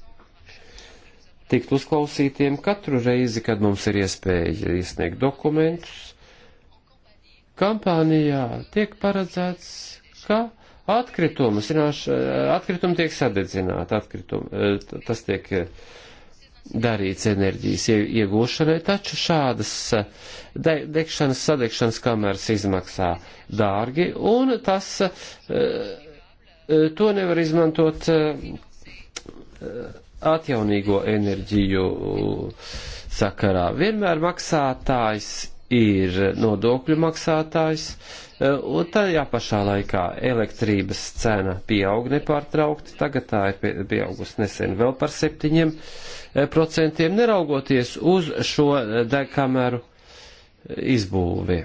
tikt uzklausītiem, katru reizi, kad mums ir iespēja iesniegt dokumentus, kampānijā tiek paredzēts, ka atkritumu, zināš, e, atkritumu tiek sadedzināti, atkritumu, e, tas tiek uh, darīts enerģijas iegūšanai, taču šādas eh, degšanas, sadegšanas kameras izmaksā dārgi, un tas, eh, eh, to nevar izmantot atjaunīgo enerģiju sakarā. Vienmēr maksātājs ir nodokļu maksātājs, e, un tajā pašā laikā elektrības cena pieaug nepārtraukti, tagad tā ir pieaugusi nesen vēl par septiņiem e, procentiem, neraugoties uz šo e, degkameru izbūvi.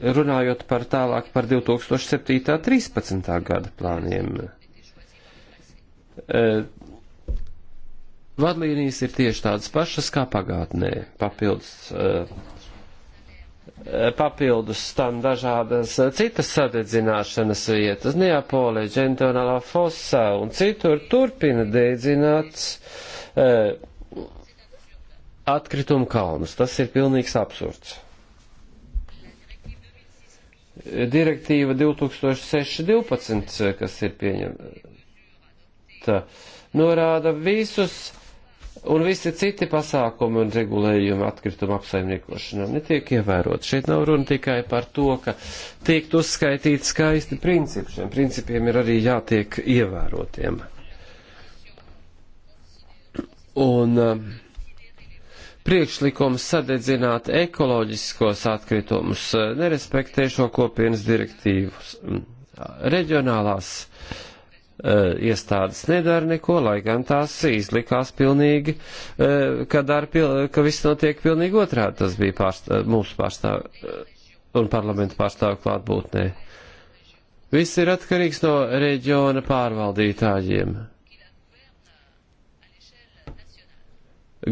Runājot par tālāk par 2007. 13. gada plāniem Vadlīnijas ir tieši tādas pašas kā pagātnē. Papildus, eh, eh, papildus tam dažādas eh, citas sadedzināšanas vietas, Neapolē, Džentonālā Fosā un citur turpina dedzināt atkritumu kalnus. Tas ir pilnīgs absurds. Direktīva 2006-12, kas ir pieņemta, norāda visus Un visi citi pasākumi un regulējumi atkrituma apsaimniekošanā netiek ievērot. Šeit nav runa tikai par to, ka tiek uzskaitīti skaisti principi. Šiem principiem ir arī jātiek ievērotiem. Un um, priekšlikums sadedzināt ekoloģiskos atkritumus uh, nerespektē šo kopienas direktīvas. Mm, reģionālās uh, Eh, iestādes nedara neko, lai gan tās izlikās pilnīgi, eh, ka, dar, ka viss notiek pilnīgi otrādi. Tas bija pārstāv, mūsu pārstāv eh, un parlamentu pārstāvu klātbūtnē. Viss ir atkarīgs no reģiona pārvaldītājiem.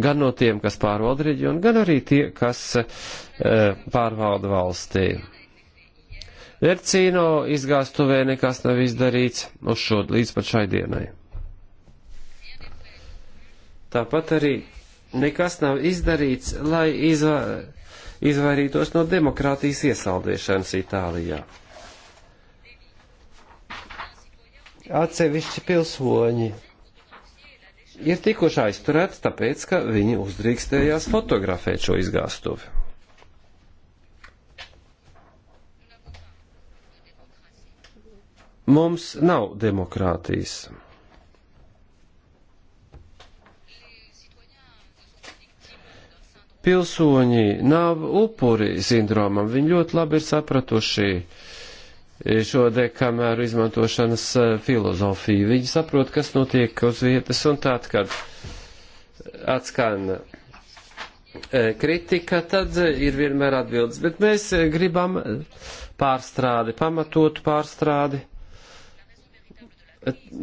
Gan no tiem, kas pārvalda reģionu, gan arī tie, kas pārvalda valstī. Vercīno izgāstuvē nekas nav izdarīts uz šo līdz pat šai dienai. Tāpat arī nekas nav izdarīts, lai izva izvairītos no demokrātijas iesaldēšanas Itālijā. Atsevišķi pilsoņi ir tikuši aizturēti, tāpēc, ka viņi uzdrīkstējās fotografēt šo izgāstuvi. Mums nav demokrātijas. pilsoņi nav upuri sindromam. Viņi ļoti labi ir sapratuši šo dekamēru izmantošanas e, filozofiju. Viņi saprot, kas notiek uz vietas un tā, kad atskan e, kritika, tad e, ir vienmēr atbildes. Bet mēs gribam pārstrādi, pamatotu pārstrādi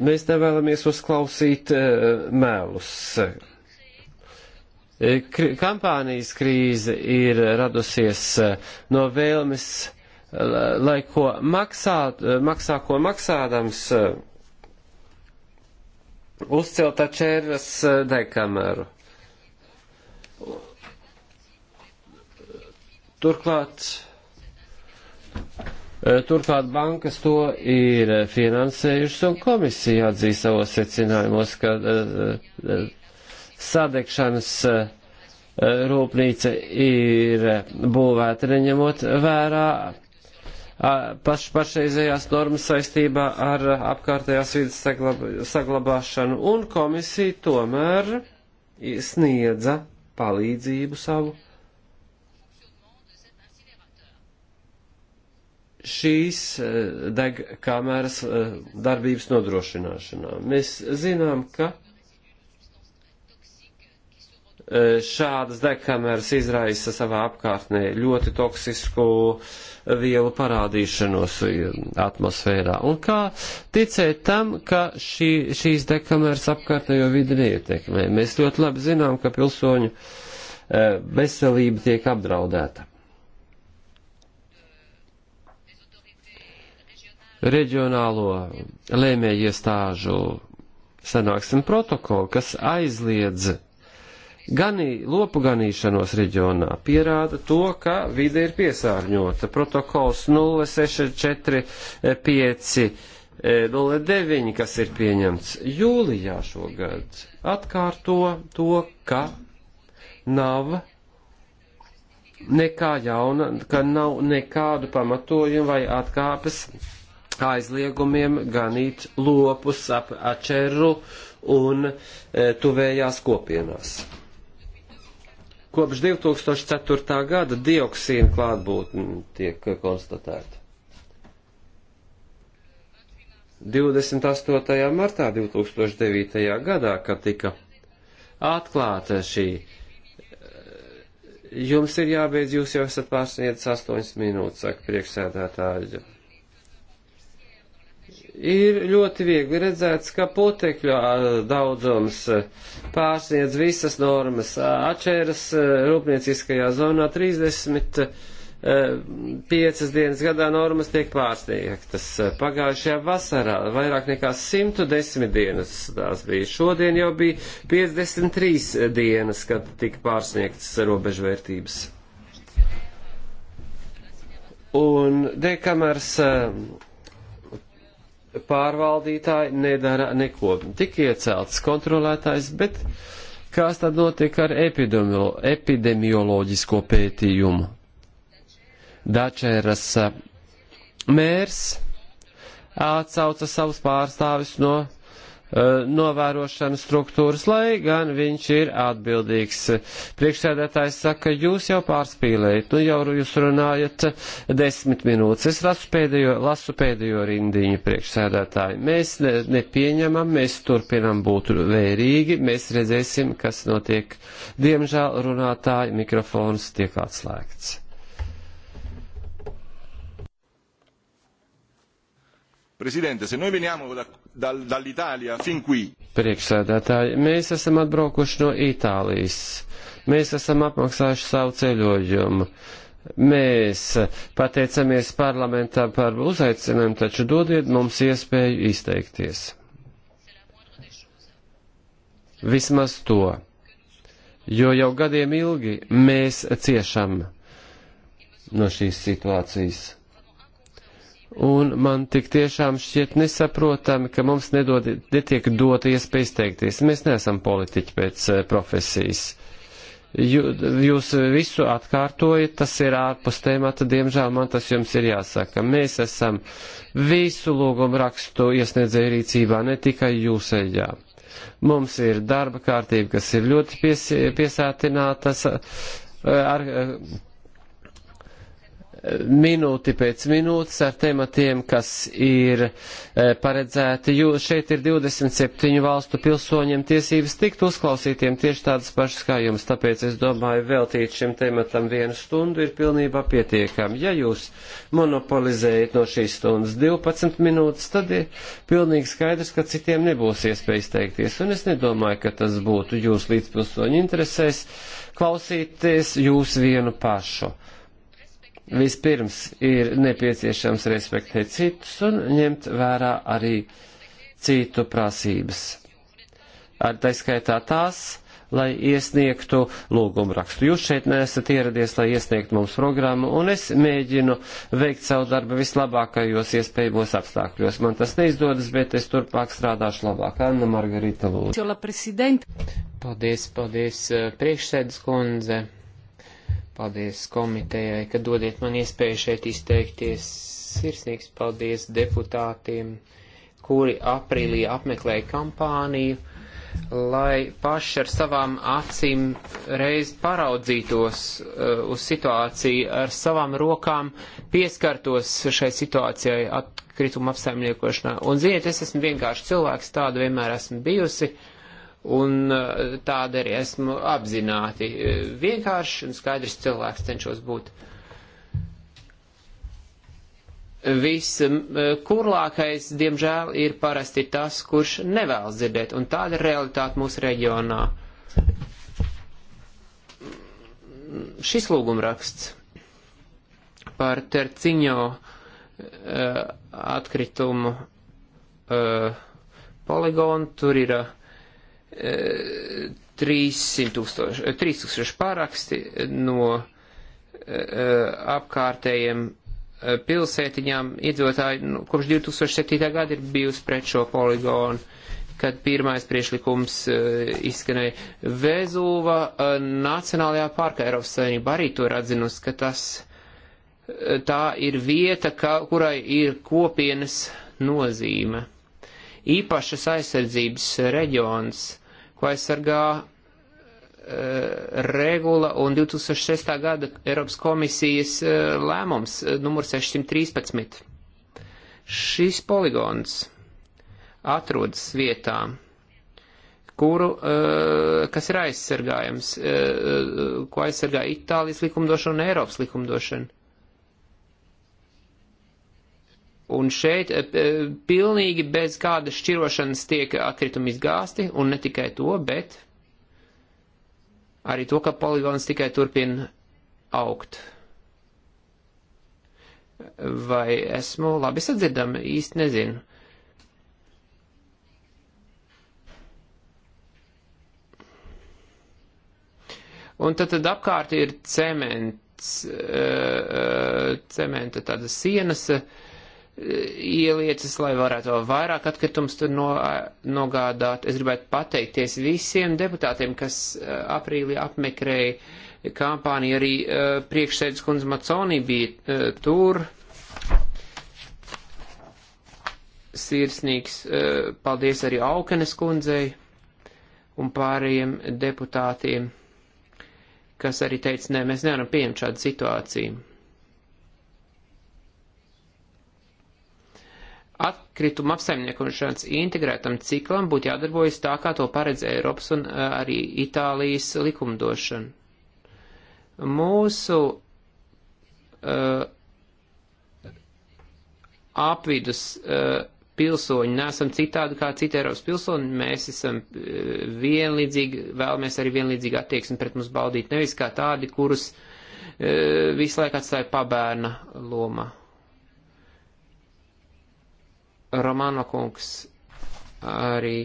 mēs nevēlamies uzklausīt eh, mēlus. Eh, kampānijas krīze ir radusies eh, no vēlmes, lai ko maksāt, maksā, ko maksādams, uzcelt atšķēras degkameru. Turklāt E, turklāt bankas to ir finansējušas, un komisija atzīst savos secinājumos, ka e, e, sadegšanas rūpnīca ir būvēta neņemot vērā paš, pašreizējās normas saistībā ar apkārtējās vidas saglab, saglabāšanu, un komisija tomēr sniedza palīdzību savu šīs eh, degkameras eh, darbības nodrošināšanā. Mēs zinām, ka eh, šādas degkameras izraisa savā apkārtnē ļoti toksisku vielu parādīšanos atmosfērā. Un kā ticēt tam, ka šī, šīs degkameras apkārtējo vidi neietekmē? Mēs ļoti labi zinām, ka pilsoņu veselība tiek apdraudēta. reģionālo lēmēju iestāžu sanāksim protokolu, kas aizliedz ganī, lopu ganīšanos reģionā, pierāda to, ka vide ir piesārņota. Protokols 0645. 09, eh, kas ir pieņemts jūlijā šogad, atkārto to, ka nav nekā jauna, ka nav nekādu pamatojumu vai atkāpes aizliegumiem ganīt lopus ap ačeru un e, tuvējās kopienās. Kopš 2004. gada dioksīna klātbūtne tiek konstatēta. 28. martā 2009. gadā, kad tika atklāta šī, e, jums ir jābeidz, jūs jau esat pārsniedzis 8 minūtes, saka priekšsēdētāji ir ļoti viegli redzēts, ka putekļu daudzums pārsniedz visas normas. Ačēras rūpnieciskajā zonā 30 piecas dienas gadā normas tiek pārsniegtas. Pagājušajā vasarā vairāk nekā 110 dienas tās bija. Šodien jau bija 53 dienas, kad tika pārsniegtas robežvērtības. Un dekamers pārvaldītāji nedara neko. Tik iecelts kontrolētājs, bet kas tad notiek ar epidemioloģisko pētījumu? Dačēras eh, mērs atsauca savus pārstāvis no Eh, novērošanas struktūras, lai gan viņš ir atbildīgs. Priekšsēdētājs saka, jūs jau pārspīlējat, nu jau jūs runājat desmit minūtes. Es lasu pēdējo, lasu pēdējo rindiņu priekšsēdētāju. Mēs ne, nepieņemam, mēs turpinam būt vērīgi, mēs redzēsim, kas notiek. Diemžēl runātāja mikrofons tiek atslēgts. Presidente, se noi veniamo da dal, dall'Italia fin qui. Priekšsēdētāji, mēs esam atbraukuši no Itālijas. Mēs esam apmaksājuši savu ceļojumu. Mēs pateicamies parlamentā par uzaicinājumu, taču dodiet mums iespēju izteikties. Vismaz to, jo jau gadiem ilgi mēs ciešam no šīs situācijas. Un man tik tiešām šķiet nesaprotami, ka mums nedod, netiek dota iespēja izteikties. Mēs neesam politiķi pēc eh, profesijas. Jūs visu atkārtojat, tas ir ārpus tēmata, diemžēl man tas jums ir jāsaka. Mēs esam visu lūgumu rakstu iesniedzēju rīcībā, ne tikai jūsējā. Mums ir darba kārtība, kas ir ļoti pies, piesātināta ar, ar minūti pēc minūtes ar tematiem, kas ir e, paredzēti, jo šeit ir 27 valstu pilsoņiem tiesības tikt uzklausītiem tieši tādas pašas kā jums, tāpēc es domāju, veltīt šim tematam vienu stundu ir pilnībā pietiekami. Ja jūs monopolizējat no šīs stundas 12 minūtes, tad ir pilnīgi skaidrs, ka citiem nebūs iespēja izteikties, un es nedomāju, ka tas būtu jūs līdzpilsoņu interesēs klausīties jūs vienu pašu. Vispirms ir nepieciešams respektēt citus un ņemt vērā arī citu prasības. Ar taiskaitā tās, lai iesniegtu lūgumu rakstu. Jūs šeit nesat ieradies, lai iesniegtu mums programmu, un es mēģinu veikt savu darbu vislabākajos iespējamos apstākļos. Man tas neizdodas, bet es turpmāk strādāšu labāk. Anna Margarita Lūdzu. Paldies, paldies, eh, priekšsēdus kundze. Paldies komitejai, ka dodiet man iespēju šeit izteikties. Sirsnīgs paldies deputātiem, kuri aprīlī apmeklēja kampāniju, lai paši ar savām acīm reiz paraudzītos uh, uz situāciju, ar savām rokām pieskartos šai situācijai atkrituma apsaimniekošanā. Un ziniet, es esmu vienkārši cilvēks, tāda vienmēr esmu bijusi. Uh, un eh, tāda arī esmu apzināti. Eh, vienkārši un skaidrs cilvēks cenšos būt. Viss eh, kurlākais, diemžēl, ir parasti tas, kurš nevēlas dzirdēt, un tāda ir realitāte mūsu reģionā. Šis lūgumraksts par terciņo uh, atkritumu uh, poligonu, tur ir uh, 300 tūkstoši, 3000 eh, pāraksti no eh, eh, apkārtējiem pilsētiņām iedzīvotāji nu, kopš 2007. gada ir bijusi pret šo poligonu, kad pirmais priešlikums uh, izskanēja Vēzūva uh, Nacionālajā parkā Eiropas Savienība arī to ir atzinusi, ka tas, uh, tā ir vieta, ka, kurai ir kopienas nozīme. Īpašas aizsardzības reģions uh, ko aizsargā eh, regula un 2006. gada Eiropas komisijas eh, lēmums eh, numur 613. Šis poligons atrodas vietā, kuru, kas ir aizsargājams, ko aizsargā Itālijas likumdošana un Eiropas likumdošana. Un šeit eh, pilnīgi bez kādas šķirošanas tiek atkritumi izgāsti, un ne tikai to, bet arī to, ka poligons tikai turpina augt. Vai esmu labi sadzirdama? Īsti nezinu. Un tad, tad apkārt ir cements, eh, eh, cementa tādas sienas, uh, ieliecas, lai varētu vēl vairāk atkritums tur no, nogādāt. Es gribētu pateikties visiem deputātiem, kas eh, aprīlī apmeklēja kampāniju, arī eh, priekšsēdus kundze Maconi bija eh, tur. Sirsnīgs paldies arī Aukenes kundzei un pārējiem deputātiem, kas arī teica, nē, mēs nevaram pieņemt šādu situāciju atkrituma apsaimniekošanas integrētam ciklam būtu jādarbojas tā, kā to paredz Eiropas un eh, arī Itālijas likumdošana. Mūsu uh, apvidus uh, pilsoņi nesam citādi kā citi Eiropas pilsoņi, mēs esam uh, vienlīdzīgi, vēlamies arī vienlīdzīgi attieksmi pret mums baudīt, nevis kā tādi, kurus uh, visu laiku atstāja pabērna lomā. Romano kungs arī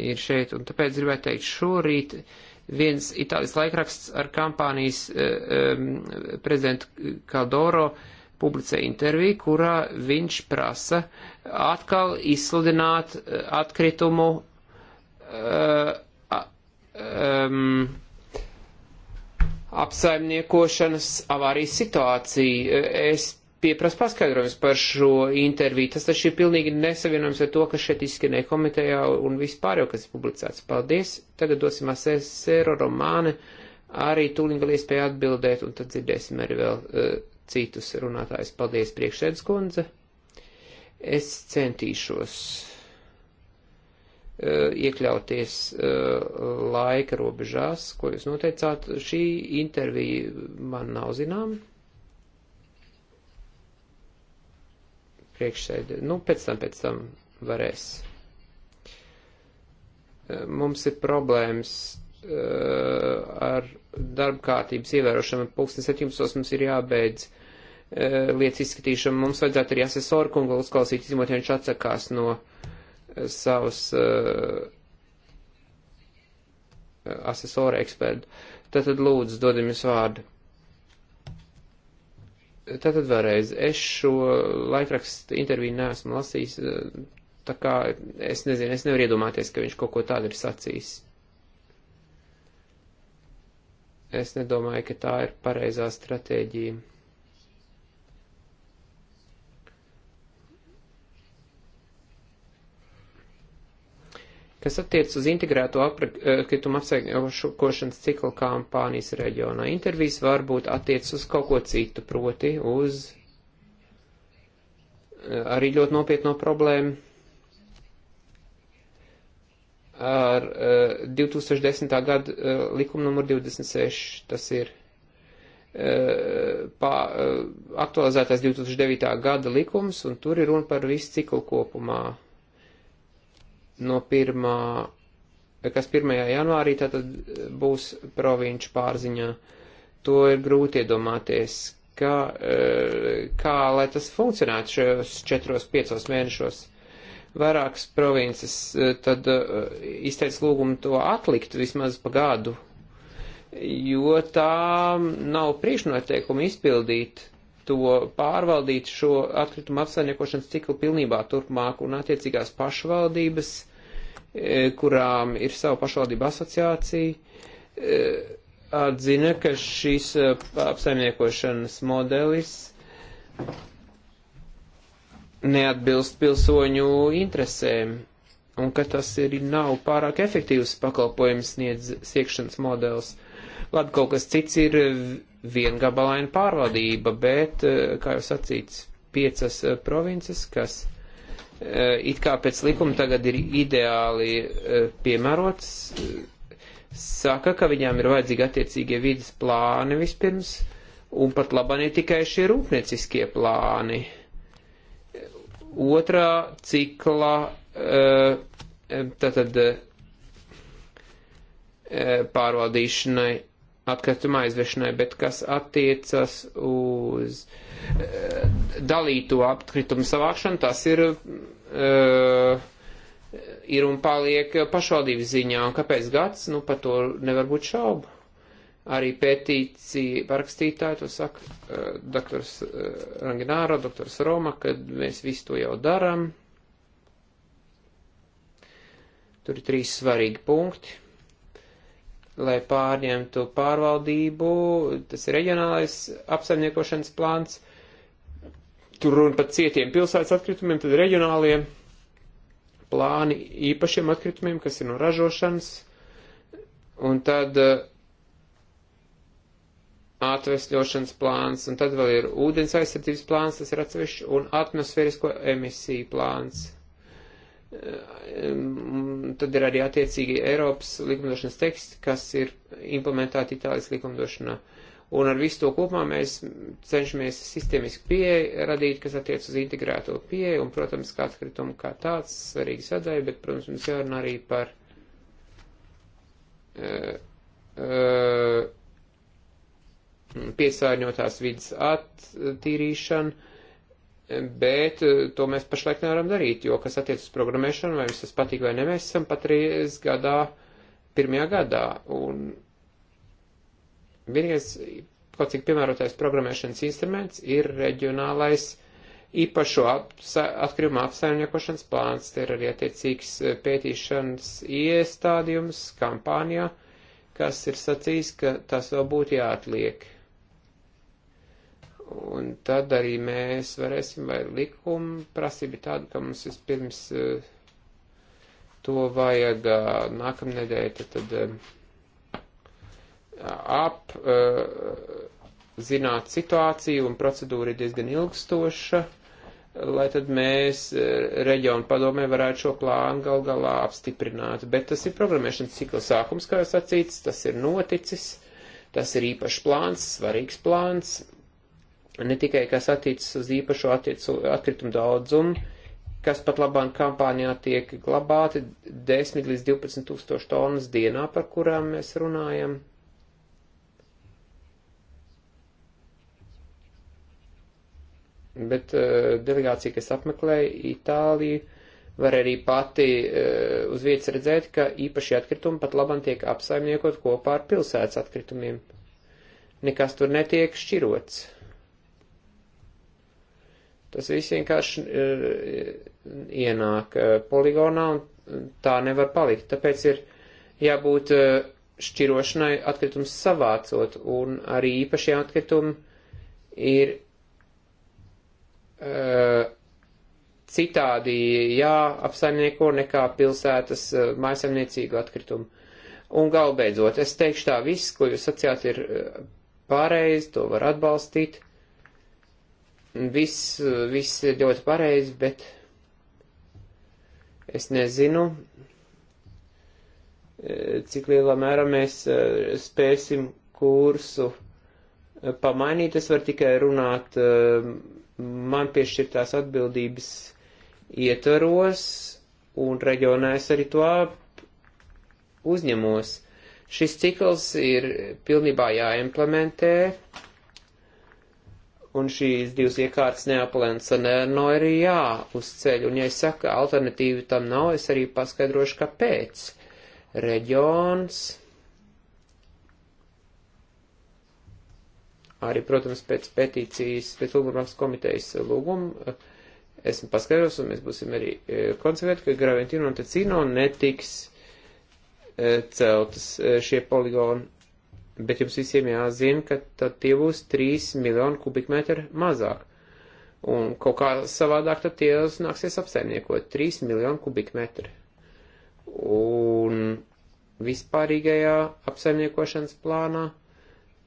ir šeit, un tāpēc gribētu teikt, šorīt viens itālijas laikraksts ar kampānijas um, prezidentu Kaldoro publicē interviju, kurā viņš prasa atkal izsludināt eh, atkritumu uh, um, apsaimniekošanas avārijas situāciju. Es pieprasa paskaidrojums par šo interviju. Tas taču ir pilnīgi nesavienojams ar to, kas šeit izskanēja komitejā un vispār jau, kas ir publicēts. Paldies. Tagad dosim Asesero Romāne arī tūlīt vēl iespēju atbildēt, un tad dzirdēsim arī vēl uh, citus runātājus. Paldies, priekšsēdus kundze. Es centīšos uh, iekļauties uh, laika robežās, ko jūs noteicāt. Šī intervija man nav zināma priekšsēdi. Nu, pēc tam, pēc tam varēs. Eh, mums ir problēmas uh, ar darba kārtības ievērošanu. Pulksten 17. mums ir jābeidz uh, lietas izskatīšana. Mums vajadzētu arī asesoru kungu uzklausīt, izņemot, ja viņš atsakās no savas uh, asesora eksperta. Tātad lūdzu, dodam jūs vārdu. Tātad vēlreiz, es šo laikrakstu interviju neesmu lasījis, eh, tā kā es nezinu, es nevaru iedomāties, ka viņš kaut ko tādu ir sacījis. Es nedomāju, ka tā ir pareizā stratēģija. Kas attiec uz integrēto apkrituma apsaimniekošanas ciklu kampānijas reģionā, intervijas varbūt attiec uz kaut ko citu, proti uz eh, arī ļoti nopietno problēmu ar 2010. Eh, gada eh, likumu numur 26, tas ir pā, aktualizētais 2009. gada likums, un tur ir runa par visu ciklu kopumā no 1. kas 1. janvārī tātad eh, būs provinču pārziņā. To ir grūti iedomāties, kā, eh, kā lai tas funkcionētu šajos 4-5 mēnešos. Vairākas provinces eh, tad izteica lūgumu to atlikt vismaz pa gadu, jo tā nav priekšnoteikuma izpildīt to pārvaldīt šo atkritumu apsaimniekošanas ciklu pilnībā turpmāk un attiecīgās pašvaldības E, kurām ir savu pašvaldību asociāciju, e, atzina, ka šīs e, apsaimniekošanas modelis neatbilst pilsoņu interesēm un ka tas ir nav pārāk efektīvs pakalpojums sniedz siekšanas modelis. Labi, kaut kas cits ir viengabalaina pārvaldība, bet, kā jau sacīts, piecas provinces, kas uh, Eh, it kā pēc likuma tagad ir ideāli eh, piemērots, eh, saka, ka viņām ir vajadzīgi attiecīgie vidas plāni vispirms, un pat labāk ir tikai šie rūpnieciskie plāni. Otrā cikla, tātad pārvaldīšanai atkrituma aizvešanai, bet kas attiecas uz e, dalīto atkritumu savākšanu, tas ir, e, ir un paliek pašvaldības ziņā. Un kāpēc gads? Nu, par to nevar būt šaubu. Arī pētīcija parakstītāji to saka, e, doktors e, Rangināro, doktors Roma, kad mēs visu to jau darām. Tur ir trīs svarīgi punkti lai pārņemtu pārvaldību, tas ir reģionālais apsaimniekošanas plāns, tur runa par cietiem pilsētas atkritumiem, tad reģionālie plāni īpašiem atkritumiem, kas ir no ražošanas, un tad uh, atvesļošanas plāns, un tad vēl ir ūdens aizsardzības plāns, tas ir atsevišķi, un atmosfērisko emisiju plāns. Ehm, tad ir arī attiecīgi Eiropas likumdošanas teksti, kas ir implementēti Itālijas likumdošanā. Un ar visu to kopumā mēs cenšamies sistēmisku pieeju radīt, kas attiec uz integrēto pieeju, un, protams, kā atkritumu kā tāds, svarīgi sadaļa, bet, protams, mums jārunā arī par uh, uh, piesārņotās vidas attīrīšanu, bet eh, to mēs pašlaik nevaram darīt, jo, kas attiec uz programmēšanu, vai mums tas patīk vai ne, mēs esam patreiz gadā, pirmajā gadā, un vienīgais, kaut cik piemērotais programmēšanas instruments ir reģionālais īpašo apsa, atkrivuma apsaimniekošanas plāns, te ir arī attiecīgs eh, pētīšanas iestādījums kampānijā, kas ir sacījis, ka tas vēl būtu jāatliek. Un tad arī mēs varēsim, vai likuma prasība ir tāda, ka mums vispirms eh, to vajag eh, nākamnedēļ, tad, tad eh, ap zināt situāciju un procedūra ir diezgan ilgstoša, lai tad mēs reģionu padomē varētu šo plānu gal galā apstiprināt. Bet tas ir programmēšanas cikla sākums, kā jau sacīts, tas ir noticis, tas ir īpašs plāns, svarīgs plāns, ne tikai kas attiecas uz īpašo attiecu, atkritumu daudzumu, kas pat labāk kampānijā tiek glabāti 10 līdz 12 tūkstoši tonnas dienā, par kurām mēs runājam. Bet uh, delegācija, kas apmeklēja Itāliju, var arī pati uh, uz vietas redzēt, ka īpaši atkritumi pat labāk tiek apsaimniekot kopā ar pilsētas atkritumiem. Nekas tur netiek šķirots. Tas viss vienkārši eh, ienāk eh, poligonā un tā nevar palikt. Tāpēc ir jābūt eh, šķirošanai atkritums savācot un arī īpašie atkritumi ir citādi jāapsaimnieko nekā pilsētas mājasemniecīgu atkritumu. Un galbeidzot, es teikšu tā, viss, ko jūs sacījāt, ir pareizi, to var atbalstīt Viss, viss ir ļoti pareizi, bet es nezinu, e, cik lielā mērā mēs e, spēsim kursu e, pamainīt. Es varu tikai runāt man piešķirtās atbildības ietvaros, un reģionā es arī to uzņemos. Šis cikls ir pilnībā jāimplementē un šīs divas iekārtas neapalēns un no ir jāuzceļ. Un, ja es saku, alternatīvi tam nav, es arī paskaidrošu, kāpēc. Reģions. Arī, protams, pēc pētīcijas, pēc lūgumrakstu komitejas lūguma, esmu paskaidros, un mēs būsim arī e, konservēti, ka Graventino un Tecino netiks e, celtas e, šie poligoni bet jums visiem jāzina, ka tad tie būs 3 miljoni kubikmetru mazāk. Un kaut kā savādāk tad tie nāksies apsaimniekot 3 miljoni kubikmetru. Un vispārīgajā apsaimniekošanas plānā,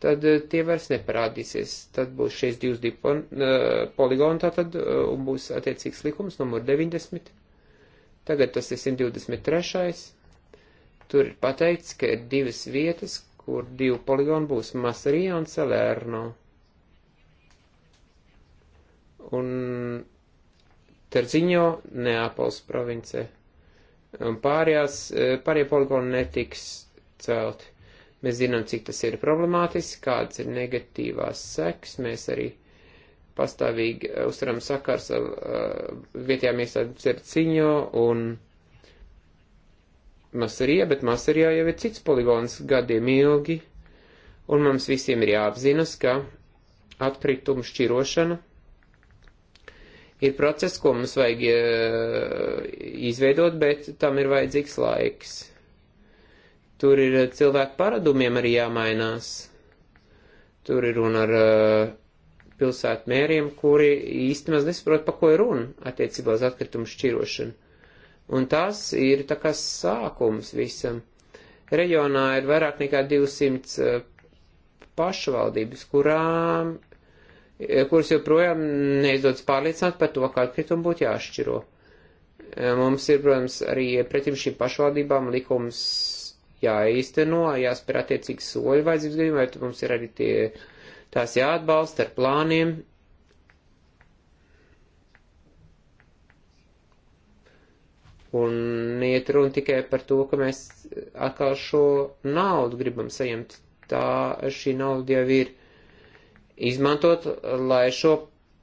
tad eh, tie vairs neparādīsies. Tad būs šīs divas dipon, eh, poligoni tātad, eh, un būs attiecīgs likums numur 90. Tagad tas ir 123. Tur ir pateikts, ka ir divas vietas, kur divi poligoni būs Masarija un Salerno. Un Terziņo, Neapels province. Un pārējās, e, pārējie poligoni netiks celti. Mēs zinām, cik tas ir problemātiski, kādas ir negatīvās seks. Mēs arī pastāvīgi e, uztaram sakars ar uh, vietējām iestādēm Terziņo un. Uh, Masarijā, bet Masarijā jau ir cits poligons gadiem ilgi, un mums visiem ir jāapzinas, ka atkritumu šķirošana ir process, ko mums vajag e, izveidot, bet tam ir vajadzīgs laiks. Tur ir e, cilvēku paradumiem arī jāmainās. Tur ir runa ar e, pilsētu mēriem, kuri īstenībā nesaprot, pa ko ir runa attiecībā uz atkritumu šķirošanu Un tas ir tā kā sākums visam. Reģionā ir vairāk nekā 200 eh, pašvaldības, kurām, eh, kuras joprojām neizdodas pārliecināt par to, kā atkritumi būtu jāšķiro. Eh, mums ir, protams, arī pretim šīm pašvaldībām likums jāīsteno, jāspēr attiecīgi soļi vajadzības gadījumā, bet mums ir arī tie, tās jāatbalsta ar plāniem, Un iet runa tikai par to, ka mēs atkal šo naudu gribam saņemt. Tā šī nauda jau ir izmantot, lai šo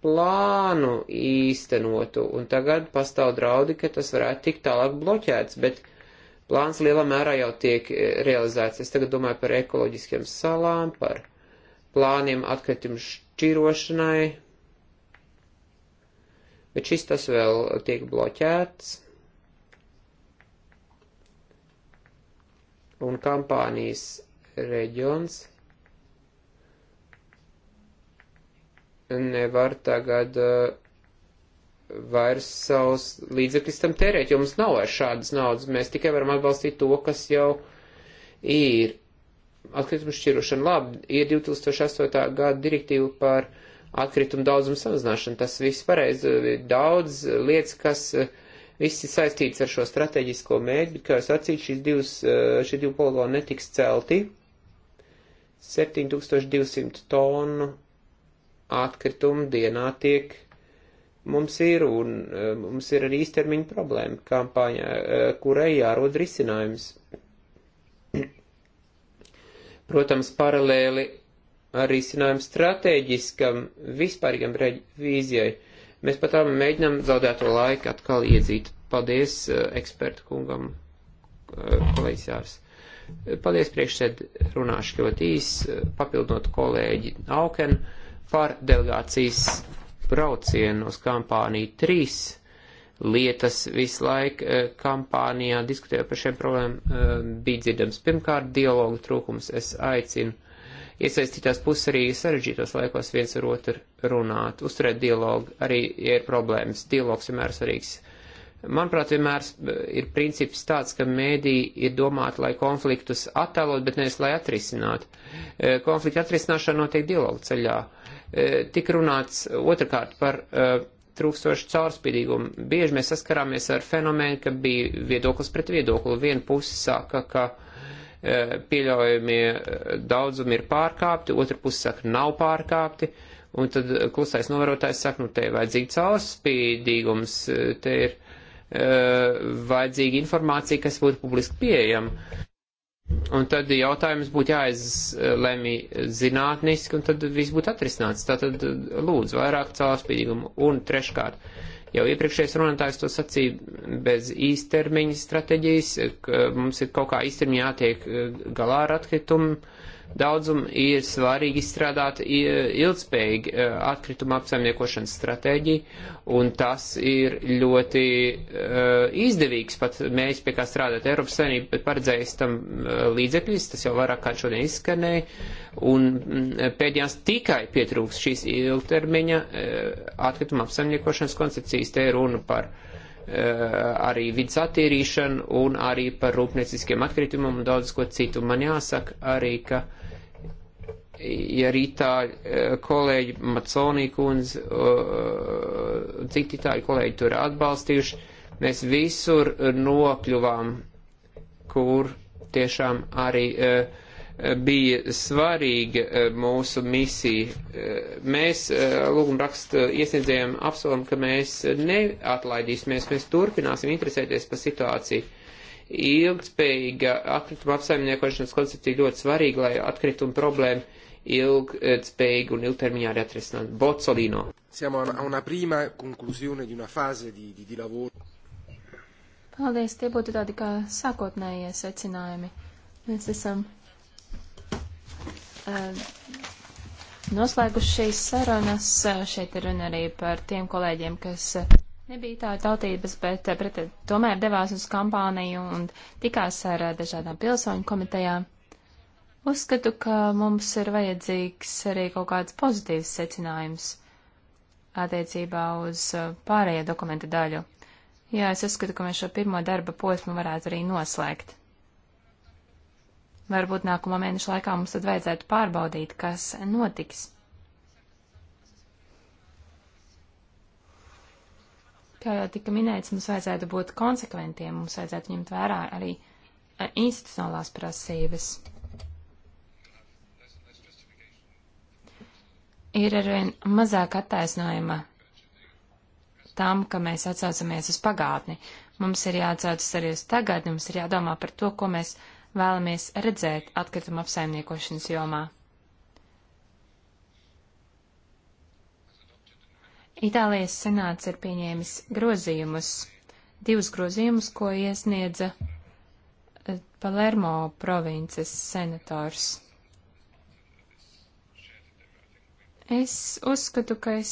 plānu īstenotu. Un tagad pastāv draudi, ka tas varētu tikt tālāk bloķēts, bet plāns lielā mērā jau tiek e, realizēts. Es tagad domāju par ekoloģiskiem salām, par plāniem atkritumu šķirošanai, bet šis tas vēl tiek bloķēts. un kampānijas reģions nevar tagad uh, vairs savus līdzekļus tam tērēt, jo mums nav vairs šādas naudas. Mēs tikai varam atbalstīt to, kas jau ir. Atkritumu šķirošana labi, ir 2008. gada direktīva par atkritumu daudzumu samazināšanu. Tas viss pareizi. Daudz lietas, kas uh, Viss ir saistīts ar šo strateģisko mērķi, bet, kā jau sacīju, šīs divas, eh, šie divi poligoni netiks celti. 7200 tonu atkritumu dienā tiek mums ir, un eh, mums ir arī īstermiņa problēma kampaņā, eh, kurai jārod risinājums. Protams, paralēli ar risinājumu strateģiskam vispārīgam revīzijai Mēs pat tā mēģinām zaudēto laiku atkal iedzīt. Paldies eh, ekspertu kungam, eh, kolēģis Jārs. Paldies priekšsēd, runāšu ļoti īs, papildinot kolēģi Auken par delegācijas braucienu uz kampāniju 3 lietas visu laiku eh, kampānijā diskutēja par šiem problēmām, bija dzirdams pirmkārt dialogu trūkums. Es aicinu iesaistītās puses arī sarežģītos laikos viens ar otru runāt, uzturēt dialogu, arī ja ir problēmas. Dialogs vienmēr svarīgs. Manuprāt, vienmēr ir princips tāds, ka mēdī ir domāti, lai konfliktus attēlot, bet nevis lai atrisinātu. E, Konflikta atrisināšana notiek dialogu ceļā. E, tik runāts otrkārt par e, trūkstošu caurspīdīgumu. Bieži mēs saskarāmies ar fenomenu, ka bija viedoklis pret viedokli. Viena puse saka, ka. ka Eh, pieļaujamie eh, daudzumi ir pārkāpti, otra puse saka, nav pārkāpti, un tad eh, klusais novērotājs saka, nu te ir vajadzīgi caurspīdīgums, te ir uh, vajadzīga informācija, kas būtu publiski pieejama. Un tad jautājums būtu jāizlemj zinātniski, un tad viss būtu atrisināts. Tātad lūdzu vairāk caurspīdīgumu. Un treškārt, Jau iepriekšējais runātājs to sacīja bez īstermiņa stratēģijas, ka mums ir kaut kā īstermiņā jātiek eh, galā ar atkritumu daudzumu ir svarīgi izstrādāt ilgspējīgi e, atkrituma apsaimniekošanas stratēģiju, un tas ir ļoti e, izdevīgs pat mērķis, pie kā strādāt Eiropas Savienība, paredzējis tam e, līdzekļus, tas jau vairāk kā šodien izskanēja, un pēdējās tikai pietrūks šīs ilgtermiņa atkrituma apsaimniekošanas koncepcijas, te ir runa par arī vidas attīrīšanu un arī par rūpnieciskiem atkritumiem un daudz ko citu. Man jāsaka arī, ka ja arī itāļu e, kolēģi, Maconī kundze, cik itāļu kolēģi tur atbalstījuši, mēs visur nokļuvām, kur tiešām arī e, e, bija svarīga mūsu misija. Mēs lūgumrakstu iesniedzējiem apsolam, ka mēs neatlaidīsimies, mēs turpināsim interesēties par situāciju ilgspējīga atkrituma apsaimniekošanas koncepcija ļoti svarīga, lai atkrituma problēma ilgspējīgi un ilgtermiņā arī atrisināt. Bocolino. Siamo a una prima conclusione di una fase di, di, di lavoro. Paldies, tie būtu tādi kā sākotnējie secinājumi. Mēs esam uh, noslēguši šīs sarunas. Eh, šeit ir runa arī par tiem kolēģiem, kas eh, nebija tā tautības, bet pret, tomēr devās uz kampāniju un tikās ar dažādām pilsoņu komitejām. Uzskatu, ka mums ir vajadzīgs arī kaut kāds pozitīvs secinājums attiecībā uz uh, pārējo dokumenta daļu. Jā, es uzskatu, ka mēs šo pirmo darba posmu varētu arī noslēgt. Varbūt nākamā mēneša laikā mums tad vajadzētu pārbaudīt, kas notiks. kā jau tika minēts, mums vajadzētu būt konsekventiem, mums vajadzētu ņemt vērā arī uh, institucionālās prasības. ir arvien mazāk attaisnojama tam, ka mēs atsaucamies uz pagātni. Mums ir jāatsaucas arī uz tagadni, mums ir jādomā par to, ko mēs vēlamies redzēt atkrituma apsaimniekošanas jomā. Itālijas senāts ir pieņēmis grozījumus, divus grozījumus, ko iesniedza eh, Palermo provinces senators. Es uzskatu, ka es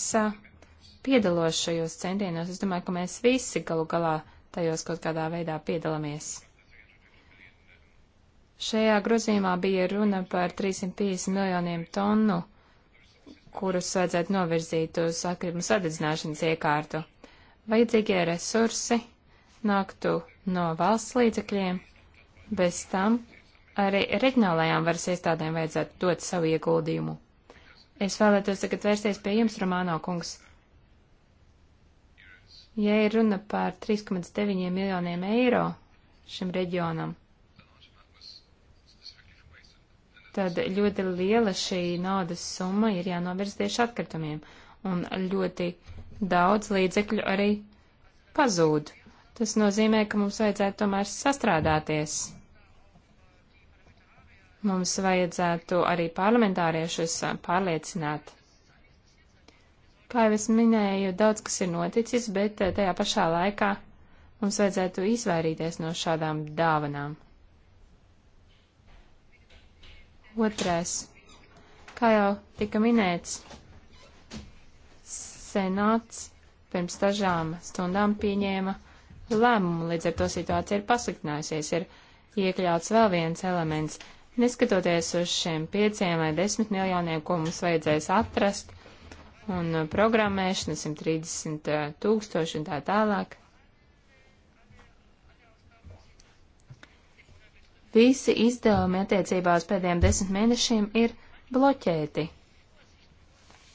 piedalos šajos centienos. Es domāju, ka mēs visi galu galā tajos kaut kādā veidā piedalāmies. Šajā grozījumā bija runa par 350 miljoniem tonu, kurus vajadzētu novirzīt uz atkritumu sadedzināšanas iekārtu. Vajadzīgie resursi nāktu no valsts līdzekļiem, bez tam arī reģionālajām varas iestādēm vajadzētu dot savu ieguldījumu. Es vēlētos tagad vērsties pie jums, Romāno kungs. Ja ir runa par 3,9 miljoniem eiro šim reģionam, tad ļoti liela šī naudas summa ir jānovirz tieši atkritumiem, un ļoti daudz līdzekļu arī pazūd. Tas nozīmē, ka mums vajadzētu tomēr sastrādāties. Mums vajadzētu arī parlamentāriešus uh, pārliecināt. Kā jau es minēju, daudz kas ir noticis, bet uh, tajā pašā laikā mums vajadzētu izvairīties no šādām dāvanām. Otrais. Kā jau tika minēts, senāts pirms dažām stundām pieņēma lēmumu, līdz ar to situācija ir pasliktinājusies. Ir iekļauts vēl viens elements Neskatoties uz šiem pieciem vai desmit miljoniem, ko mums vajadzēs atrast, un uh, programmēšana 130 uh, tūkstoši un tā tālāk. Visi izdevumi attiecībā uz pēdējiem desmit mēnešiem ir bloķēti.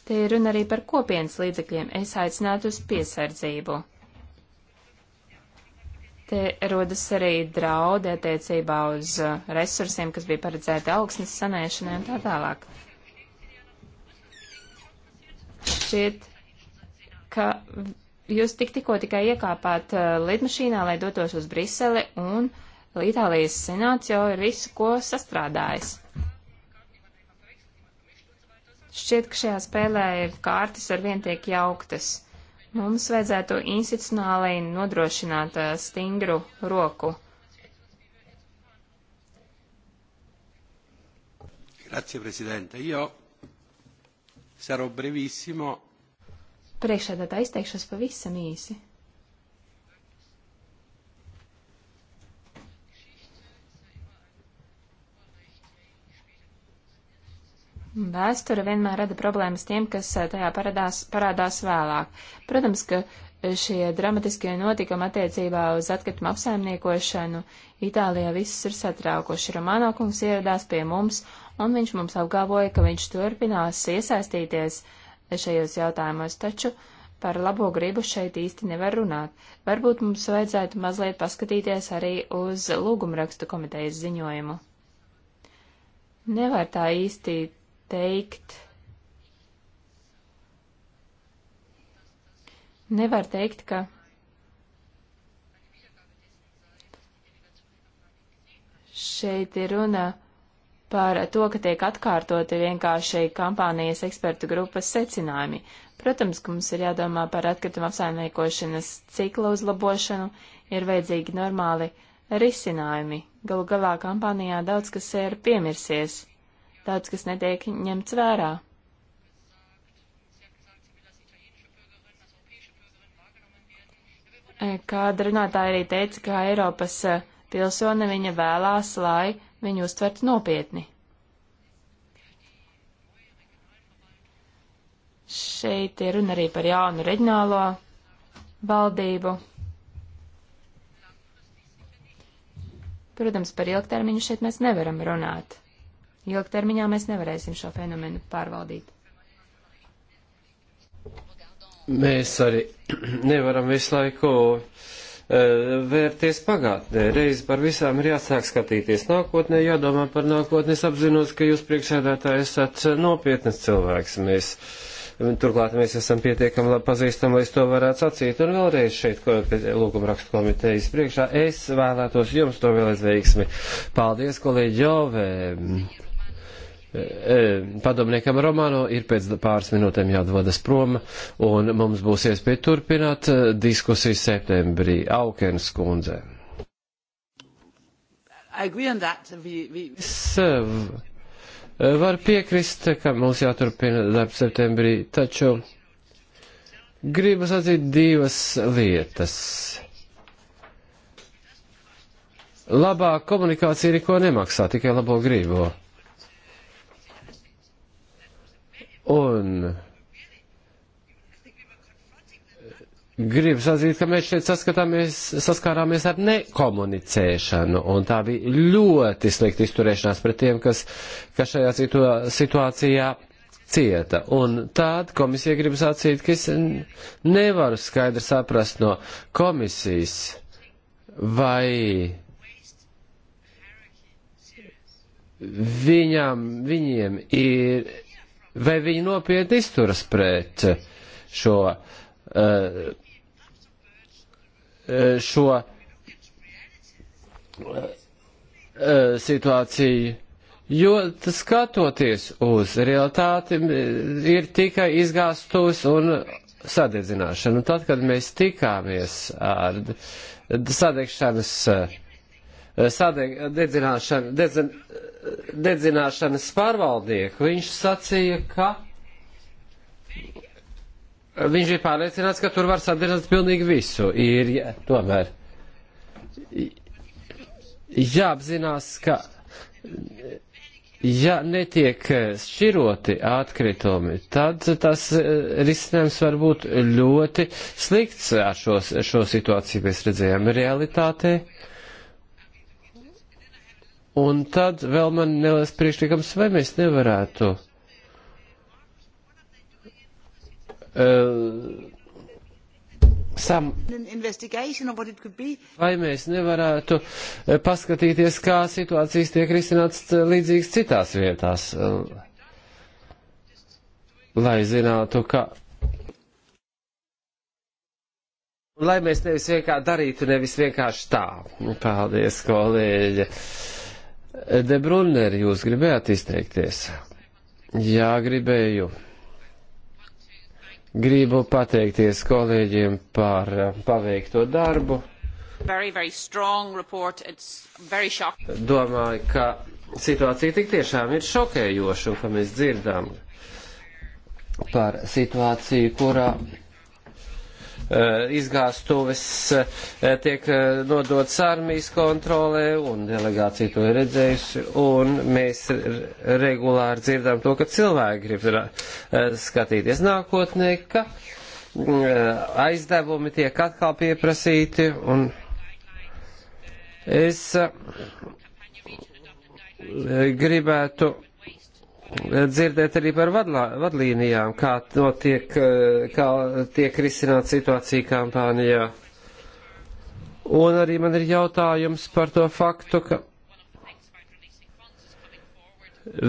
Te ir runa arī par kopienas līdzekļiem. Es aicinātu uz piesardzību. Te rodas arī draudi attiecībā uz uh, resursiem, kas bija paredzēti augsnes sanēšanai un tā tālāk. Šķiet, ka jūs tik tikko tikai iekāpāt uh, lidmašīnā, lai dotos uz Briseli, un Itālijas senāts jau ir visu, ko sastrādājis. Šķiet, ka šajā spēlē ir kārtas ar vien tiek jauktas. Mums vajadzētu institucionāli nodrošināt eh, stingru roku. Grazie, Presidente. Jo sarò brevissimo. Priekšādā tā izteikšos pavisam īsi. Vēsture vienmēr rada problēmas tiem, kas eh, tajā parādās, parādās vēlāk. Protams, ka eh, šie dramatiskie notikumi attiecībā uz atkritumu apsaimniekošanu Itālijā visus ir satraukoši. Romano kungs ieradās pie mums, un viņš mums apgalvoja, ka viņš turpinās iesaistīties šajos jautājumos, taču par labo gribu šeit īsti nevar runāt. Varbūt mums vajadzētu mazliet paskatīties arī uz lūgumrakstu komitejas ziņojumu. Nevar tā īsti teikt, nevar teikt, ka šeit ir runa par to, ka tiek atkārtoti vienkārši kampānijas ekspertu grupas secinājumi. Protams, ka mums ir jādomā par atkrituma apsaimniekošanas cikla uzlabošanu, ir vajadzīgi normāli risinājumi. Galu galā kampānijā daudz kas ir piemirsies daudz kas netiek ņemts vērā. Kāda runātāja arī teica, ka Eiropas eh, pilsone viņa vēlās, lai viņu uztvertu nopietni. Šeit ir runa arī par jaunu reģionālo valdību. Protams, par ilgtermiņu šeit mēs nevaram runāt. Ilgtermiņā mēs nevarēsim šo fenomenu pārvaldīt. Mēs arī nevaram visu laiku e, vērties pagātnē. Reiz par visām ir jāsāk skatīties nākotnē, jādomā par nākotnē. Es apzinos, ka jūs priekšsēdētāji esat nopietnas cilvēks. Mēs, turklāt mēs esam pietiekami labi pazīstami, lai es to varētu sacīt. Un vēlreiz šeit, ko lūguma rakstu komitejas priekšā, es vēlētos jums to vēlēt veiksmi. Paldies, kolēģi Jovē! E, padomniekam Romano ir pēc pāris minūtēm jādodas prom, un mums būs iespēja turpināt e, diskusiju septembrī Aukens kundzē. Es varu piekrist, ka mums jāturpina darbs septembrī, taču gribu sacīt divas lietas. Labā komunikācija neko nemaksā, tikai labo gribu. Un eh, gribas atzīt, ka mēs šeit saskārāmies ar nekomunicēšanu, un tā bija ļoti slikta izturēšanās pret tiem, kas, kas šajā situācijā cieta. Un tāda komisija gribas atzīt, ka es nevaru skaidri saprast no komisijas, vai viņam, viņiem ir vai viņi nopietni izturas pret šo, eh, eh, šo eh, situāciju. Jo skatoties uz realitāti, ir tikai izgāstos un sadedzināšana. Un tad, kad mēs tikāmies ar sadegšanas, sadeg, dedzināšanu, dedzināšanu, dedzināšanas pārvaldnieku, viņš sacīja, ka viņš ir pārliecināts, ka tur var sadedzināt pilnīgi visu. Ir, ja, tomēr jāapzinās, ka ja netiek šķiroti atkritumi, tad tas eh, risinājums var būt ļoti slikts ar šo, šo situāciju, mēs redzējām realitātei Un tad vēl man neliels priekšlikums, vai mēs nevarētu uh, sam. Vai mēs nevarētu eh, paskatīties, kā situācijas tiek risināts eh, līdzīgas citās vietās, lai zinātu, ka. Lai mēs nevis vienkārši darītu, nevis vienkārši tā. Paldies, kolēģi! De Brunner, jūs gribējāt izteikties? Jā, gribēju. Gribu pateikties kolēģiem par eh, paveikto darbu. Very, very very Domāju, ka situācija tik tiešām ir šokējoša, un ka mēs dzirdām par situāciju, kurā Eh, izgāstuves eh, tiek eh, nodots armijas kontrolē, un delegācija to ir redzējusi, un mēs regulāri dzirdam to, ka cilvēki grib skatīties nākotnē, ka aizdevumi tiek atkal pieprasīti, un es gribētu dzirdēt arī par vadlā, vadlīnijām, kā notiek, eh, kā tiek risināt situācija kampānijā. Un arī man ir jautājums par to faktu, ka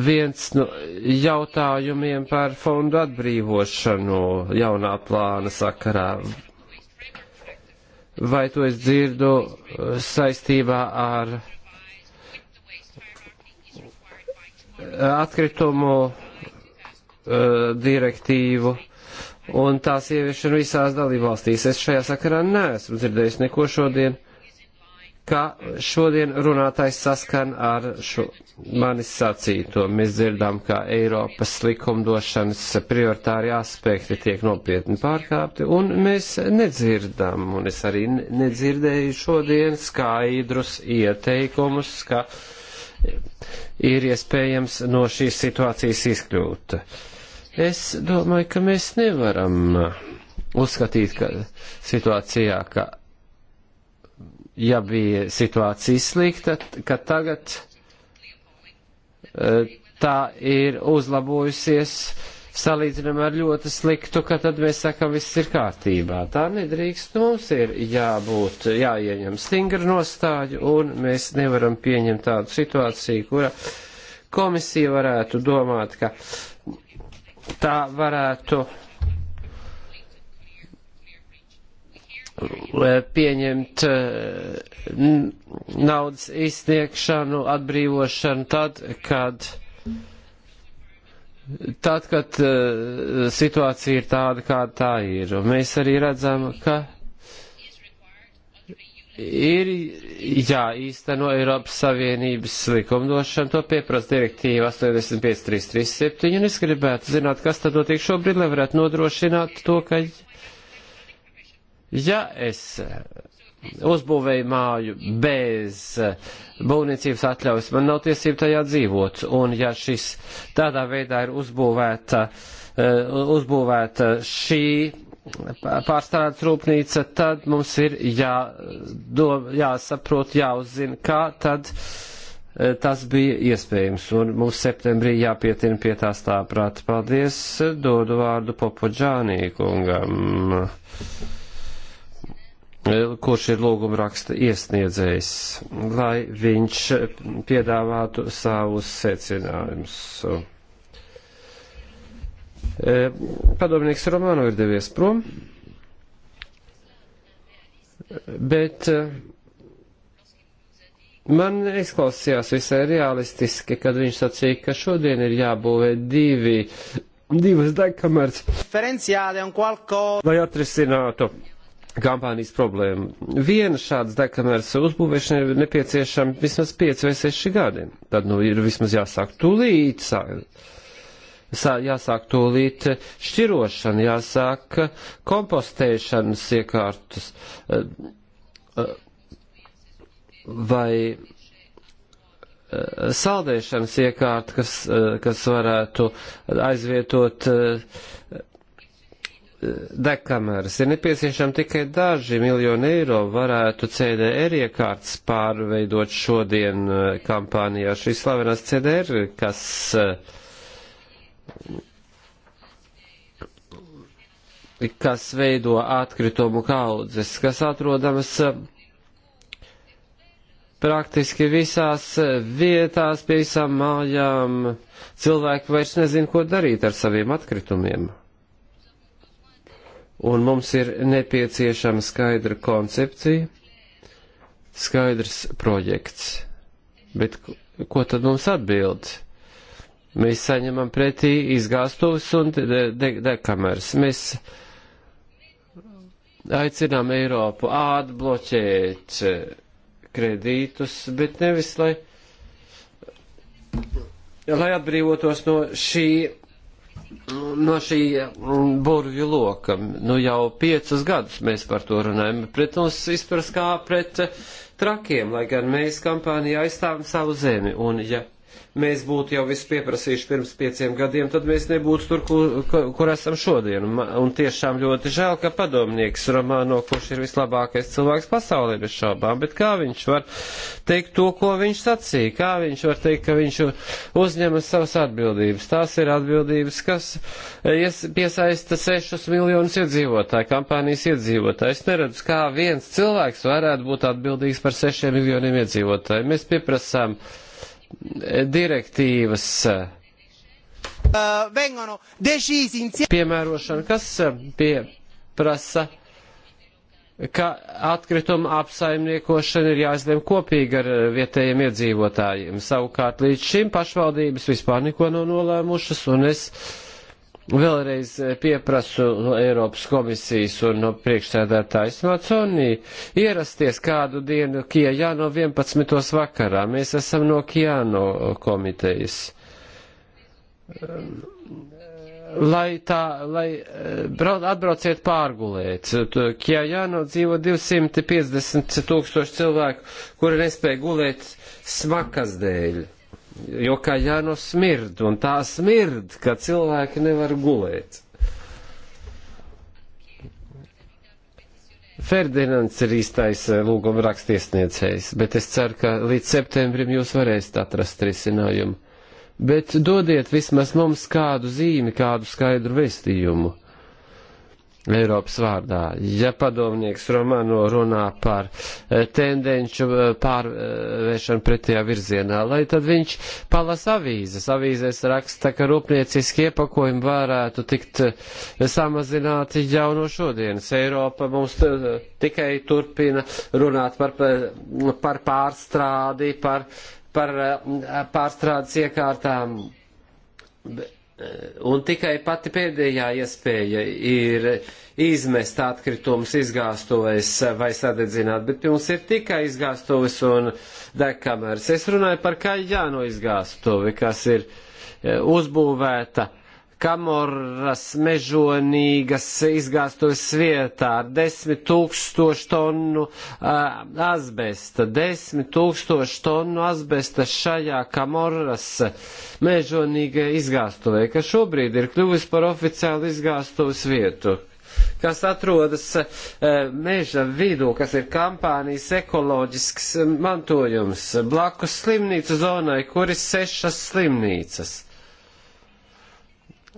viens no jautājumiem par fondu atbrīvošanu jaunā plāna sakarā. Vai to es dzirdu saistībā ar atkritumu eh, direktīvu un tās ieviešanu visās dalībvalstīs. Es šajā sakarā neesmu dzirdējis neko šodien, ka šodien runātais saskan ar šo manis sacīto. Mēs dzirdām, ka Eiropas likumdošanas prioritāri aspekti tiek nopietni pārkāpti, un mēs nedzirdām, un es arī nedzirdēju šodien skaidrus ieteikumus, ka uh, ir iespējams no šīs situācijas izkļūt. Es domāju, ka mēs nevaram uzskatīt, ka situācijā, ka ja bija situācija slikta, ka tagad eh, tā ir uzlabojusies salīdzinām ar ļoti sliktu, ka tad mēs sakam, viss ir kārtībā. Tā nedrīkst mums ir jābūt, jāieņem stingra nostāju, un mēs nevaram pieņemt tādu situāciju, kura komisija varētu domāt, ka tā varētu eh, pieņemt eh, naudas izsniegšanu, atbrīvošanu tad, kad tad, kad uh, situācija ir tāda, kāda tā ir. Un mēs arī redzam, ka ir jāīsteno Eiropas Savienības likumdošana, to pieprasa direktīva 85337, un es gribētu zināt, kas tad notiek šobrīd, lai varētu nodrošināt to, ka, ja es uzbūvēju māju bez eh, būvniecības atļaujas, man nav tiesība tajā dzīvot. Un ja šis tādā veidā ir uzbūvēta, eh, uzbūvēta šī pārstrādes rūpnīca, tad mums ir jā, do, jāsaprot, jāuzzina, kā tad eh, tas bija iespējams. Un mums septembrī jāpietina pie tā stāprāt. Paldies, dodu vārdu Popoģānī kungam kurš ir lūguma raksta iesniedzējs, lai viņš piedāvātu savus secinājumus. E, padomnieks Romano ir devies prom, bet e, man izklausījās visai realistiski, kad viņš sacīja, ka šodien ir jābūvē divi, divas degkamērts, lai atrisinātu kampānijas problēmu. Viena šādas deklameras uzbūvēšana ir nepieciešama vismaz 5 vai 6 gadi. Tad nu ir vismaz jāsāk tūlīt, sā, sā, jāsāk tūlīt šķirošana, jāsāk kompostēšanas iekārtas. Vai saldēšanas iekārta, kas, kas varētu aizvietot dekameras ir nepieciešami tikai daži miljoni eiro, varētu CDR iekārtas pārveidot šodien uh, kampānijā. Šīs slavenas CDR, kas uh, kas veido atkritumu kaudzes, kas atrodamas uh, praktiski visās vietās, pie visām mājām. Cilvēki vairs nezin, ko darīt ar saviem atkritumiem un mums ir nepieciešama skaidra koncepcija, skaidrs projekts. Bet ko tad mums atbild? Mēs saņemam pretī izgāstos un dekameras. De de Mēs aicinām Eiropu atbloķēt eh, kredītus, bet nevis, lai, lai atbrīvotos no šī no šī mm, burvju loka. Nu jau piecus gadus mēs par to runājam. Pret mums izpras kā pret trakiem, lai gan mēs kampānijā aizstāvam savu zemi. Un ja mēs būtu jau visu pieprasījuši pirms pieciem gadiem, tad mēs nebūtu tur, kur, kur esam šodien. Un tiešām ļoti žēl, ka padomnieks Romano, kurš ir vislabākais cilvēks pasaulē bez šaubām, bet kā viņš var teikt to, ko viņš sacīja, kā viņš var teikt, ka viņš uzņemas savas atbildības. Tās ir atbildības, kas eh, piesaista sešus miljonus iedzīvotāju, kampānijas iedzīvotāju. Es neredzu, kā viens cilvēks varētu būt atbildīgs par sešiem miljoniem iedzīvotāju. Mēs pieprasām, uh, direktīvas uh, eh, piemērošana, kas eh, pieprasa, ka atkrituma apsaimniekošana ir jāizlem kopīgi ar eh, vietējiem iedzīvotājiem. Savukārt līdz šim pašvaldības vispār neko nav nolēmušas, un es uh, Vēlreiz eh, pieprasu no Eiropas komisijas un no priekšsēdētājas Maconi ierasties kādu dienu Kijāno 11. vakarā. Mēs esam no Kijāno komitejas. Ehm, lai tā, lai eh, atbrauciet pārgulēt. Kijāno dzīvo 250 tūkstoši cilvēku, kuri nespēja gulēt smakas dēļ. Jo kā jāno nu smird, un tā smird, ka cilvēki nevar gulēt. Ferdinands ir īstais eh, lūguma rakstiesniedzējs, bet es ceru, ka līdz septembrim jūs varēsiet atrast risinājumu. Bet dodiet vismaz mums kādu zīmi, kādu skaidru vēstījumu Eiropas vārdā. Ja padomnieks Romano runā par eh, tendenču eh, pārvēršanu pretējā virzienā, lai tad viņš palas avīzes. Avīzēs raksta, ka rūpnieciski iepakojumi varētu tikt eh, samazināti jau no šodienas. Eiropa mums tikai turpina runāt par, par pārstrādi, par, par pārstrādes iekārtām. Bet Eh, un tikai pati pēdējā iespēja ir izmest atkritumus, izgāstoties vai sadedzināt, bet jums ir tikai izgāstoties un degkameras. Es runāju par kaļģāno izgāstovi, kas ir eh, uzbūvēta uh, Kamoras mežonīgas izgāstos vietā ar desmit tūkstošu tonu uh, azbesta. Desmit tūkstošu tonu azbesta šajā Kamoras mežonīga izgāstuvē, kas šobrīd ir kļuvis par oficiālu izgāstos vietu kas atrodas uh, meža vidū, kas ir kampānijas ekoloģisks mantojums, blakus slimnīcu zonai, kur ir sešas slimnīcas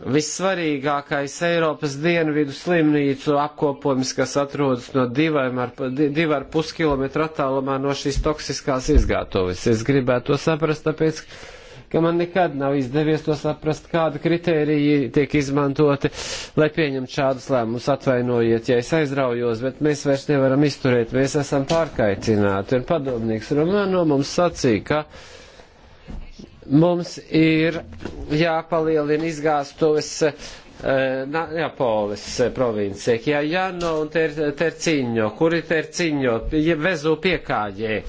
Vissvarīgākais Eiropas dienvidu slimnīcu apkopojums, kas atrodas no diviem ar, divi ar pus kilometru attālumā no šīs toksiskās izgātuves. Es gribētu to saprast, tāpēc, ka man nekad nav izdevies to saprast, kāda kritērija tiek izmantoti, lai pieņemtu šādus lēmumus. Atvainojiet, ja es aizraujos, bet mēs vairs nevaram izturēt, mēs esam pārkaicināti. Un padomnieks Romano mums sacīja, ka mums ir jāpalielina izgāstuves eh, Neapolis eh, province, Kiajano un ter, Terciņo, kuri Terciņo, Vezu piekāģē.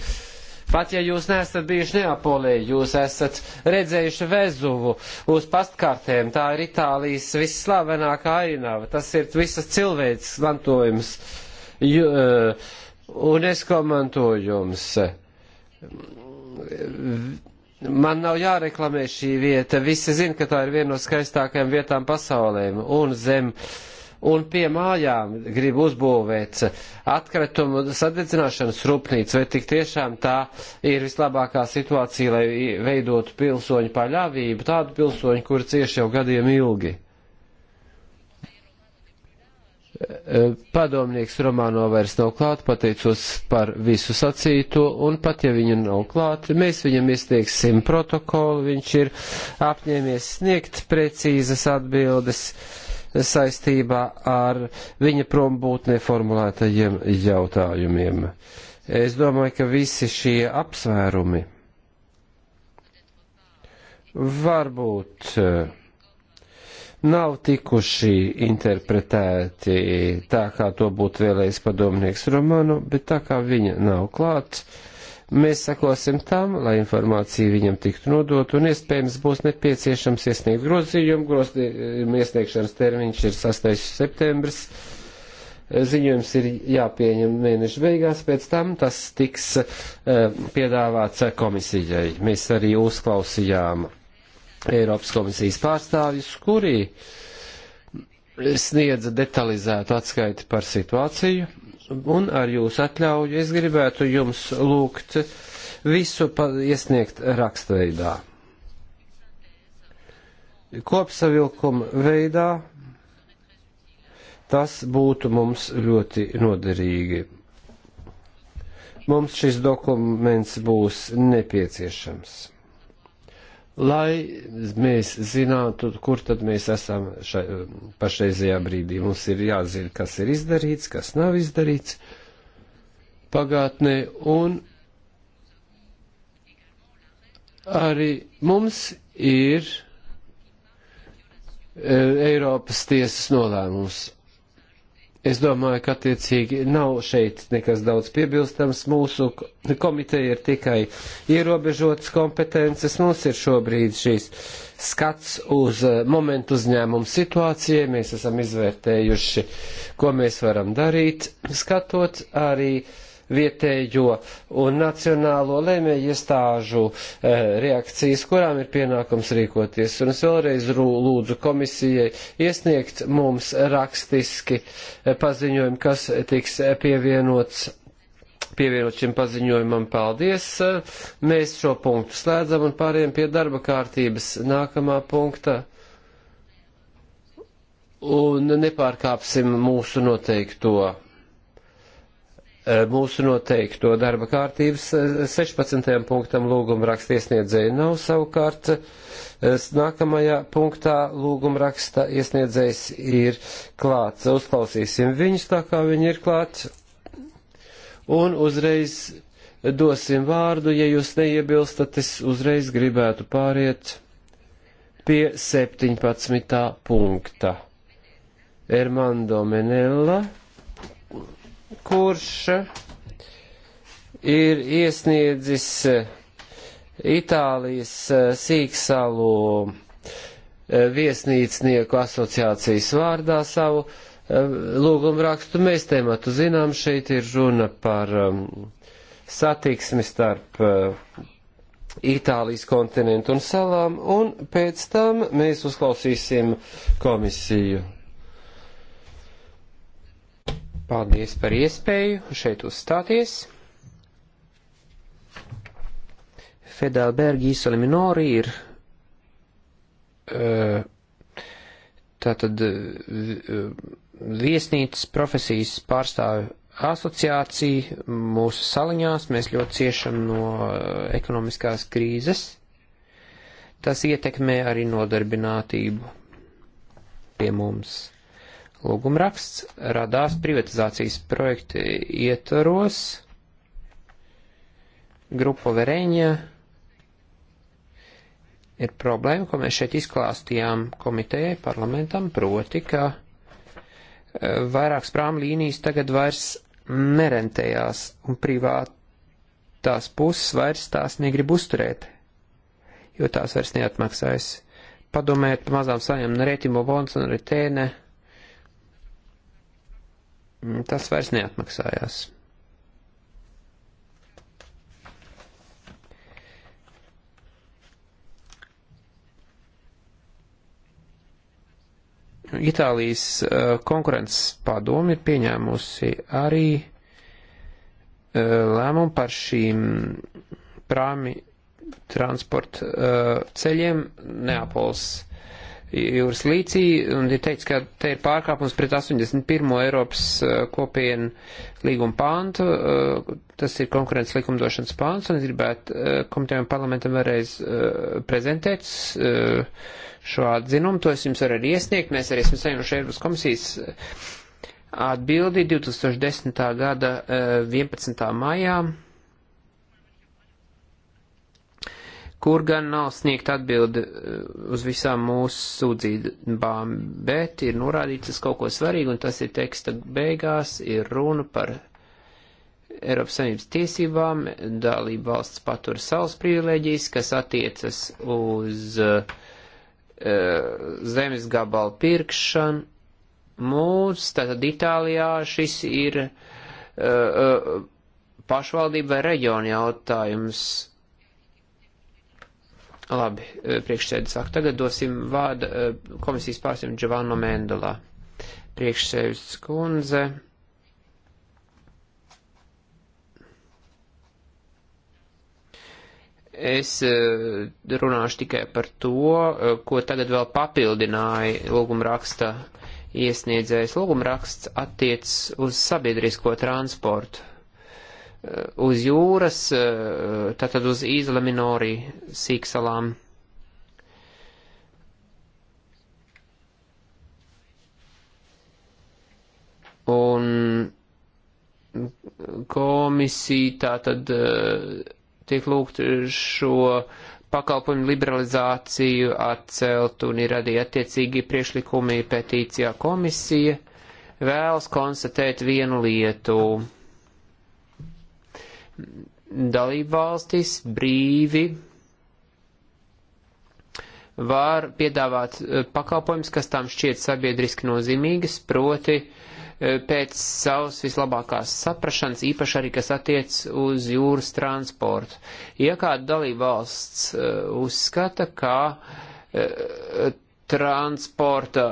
Pat ja jūs neesat bijuši Neapolē, jūs esat redzējuši Vezuvu uz pastkartēm, tā ir Itālijas visslavenākā ainava, tas ir visas cilvēks mantojums eh, un es komantojums Man nav jāreklamē šī vieta. Visi zin, ka tā ir viena no skaistākajām vietām pasaulēm. Un zem, un pie mājām grib uzbūvēt atkritumu sadedzināšanas rūpnīcu. Vai tik tiešām tā ir vislabākā situācija, lai veidotu pilsoņu paļāvību, tādu pilsoņu, kuri cieši jau gadiem ilgi? Eh, padomnieks Romāno vairs nav klāt, pateicos par visu sacīto, un pat ja viņu nav klāt, mēs viņam iesniegsim protokolu, viņš ir apņēmies sniegt precīzas atbildes saistībā ar viņa prombūtnē formulētajiem jautājumiem. Es domāju, ka visi šie apsvērumi varbūt uh, nav tikuši interpretēti tā, kā to būtu vēlējis padomnieks romānu, bet tā kā viņa nav klāt, mēs sakosim tam, lai informācija viņam tiktu nodot, un iespējams būs nepieciešams iesniegt grozījumu. Grozījuma iesniegšanas termiņš ir 6. septembris ziņojums ir jāpieņem mēneša beigās, pēc tam tas tiks eh, piedāvāts komisijai. Mēs arī uzklausījām Eiropas komisijas pārstāvjus, kuri sniedza detalizētu atskaiti par situāciju, un ar jūsu atļauju es gribētu jums lūgt visu iesniegt rakstveidā. Kopsavilkuma veidā tas būtu mums ļoti noderīgi. Mums šis dokuments būs nepieciešams lai mēs zinātu, kur tad mēs esam šai, pašreizajā brīdī. Mums ir jāzina, kas ir izdarīts, kas nav izdarīts pagātnē, un arī mums ir e, Eiropas tiesas nolēmums Es domāju, ka attiecīgi nav šeit nekas daudz piebilstams. Mūsu komiteja ir tikai ierobežotas kompetences. Mums ir šobrīd šīs skats uz eh, momentu uzņēmumu situācijai. Mēs esam izvērtējuši, ko mēs varam darīt, skatot arī uh, vietējo un nacionālo lēmēju iestāžu eh, reakcijas, kurām ir pienākums rīkoties. Un es vēlreiz lūdzu komisijai iesniegt mums rakstiski eh, paziņojumu, kas tiks eh, pievienots pievienot šim paziņojumam paldies. Mēs šo punktu slēdzam un pāriem pie darba kārtības nākamā punkta. Un nepārkāpsim mūsu noteikto Eh, mūsu noteikto darba kārtības 16. Eh, punktam lūguma raksta iesniedzēja nav savukārt. Eh, nākamajā punktā lūguma raksta iesniedzējs ir klāts. Uzklausīsim viņus tā, kā viņi ir klāts. Un uzreiz dosim vārdu, ja jūs neiebilstat, es uzreiz gribētu pāriet pie 17. punkta. Ermando Menella kurš ir iesniedzis Itālijas sīksalu eh, viesnīcnieku asociācijas vārdā savu eh, lūgumu rakstu. Mēs tēmatu zinām, šeit ir runa par um, satiksmi starp eh, Itālijas kontinentu un salām, un pēc tam mēs uzklausīsim komisiju. Paldies par iespēju šeit uzstāties. Fedalbergi Isoli Minori ir eh, tātad eh, viesnīcas profesijas pārstāvju asociācija mūsu saliņās. Mēs ļoti ciešam no eh, ekonomiskās krīzes. Tas ietekmē arī nodarbinātību pie mums. Lūgumraksts radās privatizācijas projekta ietvaros. Grupa Vereņa ir problēma, ko mēs šeit izklāstījām komitejai parlamentam, proti, ka e, vairākas prām līnijas tagad vairs nerentējās un privātās puses vairs tās negrib uzturēt, jo tās vairs neatmaksājas. Padomējiet, pamazām saņem Retimo Vons un Retēne. Ne Mm, tas vairs neatmaksājās. Itālijas uh, konkurences padomi ir pieņēmusi arī uh, lēmumu par šīm prāmi transporta uh, ceļiem Neapols jūras līcī, un ir teikts, ka te ir pārkāpums pret 81. Eiropas uh, kopienu līguma pāntu, uh, tas ir konkurences likumdošanas pāns, un es gribētu uh, komitējiem un parlamentam vēlreiz prezentēt šo atzinumu, to es jums varu arī iesniegt, mēs arī esam saņēmuši Eiropas komisijas atbildi 2010. gada 11. maijā. kur gan nav sniegt atbildi eh, uz visām mūsu sūdzībām, bet ir norādīts uz kaut ko svarīgu, un tas ir teksta beigās, ir runa par Eiropas Savienības tiesībām, dalība valsts patur savas privilēģijas, kas attiecas uz uh, zemes gabalu pirkšanu. Mums, tātad Itālijā, šis ir uh, uh, pašvaldība vai reģiona jautājums Labi, e, priekšsēdis saka, tagad dosim vārdu e, komisijas pārstāvim Giovanno Mendola. Priekšsēdis kundze. Es e, runāšu tikai par to, ko tagad vēl papildināja lūgumraksta iesniedzējs. Lūgumraksts attiec uz sabiedrisko transportu uz jūras, eh, tātad uz Īzla Minori sīksalām. Un komisija tātad eh, tiek lūgt šo pakalpojumu liberalizāciju atcelt un ir arī attiecīgi priešlikumi petīcijā komisija vēlas konstatēt vienu lietu dalībvalstis brīvi var piedāvāt eh, pakalpojumus, kas tām šķiet sabiedriski nozīmīgas, proti eh, pēc savas vislabākās saprašanas, īpaši arī, kas attiec uz jūras transportu. Ja kāda dalībvalsts eh, uzskata, ka transporta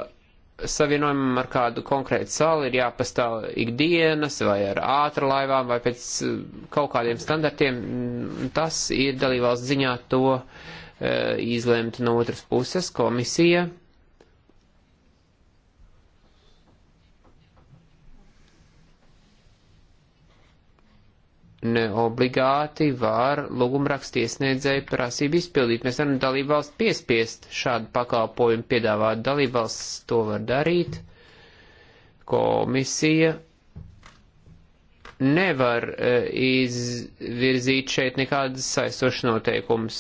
savienojumam ar kādu konkrētu salu ir jāpastāv ikdienas vai ar ātru laivām vai pēc eh, kaut kādiem standartiem. Mm, tas ir dalībvalsts ziņā to e, izlemt no otras puses komisija. E, neobligāti var lūgumrakstu iesniedzēju prasību izpildīt. Mēs varam dalībvalstu piespiest šādu pakalpojumu piedāvāt. Dalībvalsts to var darīt. Komisija nevar uh, izvirzīt šeit nekādas saistošas noteikumus.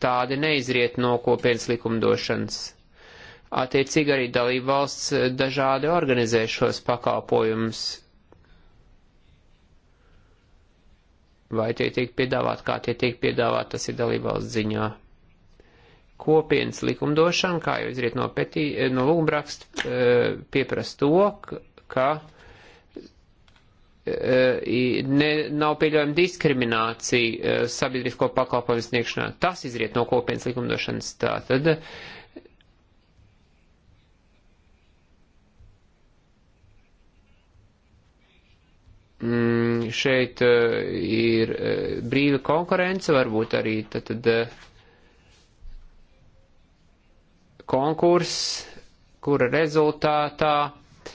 Tādi neizriet no kopienas likumdošanas. Attiecīgi arī dalībvalsts e, dažādi organizē šos pakalpojumus Vai tie tiek piedāvāti, kā tie tiek piedāvāti, tas ir dalībvalsts ziņā. Kopienas likumdošana, kā jau izriet no, petī, no lūgumraksta, eh, pieprasa to, ka eh, ne, nav pieļaujama diskriminācija eh, sabiedrisko pakalpojumu sniegšanā. Tas izriet no kopienas likumdošanas. Tātad mm, šeit uh, ir uh, brīva konkurence, varbūt arī tad, tad uh, eh, konkurss, kura rezultātā uh,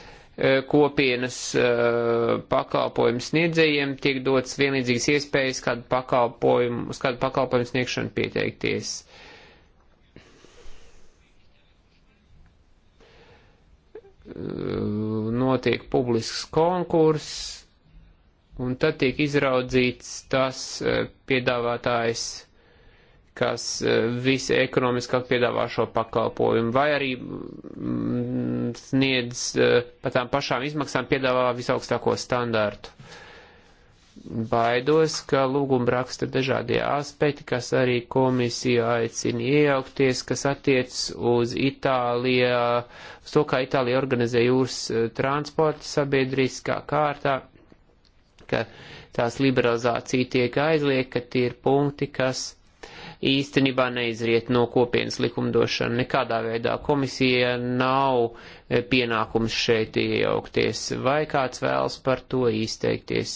kopienas uh, pakalpojumu sniedzējiem tiek dots vienlīdzīgas iespējas kādu pakalpojumu, uz kādu pakalpojumu sniegšanu pieteikties. Uh, notiek publisks konkurss, un tad tiek izraudzīts tas eh, piedāvātājs, kas eh, visi ekonomiskāk piedāvā šo pakalpojumu, vai arī mm, sniedz eh, pa tām pašām izmaksām piedāvā visaugstāko standārtu. Baidos, ka lūguma raksta dažādie aspekti, kas arī komisija aicina iejaukties, kas attiec uz Itālijā, uz to, kā Itālija organizē jūras transporta sabiedriskā kārtā ka tās liberalizācija tiek aizliegta, ka tie ir punkti, kas īstenībā neizriet no kopienas likumdošana. Nekādā veidā komisija nav e, pienākums šeit iejaukties. Vai kāds vēlas par to izteikties?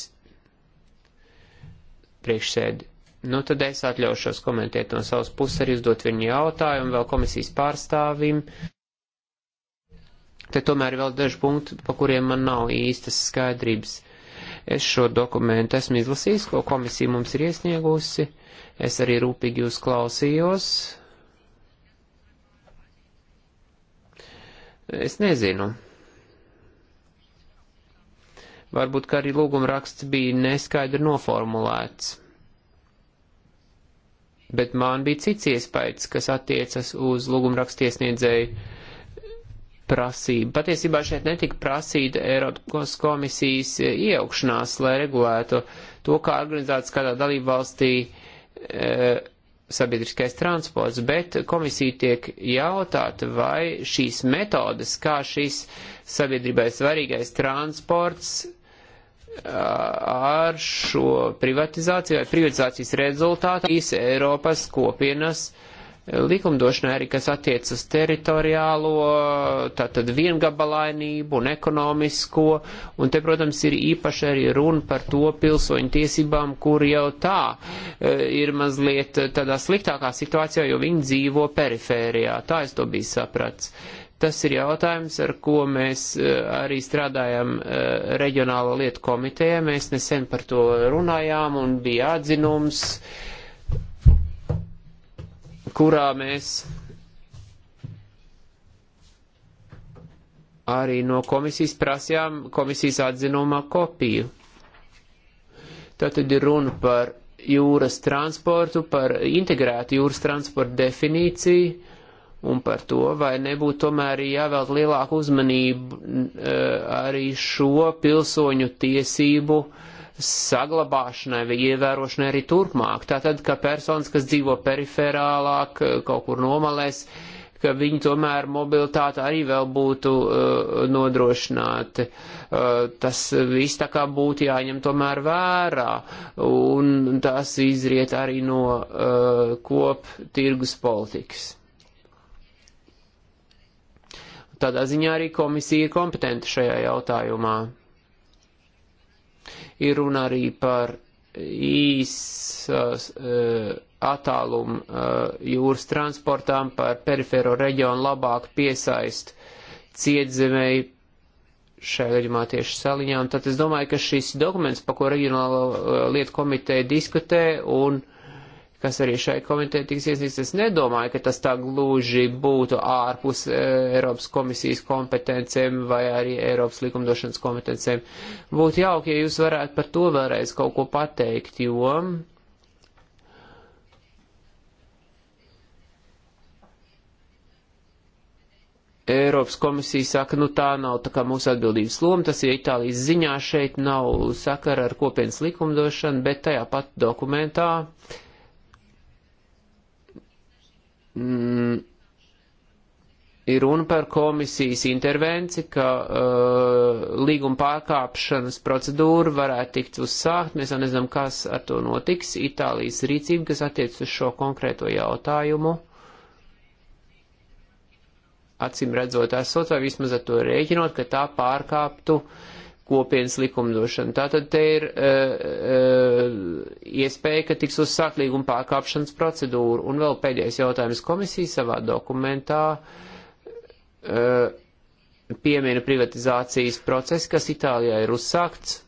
Priekšsēdi. Nu, tad es atļaušos komentēt no savas puses, arī uzdot viņu jautājumu vēl komisijas pārstāvim. Te tomēr vēl daži punkti, pa kuriem man nav īstas skaidrības. Es šo dokumentu esmu izlasījis, ko komisija mums ir iesniegusi. Es arī rūpīgi jūs klausījos. Es nezinu. Varbūt, ka arī lūguma raksts bija neskaidri noformulēts. Bet man bija cits iespējas, kas attiecas uz lūguma rakstiesniedzēju prasība. Patiesībā šeit netika prasīta Eiropas komisijas iejaukšanās, lai regulētu to, kā organizēts kādā dalībvalstī e, sabiedriskais transports, bet komisija tiek jautāta, vai šīs metodas, kā šis sabiedrībai svarīgais transports ar šo privatizāciju vai privatizācijas rezultātu Eiropas kopienas uh, likumdošanai arī, kas attiec uz teritoriālo, tātad viengabalainību un ekonomisko, un te, protams, ir īpaši arī runa par to pilsoņu tiesībām, kur jau tā e, ir mazliet tādā sliktākā situācijā, jo viņi dzīvo perifērijā. Tā es to biju saprats. Tas ir jautājums, ar ko mēs e, arī strādājam e, reģionālo lietu komitejā. Mēs nesen par to runājām un bija atzinums. Uh, kurā mēs arī no komisijas prasījām komisijas atzinumā kopiju. Tātad ir runa par jūras transportu, par integrētu jūras transportu definīciju un par to, vai nebūtu tomēr jāvēlt lielāku uzmanību eh, arī šo pilsoņu tiesību uh, saglabāšanai vai ievērošanai arī turpmāk. Tātad, ka personas, kas dzīvo periferālāk, eh, kaut kur nomalēs, ka viņi tomēr mobilitāte arī vēl būtu uh, eh, nodrošināta. Uh, eh, tas viss tā kā būtu jāņem tomēr vērā, un tas izriet arī no uh, kop tirgus politikas. Tādā ziņā arī komisija ir kompetenta šajā jautājumā. Ir runa arī par īsas e, attālumu e, jūras transportām, par perifēro reģionu labāku piesaistu cietzemēji, šajā gadījumā tieši saliņām. Tad es domāju, ka šis dokuments, pa ko reģionāla e, lieta komiteja diskutē un uh, kas arī šai komitē tiks iesniegts. Es nedomāju, ka tas tā gluži būtu ārpus e, Eiropas komisijas kompetencēm vai arī Eiropas likumdošanas kompetencēm. Būtu jauki, ja jūs varētu par to vēlreiz kaut ko pateikt, jo. Eiropas komisija saka, nu tā nav tā kā mūsu atbildības loma, tas ir Itālijas ziņā, šeit nav sakara ar kopienas likumdošanu, bet tajā pat dokumentā uh, mm, ir runa par komisijas intervenci, ka uh, līguma pārkāpšanas procedūra varētu tikt uzsākt. Mēs jau nezinām, kas ar to notiks. Itālijas rīcība, kas attiec uz šo konkrēto jautājumu, acīm redzot esot vai vismaz ar to rēķinot, ka tā pārkāptu uh, kopienas likumdošanu. Tātad te ir uh, uh, iespēja, ka tiks uzsākt līguma pārkāpšanas procedūra. Un vēl pēdējais jautājums komisija savā dokumentā uh, piemina privatizācijas procesu, kas Itālijā ir uzsākts,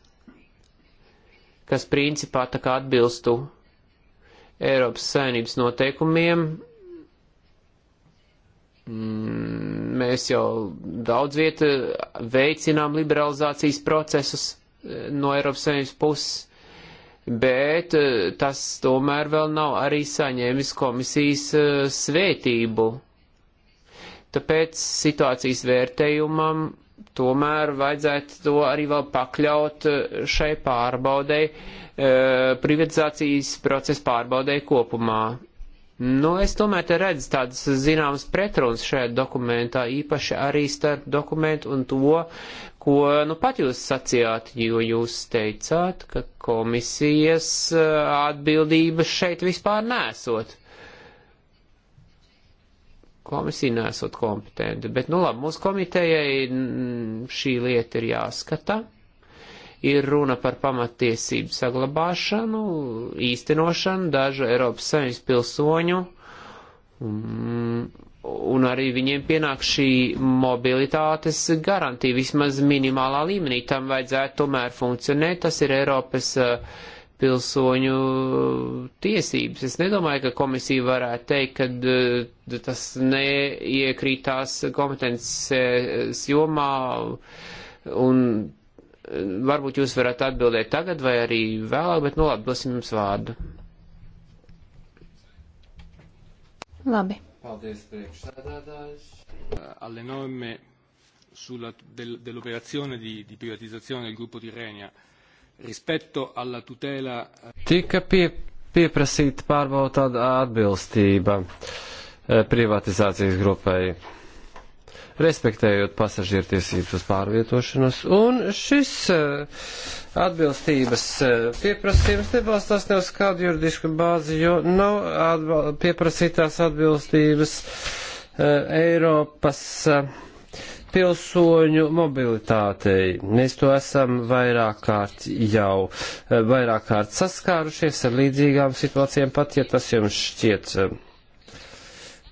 kas principā tā kā atbilstu Eiropas saimnības noteikumiem. Mm, Mēs jau daudz vietu eh, veicinām liberalizācijas procesus eh, no Eiropas Savienības puses, bet eh, tas tomēr vēl nav arī saņēmis komisijas svētību. Tāpēc situācijas vērtējumam tomēr vajadzētu to arī vēl pakļaut šai pārbaudei, privatizācijas procesa pārbaudei kopumā. Nu, es tomēr te redzu tādas zināmas pretrunas šajā dokumentā, īpaši arī starp dokumentu un to, ko, nu, pat jūs sacījāt, jo jūs teicāt, ka komisijas atbildības šeit vispār nesot. Komisija nesot kompetenti, bet, nu, labi, mūsu komitejai šī lieta ir jāskata ir runa par pamatiesību saglabāšanu, īstenošanu dažu Eiropas Savienības pilsoņu, un arī viņiem pienāk šī mobilitātes garantija vismaz minimālā līmenī. Tam vajadzētu tomēr funkcionēt, tas ir Eiropas uh, pilsoņu uh, tiesības. Es nedomāju, ka komisija varētu teikt, ka uh, tas neiekrītās kompetences jomā un varbūt jūs varat atbildēt tagad vai arī vēlāk, bet nu labi, dosim jums vārdu. Labi. Paldies, priekšsēdētājs. Alle norme sulla, del, dell'operazione di, di privatizzazione del gruppo Tirrenia rispetto alla tutela. Eh, Tika pie, pieprasīta pārbauda atbilstība eh, privatizācijas grupai respektējot pasažieru tiesības uz pārvietošanos, un šis eh, atbilstības eh, pieprasījums nebalstās ne uz kādu juridisku bāzi, jo nav atba pieprasītās atbilstības eh, Eiropas pilsoņu mobilitātei. Mēs to esam vairāk kārt jau, vairāk kārt saskārušies ar līdzīgām situācijām, pat ja tas jums šķiet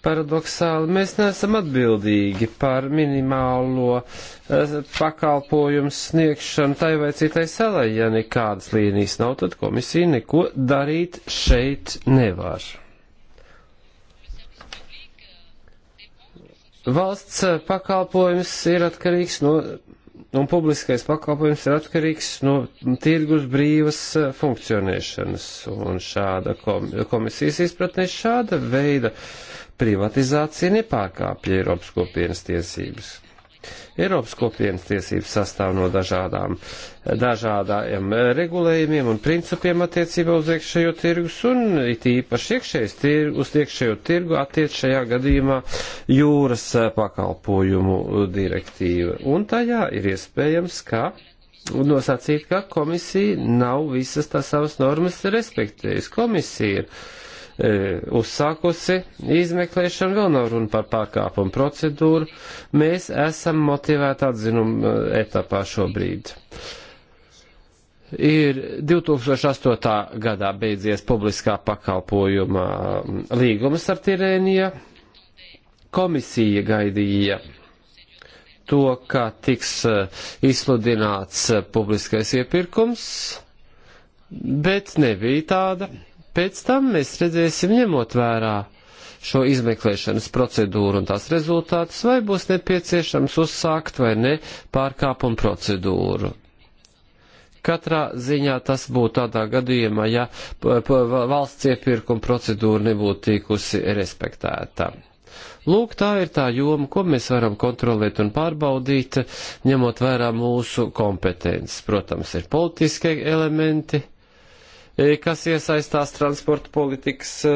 paradoksāli mēs neesam atbildīgi par minimālo eh, pakalpojumu sniegšanu tai vai citai salai. Ja nekādas līnijas nav, tad komisija neko darīt šeit nevar. Valsts eh, pakalpojums ir atkarīgs no, un publiskais pakalpojums ir atkarīgs no tirgus brīvas eh, funkcionēšanas, un šāda komisijas izpratnē šāda veida uh, privatizācija nepārkāpja Eiropas kopienas tiesības. Eiropas kopienas tiesības sastāv no dažādām, dažādām regulējumiem un principiem attiecībā uz iekšējo tirgus un it īpaši iekšējais tirgu, uz iekšējo tirgu attiec šajā gadījumā jūras pakalpojumu direktīva. Un tajā ir iespējams, ka nosacīt, ka komisija nav visas tās savas normas respektējusi. Komisija ir E, uzsākusi izmeklēšanu, vēl nav runa par pārkāpumu procedūru. Mēs esam motivēti atzinumu e, etapā šobrīd. Ir 2008. gadā beidzies publiskā pakalpojuma līgums ar Tirēnija. Komisija gaidīja to, ka tiks e, izsludināts publiskais iepirkums, bet nebija tāda pēc tam mēs redzēsim, ņemot vērā šo izmeklēšanas procedūru un tās rezultātus, vai būs nepieciešams uzsākt vai ne pārkāpumu procedūru. Katrā ziņā tas būtu tādā gadījumā, ja valsts iepirkuma procedūra nebūtu tikusi respektēta. Lūk, tā ir tā joma, ko mēs varam kontrolēt un pārbaudīt, ņemot vērā mūsu kompetences. Protams, ir politiskie elementi E, kas iesaistās transporta politikas e,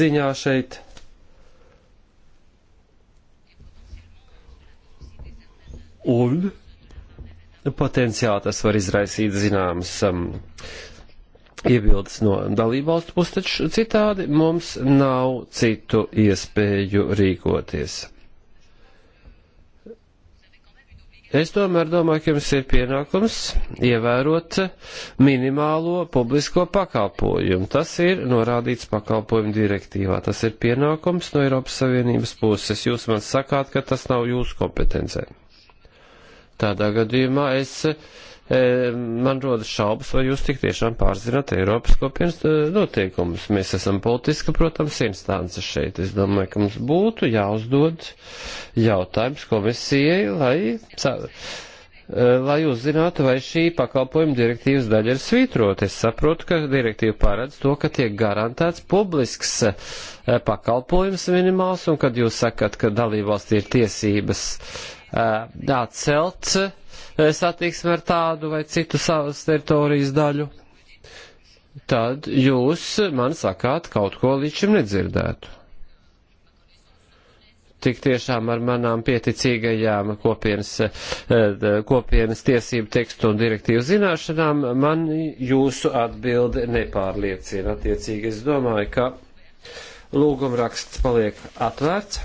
ziņā šeit. Un potenciāli tas var izraisīt zināmas um, iebildes no dalībvalstu puses, taču citādi mums nav citu iespēju rīkoties. Es tomēr domāju, ka jums ir pienākums ievērot minimālo publisko pakalpojumu. Tas ir norādīts pakalpojumu direktīvā. Tas ir pienākums no Eiropas Savienības puses. Jūs man sakāt, ka tas nav jūsu kompetencē. Tādā gadījumā es E, man rodas šaubas, vai jūs tik tiešām pārzināt Eiropas kopienas e, noteikumus. Mēs esam politiska, protams, instance šeit. Es domāju, ka mums būtu jāuzdod jautājums komisijai, lai, e, lai uzzinātu, vai šī pakalpojuma direktīvas daļa ir svītrota. Es saprotu, ka direktīva paredz to, ka tiek garantēts publisks pakalpojums minimāls, un kad jūs sakat, ka dalībvalstī ir tiesības atcelt eh, eh, satiksmi ar tādu vai citu savas teritorijas daļu, tad jūs man sakāt kaut ko līdz šim nedzirdētu tik tiešām ar manām pieticīgajām kopienas, eh, kopienas tiesību tekstu un direktīvu zināšanām, man jūsu atbilde nepārliecina. Attiecīgi es domāju, ka lūgumraksts paliek atvērts.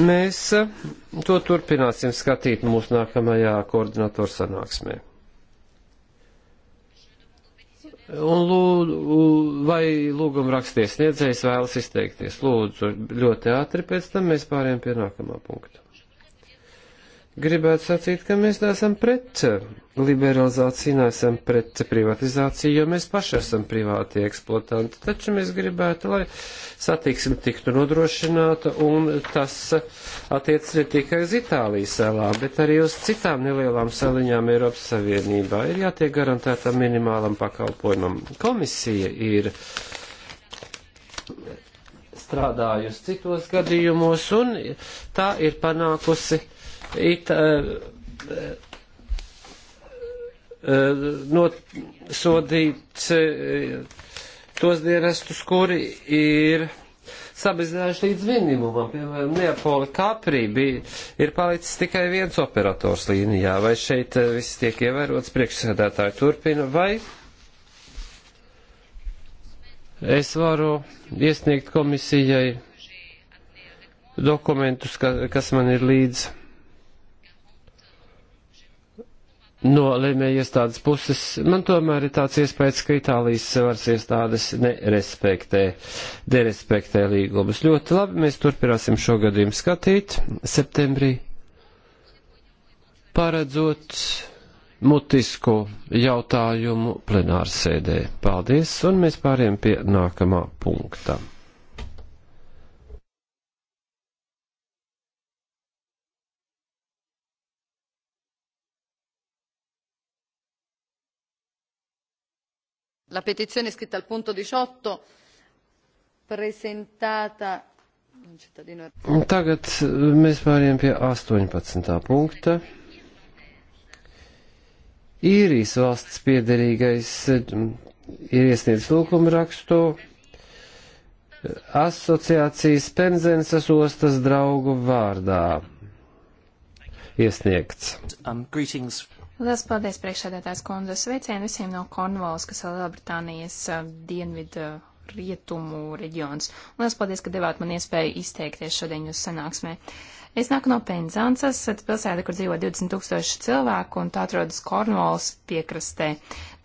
Mēs eh, to turpināsim skatīt mūsu nākamajā koordinatoru sanāksmē. Un lūdzu, vai lūguma raksties sniedzējs vēlas izteikties? Lūdzu, ļoti ātri pēc tam mēs pāriem pie nākamā punkta gribētu sacīt, ka mēs neesam pret liberalizāciju, neesam pret privatizāciju, jo mēs paši esam privāti eksploatanti. Taču mēs gribētu, lai satiksme tiktu nodrošināta, un tas attiec ne tikai uz Itālijas salām, bet arī uz citām nelielām saliņām Eiropas Savienībā. Ir jātiek garantēta minimālam pakalpojumam. Komisija ir strādājusi citos gadījumos, un tā ir panākusi uh, it, uh, uh, nosodīt uh, tos dienestus, kuri ir samazinājuši līdz minimumam. Piemēram, Neapola Kaprī bija, ir palicis tikai viens operators līnijā. Vai šeit viss tiek ievērots, priekšsēdētāji turpina, vai es varu iesniegt komisijai dokumentus, ka, kas man ir līdzi no lēmēja iestādes puses man tomēr ir tāds iespējas, ka Itālijas varas iestādes nerespektē, derespektē līgumus. Ļoti labi, mēs turpināsim šo gadījumu skatīt septembrī, paredzot mutisku jautājumu plenārsēdē. Paldies, un mēs pāriem pie nākamā punkta. la petizione iscritta al punto 18 presentata Tagad eh, mēs pāriem pie 18. punkta. Īrijas valsts piederīgais eh, ir iesniedzis lūkumu rakstu eh, asociācijas Penzensas ostas draugu vārdā. Iesniegts. Um, greetings. Lielas paldies priekšsēdētājs kundze. Sveicienu visiem no Kornvalas, kas ir Lielbritānijas eh, dienvidu eh, rietumu reģions. Lielas paldies, ka devāt man iespēju izteikties šodien jūsu sanāksmē. Es nāku no Penzānsas, pilsēta, kur dzīvo 20 tūkstoši cilvēku, un tā atrodas Kornvalas piekrastē.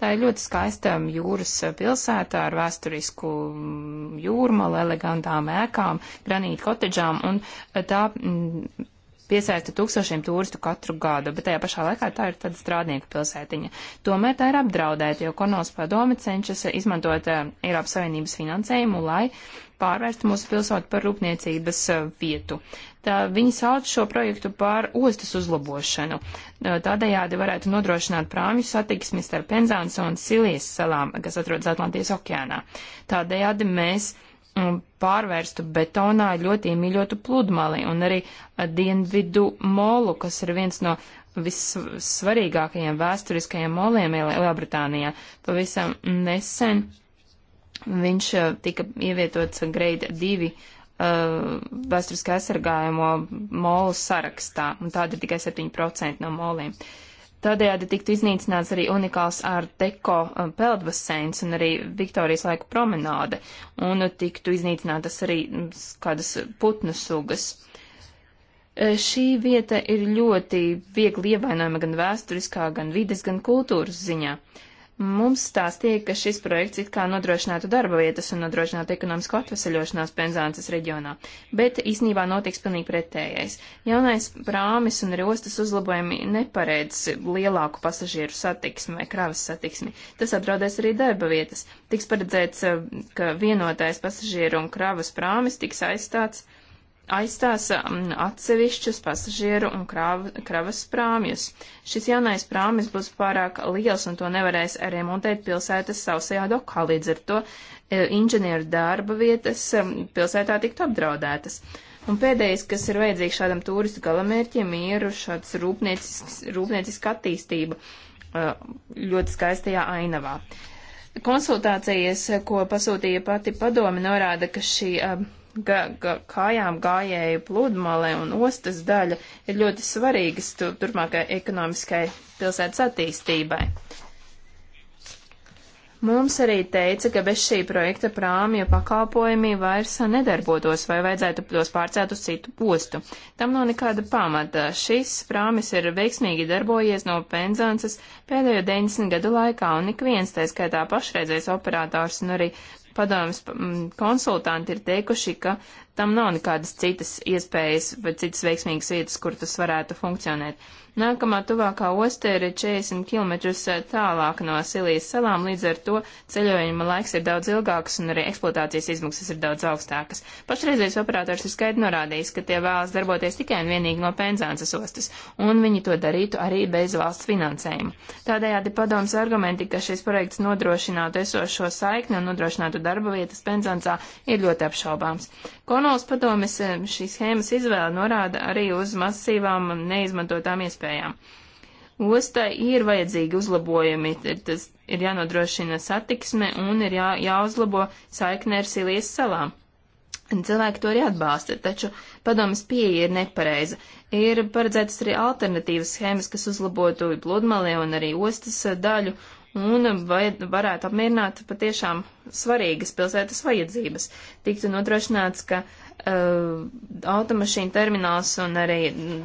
Tā ir ļoti skaista um, jūras eh, pilsēta ar vēsturisku mm, jūrmalu, elegantām ēkām, granītu kotedžām, un tā mm, piesaista tūkstošiem turistu katru gadu, bet tajā pašā laikā tā ir tāda strādnieku pilsētiņa. Tomēr tā ir apdraudēta, jo Konos padome cenšas izmantot eh, Eiropas Savienības finansējumu, lai pārvērstu mūsu pilsētu par rūpniecības eh, vietu. Tā viņi sauc šo projektu par ostas uzlabošanu. Tādējādi varētu nodrošināt prāmju satiksmi starp Penzāns un Silijas salām, kas atrodas Atlantijas okeānā. Tādējādi mēs Mm, pārvērstu betonā ļoti iemīļotu pludmali un arī eh, dienvidu molu, kas ir viens no vissvarīgākajiem vēsturiskajiem moliem Lielbritānijā. Pavisam nesen viņš eh, tika ievietots grade 2 uh, eh, vēsturiskā aizsargājamo molu sarakstā, un tāda ir tikai 7% no moliem. Uh, Tādējādi tiktu iznīcināts arī unikāls ar deko um, peldbaseins un arī Viktorijas laika promenāde, un tiktu iznīcinātas arī mm, kādas putnu sugas. E, šī vieta ir ļoti viegli ievainojama gan vēsturiskā, gan vides, gan kultūras ziņā. Uh, Mums stāstīja, ka šis projekts it kā nodrošinātu darba vietas un nodrošinātu ekonomisko atvesaļošanos Penzānces reģionā, bet īsnībā notiks pilnīgi pretējais. Jaunais prāmis un arī ostas uzlabojumi neparedz lielāku pasažieru satiksmi vai kravas satiksmi. Tas apdraudēs arī darba vietas. Tiks paredzēts, eh, ka vienotais pasažieru un kravas prāmis tiks aizstāts aizstās um, atsevišķas pasažieru un krav, kravas prāmjus. Šis jaunais prāmjus būs pārāk liels un to nevarēs remontēt pilsētas sausajā dokā, līdz ar to e, inženieru darba vietas um, pilsētā tiktu apdraudētas. Un pēdējais, kas ir vajadzīgs šādam turistu galamērķim, ir šāds rūpniecisks, rūpnieciska attīstība e, ļoti skaistajā ainavā. Konsultācijas, ko pasūtīja pati padome, norāda, ka šī uh, ga, ga, kājām gājēju pludmale un ostas daļa ir ļoti svarīgas tu, turpmākai ekonomiskai pilsētas attīstībai. Mums arī teica, ka bez šī projekta prāmju pakalpojumi vairs nedarbotos vai vajadzētu tos pārcelt uz citu postu. Tam nav nekāda pamata. Šis prāmis ir veiksmīgi darbojies no Penzances pēdējo 90 gadu laikā, un ik viens, tā skaitā pašreizējais operators un arī padomas konsultanti ir teikuši, ka tam nav nekādas citas iespējas vai citas veiksmīgas vietas, kur tas varētu funkcionēt. Nākamā tuvākā ostē ir 40 km eh, tālāk no Silijas salām, līdz ar to ceļojuma laiks ir daudz ilgāks un arī eksploatācijas izmaksas ir daudz augstākas. Pašreizējais operators ir skaidri norādījis, ka tie vēlas darboties tikai un vienīgi no Penzānces ostas, un viņi to darītu arī bez valsts finansējuma. Tādējādi padoms argumenti, ka šis projekts nodrošinātu esošo saikni un nodrošinātu darba vietas Penzāncā, ir ļoti apšaubāms. Konols padomis eh, šīs schēmas izvēle norāda arī uz masīvām neizmantotām iespējām ostējām. Ostai ir vajadzīgi uzlabojumi, ir, tas ir jānodrošina satiksme un ir jā, jāuzlabo saikne ar Silijas salām. Cilvēki to arī atbalsta, taču padomas pieeja ir nepareiza. Ir paredzētas arī alternatīvas schēmas, kas uzlabotu pludmalē un arī ostas daļu, un vai, varētu apmierināt patiešām svarīgas pilsētas vajadzības. Tiktu nodrošināts, ka uh, Uh, automašīnu termināls un arī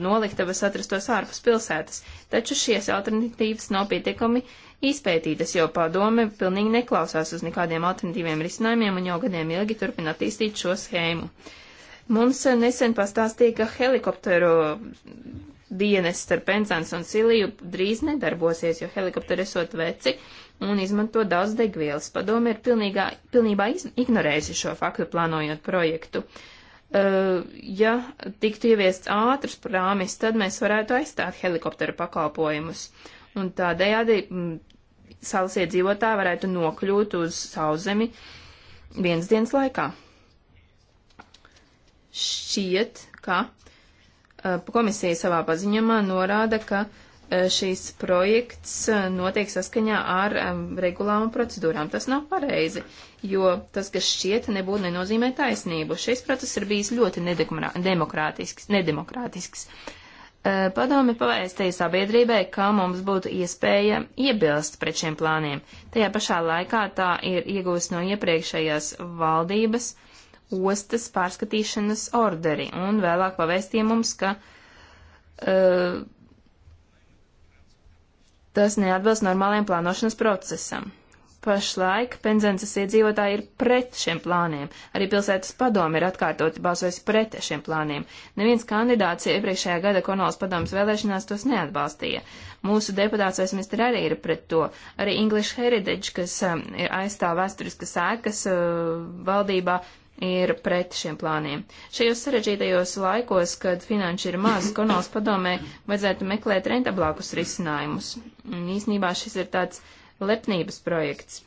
noliktavas atrastos ārpus pilsētas, taču šies alternatīvas nav pietiekami izpētītas, jo padome pilnīgi neklausās uz nekādiem alternatīviem risinājumiem un jau gadiem ilgi turpina attīstīt šo schēmu. Mums nesen pastāstīja, ka helikopteru dienas starp Penzans un Siliju drīz nedarbosies, jo helikopteri esot veci un izmanto daudz degvielas. Padome ir pilnīgā, pilnībā ignorējusi šo faktu plānojot projektu. Uh, Eh, ja tiktu ieviests ātrs prāmis, tad mēs varētu aizstāt helikopteru pakalpojumus. Un tādējādi mm, salas iedzīvotāji varētu nokļūt uz sauszemi viens dienas laikā. Šķiet, ka eh, komisija savā paziņamā norāda, ka uh, E, šīs projekts e, notiek saskaņā ar e, regulām un procedūrām. Tas nav pareizi, jo tas, kas šķiet, nebūtu nenozīmē taisnību. Šis process ir bijis ļoti nedemokrātisks. nedemokrātisks. Padomi pavēstīja sabiedrībai, ka mums būtu iespēja iebilst pret šiem plāniem. Tajā pašā laikā tā ir iegūst no iepriekšējās valdības ostas pārskatīšanas orderi un vēlāk pavēstīja mums, ka uh, Tas neatbilst normāliem plānošanas procesam. Pašlaik Penzences iedzīvotāji ir pret šiem plāniem. Arī pilsētas padomi ir atkārtoti balsojusi pret šiem plāniem. Neviens kandidāts iepriekšējā gada konolas padomas vēlēšanās tos neatbalstīja. Mūsu deputāts Vesmister arī ir pret to. Arī English Heritage, kas um, ir aizstāv vēsturiskas sēkas uh, valdībā, ir pret šiem plāniem. Šajos sarežģītajos laikos, kad finanši ir maz, Konals padomē vajadzētu meklēt rentablākus risinājumus. Un īsnībā šis ir tāds lepnības projekts.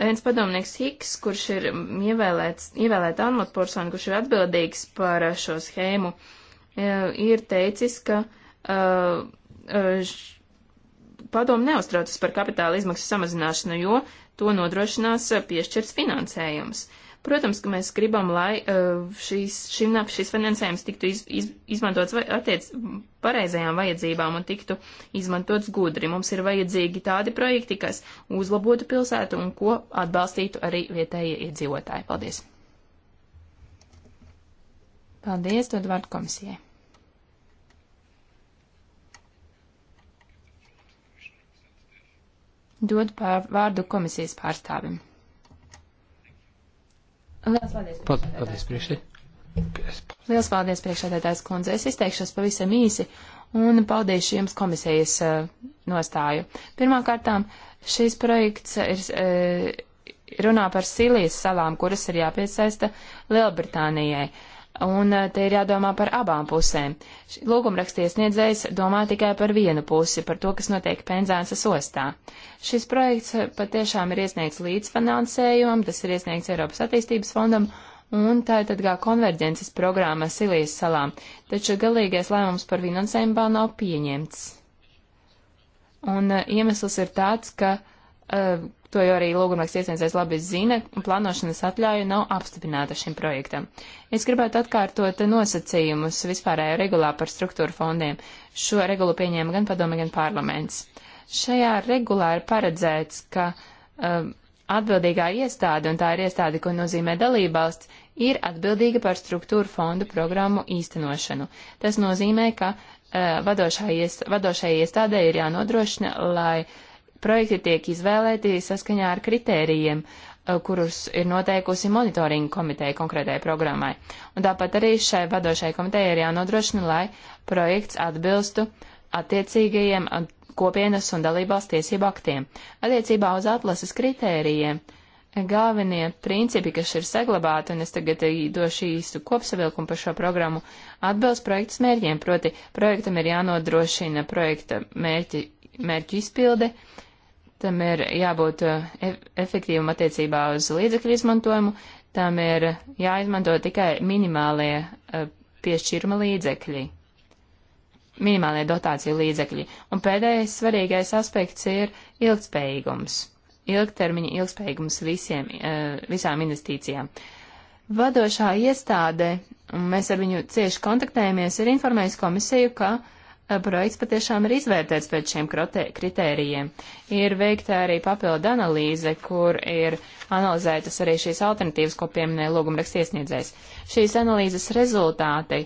Viens padomnieks Hiks, kurš ir ievēlēts, ievēlēta amatpersona, kurš ir atbildīgs par šo schēmu, e, ir teicis, ka uh, padomu neuztraucas par kapitāla izmaksu samazināšanu, jo to nodrošinās piešķirts finansējums. Uh, Protams, ka mēs gribam, lai uh, šīs, šim, šis finansējums tiktu iz, iz, izmantots attiec pareizajām vajadzībām un tiktu izmantots gudri. Mums ir vajadzīgi tādi projekti, kas uzlabotu pilsētu un ko atbalstītu arī vietējie iedzīvotāji. Paldies! Paldies, dod vārdu komisijai. Dod pār, vārdu komisijas pārstāvim. Lielas paldies, paldies priekšsēdētājs. Lielas paldies, priekšsēdētājs kundze. Es izteikšos pavisam īsi un paudīšu jums komisijas uh, nostāju. Pirmkārtām, šīs projekts ir, uh, runā par Silijas salām, kuras ir jāpiesaista Lielbritānijai. Uh, Un eh, te ir jādomā par abām pusēm. Lūgumraksties niedzējs domā tikai par vienu pusi, par to, kas notiek Penzānsas ostā. Šis projekts eh, patiešām ir iesniegts līdzfinansējumam, tas ir iesniegts Eiropas attīstības fondam, un tā ir tad kā konverģences programma Silijas salām, taču galīgais lēmums par finansējumu vēl nav pieņemts. Un eh, iemesls ir tāds, ka Eh, to jau arī lūgumnieks iesniedzējs labi zina, plānošanas atļauja nav apstiprināta šim projektam. Es gribētu atkārtot nosacījumus vispārējā regulā par struktūru fondiem. Šo regulu pieņēma gan padome, gan parlaments. Šajā regulā ir paredzēts, ka um, atbildīgā iestāde, un tā ir iestāde, ko nozīmē dalībvalsts, ir atbildīga par struktūru fondu programmu īstenošanu. Tas nozīmē, ka uh, eh, vadošai iestādē ir jānodrošina, lai uh, Projekti tiek izvēlēti saskaņā ar kritērijiem, eh, kurus ir noteikusi monitoringa komiteja konkrētajai programmai. Un tāpat arī šai vadošai komitejai ir jānodrošina, lai projekts atbilstu attiecīgajiem eh, kopienas un dalībās tiesību aktiem. Attiecībā uz atlases kritērijiem eh, galvenie principi, kas ir saglabāti, un es tagad došu īstu kopsavilkumu par šo programmu, atbilst projekta mērķiem, proti projektam ir jānodrošina projekta mērķi, mērķu izpilde, uh, tam ir jābūt uh, e- efektīvam attiecībā uz līdzekļu izmantojumu, tam ir jāizmanto tikai minimālie uh, piešķirma līdzekļi, minimālie dotāciju līdzekļi. Un pēdējais svarīgais aspekts ir ilgspējīgums, ilgtermiņa ilgspējīgums visiem, uh, visām investīcijām. Vadošā iestāde, un mēs ar viņu cieši kontaktējamies, ir informējusi komisiju, ka uh, projekts patiešām ir izvērtēts pēc šiem kritērijiem. Ir veikta arī papildu analīze, kur ir analizētas arī šīs alternatīvas, ko pieminēja lūgumraksts iesniedzējs. Šīs analīzes rezultāti,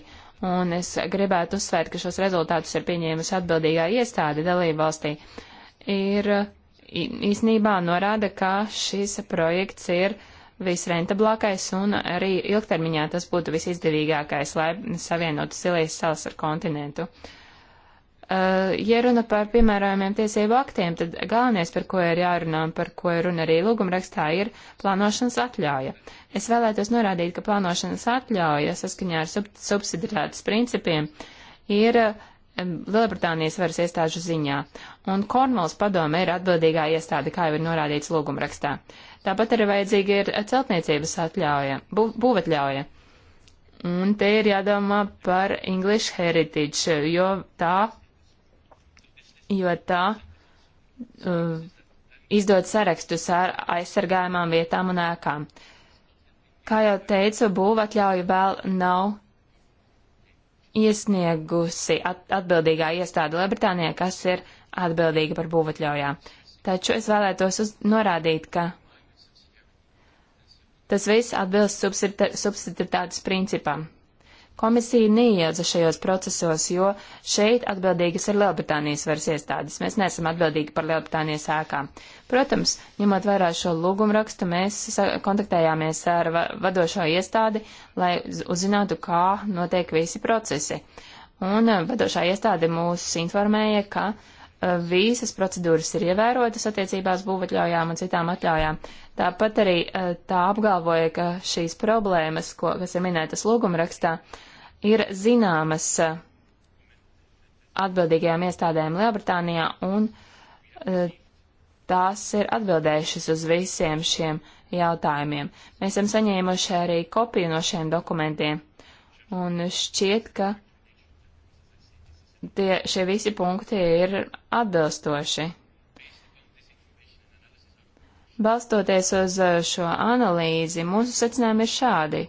un es gribētu uzsvērt, ka šos rezultātus ir pieņēmusi atbildīgā iestāde dalībvalstī, ir īsnībā norāda, ka šis projekts ir visrentablākais un arī ilgtermiņā tas būtu visizdevīgākais, lai savienotu Silijas salas ar kontinentu. Uh, Eh, ja runa par piemērojumiem tiesību aktiem, tad galvenais, par ko ir jārunā un par ko ir runa arī lūgumrakstā, ir plānošanas atļauja. Es vēlētos norādīt, ka plānošanas atļauja saskaņā ar sub subsidiarātas principiem ir Lielbritānijas varas iestāžu ziņā, un Kornvalls padome ir atbildīgā iestāde, kā jau ir norādīts lūgumrakstā. Tāpat arī vajadzīga ir celtniecības atļauja, bū būvatļauja. Un te ir jādomā par English Heritage, jo tā jo tā uh, izdod sarakstus ar aizsargājumām vietām un ēkām. Kā jau teicu, būvatļauju vēl nav iesniegusi at atbildīgā iestāde Lielbritānijā, kas ir atbildīga par būvatļaujā. Taču es vēlētos uz norādīt, ka tas viss atbilst subsidiaritātes principam. Komisija neiedza šajos procesos, jo šeit atbildīgas ir Lielbritānijas varas iestādes. Mēs neesam atbildīgi par Lielbritānijas ēkām. Protams, ņemot vērā šo lūgumrakstu, mēs kontaktējāmies ar vadošo iestādi, lai uzzinātu, kā notiek visi procesi. Un uh, vadošā iestāde mūs informēja, ka uh, visas procedūras ir ievērotas attiecībās būvatļaujām un citām atļaujām. Tāpat arī e, tā apgalvoja, ka šīs problēmas, ko, kas ir minētas lūgumrakstā, ir zināmas e, atbildīgajām iestādēm Lielbritānijā un e, tās ir atbildējušas uz visiem šiem jautājumiem. Mēs esam saņēmuši arī kopiju no šiem dokumentiem. Un šķiet, ka tie, šie visi punkti ir atbilstoši. Balstoties uz šo analīzi, mūsu secinājumi ir šādi.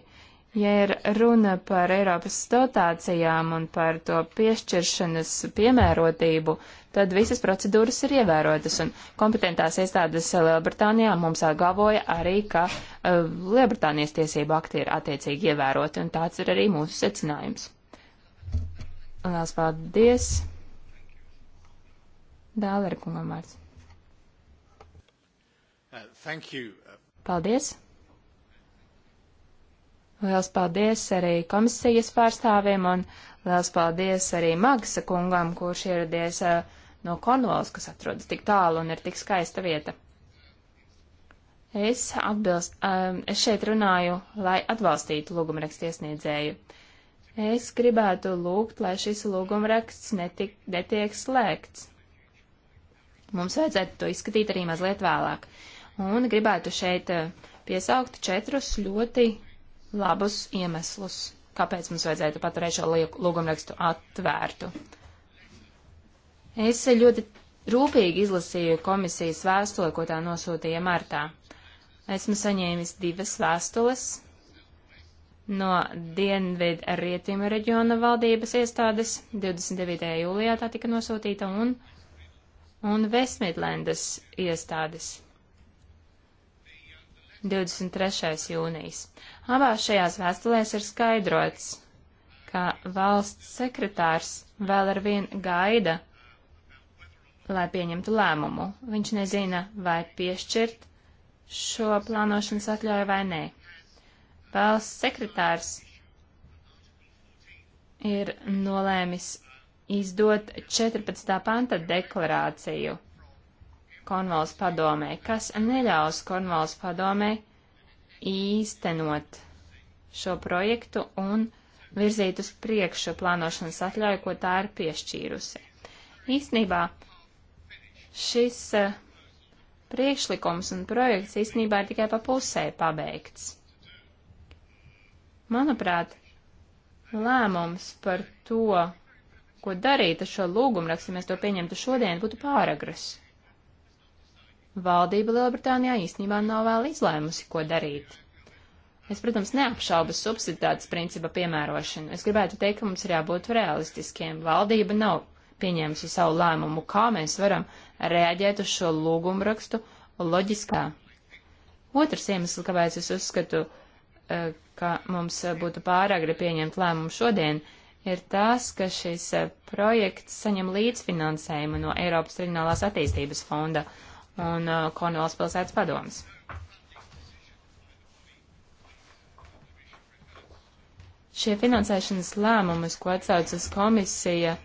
Ja ir runa par Eiropas dotācijām un par to piešķiršanas piemērotību, tad visas procedūras ir ievērotas, un kompetentās iestādes Lielbritānijā mums atgavoja arī, ka uh, Lielbritānijas tiesība akti ir attiecīgi ievēroti, un tāds ir arī mūsu secinājums. Lielas paldies. Dālera kungam vārds. Uh, paldies. Liels paldies arī komisijas pārstāvim un liels paldies arī Magsa kungam, kurš ieradies uh, no Konvols, kas atrodas tik tālu un ir tik skaista vieta. Es atbilst, um, es šeit runāju, lai atbalstītu lūgumrakstu iesniedzēju. Uh, Es gribētu lūgt, lai šis lūgumraksts netik, netiek slēgts. Mums vajadzētu to izskatīt arī mazliet vēlāk. Un gribētu šeit eh, piesaukt četrus ļoti labus iemeslus, kāpēc mums vajadzētu paturēt šo lūgumrakstu atvērtu. Es ļoti rūpīgi izlasīju komisijas vēstuli, ko tā nosūtīja martā. Esmu saņēmis divas vēstules, no Dienvidu rietīmu reģiona valdības iestādes 29. jūlijā tā tika nosūtīta un, un Vestmidlendas iestādes 23. jūnijas. Abās šajās vēstulēs ir skaidrots, ka valsts sekretārs vēl ar vien gaida, lai pieņemtu lēmumu. Viņš nezina, vai piešķirt šo plānošanas atļauju vai nē valsts sekretārs ir nolēmis izdot 14. panta deklarāciju Konvals padomē, kas neļaus Konvals padomē īstenot šo projektu un virzīt uz priekšu plānošanas atļauju, ko tā ir piešķīrusi. Īsnībā šis eh, priekšlikums un projekts īsnībā ir tikai pa pusē pabeigts. Manuprāt, lēmums par to, ko darīt ar šo lūgumrakstu, ja mēs to pieņemtu šodien, būtu pāragras. Valdība Lielbritānijā īstenībā nav vēl izlēmusi, ko darīt. Es, protams, neapšaubu subsidiāts principa piemērošanu. Es gribētu teikt, ka mums ir jābūt realistiskiem. Valdība nav pieņēmusi savu lēmumu, kā mēs varam reaģēt uz šo lūgumrakstu loģiskā. Otrs iemesls, kāpēc es uzskatu, uh, Eh, ka mums eh, būtu pāragri pieņemt lēmumu šodien, ir tas, ka šis eh, projekts saņem līdzfinansējumu no Eiropas Reģionālās attīstības fonda un Kornvalas pilsētas padomas. Šie finansēšanas lēmumus, ko atsaucas komisija,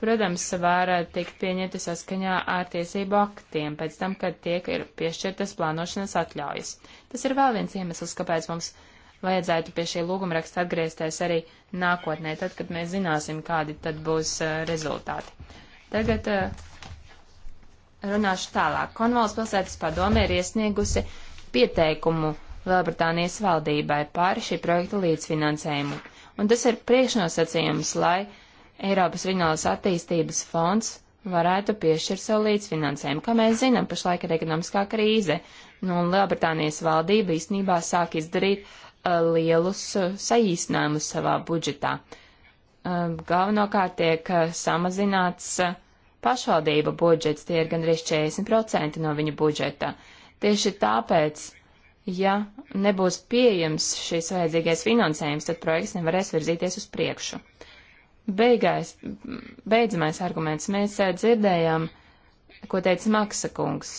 protams, var tikt pieņemti saskaņā ar tiesību aktiem, pēc tam, kad tiek ir piešķirtas plānošanas atļaujas. Tas ir vēl viens iemesls, kāpēc mums vajadzētu pie šī lūgumraksta atgriezties arī nākotnē, tad, kad mēs zināsim, kādi tad būs uh, rezultāti. Tagad uh, runāšu tālāk. Konvols pilsētas padome ir iesniegusi pieteikumu Lielbritānijas valdībai pāri šī projekta līdzfinansējumu. Un tas ir priekšnosacījums, lai Eiropas Vinolas attīstības fonds varētu piešķirt savu līdzfinansējumu. Kā mēs zinām, pašlaik ir ekonomiskā krīze, nu, un Lielbritānijas valdība īstenībā sāk izdarīt uh, lielus uh, saīsinājumus savā budžetā. Uh, galvenokārt tiek uh, samazināts uh, pašvaldība budžets, tie ir gandrīz 40% no viņa budžeta. Tieši tāpēc, ja nebūs pieejams šis vajadzīgais finansējums, tad projekts nevarēs virzīties uz priekšu beigais, beidzamais arguments. Mēs eh, dzirdējām, ko teica Maksakungs.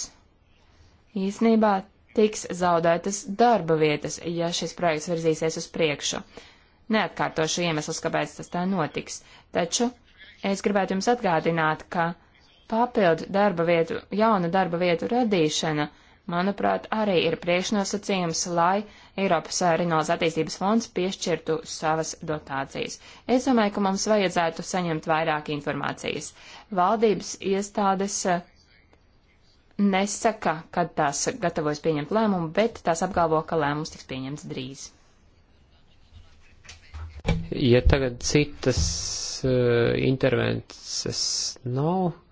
Īsnībā tiks zaudētas darba vietas, ja šis projekts virzīsies uz priekšu. Neatkārtošu iemeslus, kāpēc tas tā notiks, taču es gribētu jums atgādināt, ka papildu darba vietu, jauna darba vietu radīšana manuprāt, arī ir priekšnosacījums, lai Eiropas eh, Reģionālās attīstības fonds piešķirtu savas dotācijas. Es domāju, ka mums vajadzētu saņemt vairāk informācijas. Valdības iestādes eh, nesaka, kad tās gatavojas pieņemt lēmumu, bet tās apgalvo, ka lēmums tiks pieņemts drīz. Ja tagad citas uh, intervences nav. No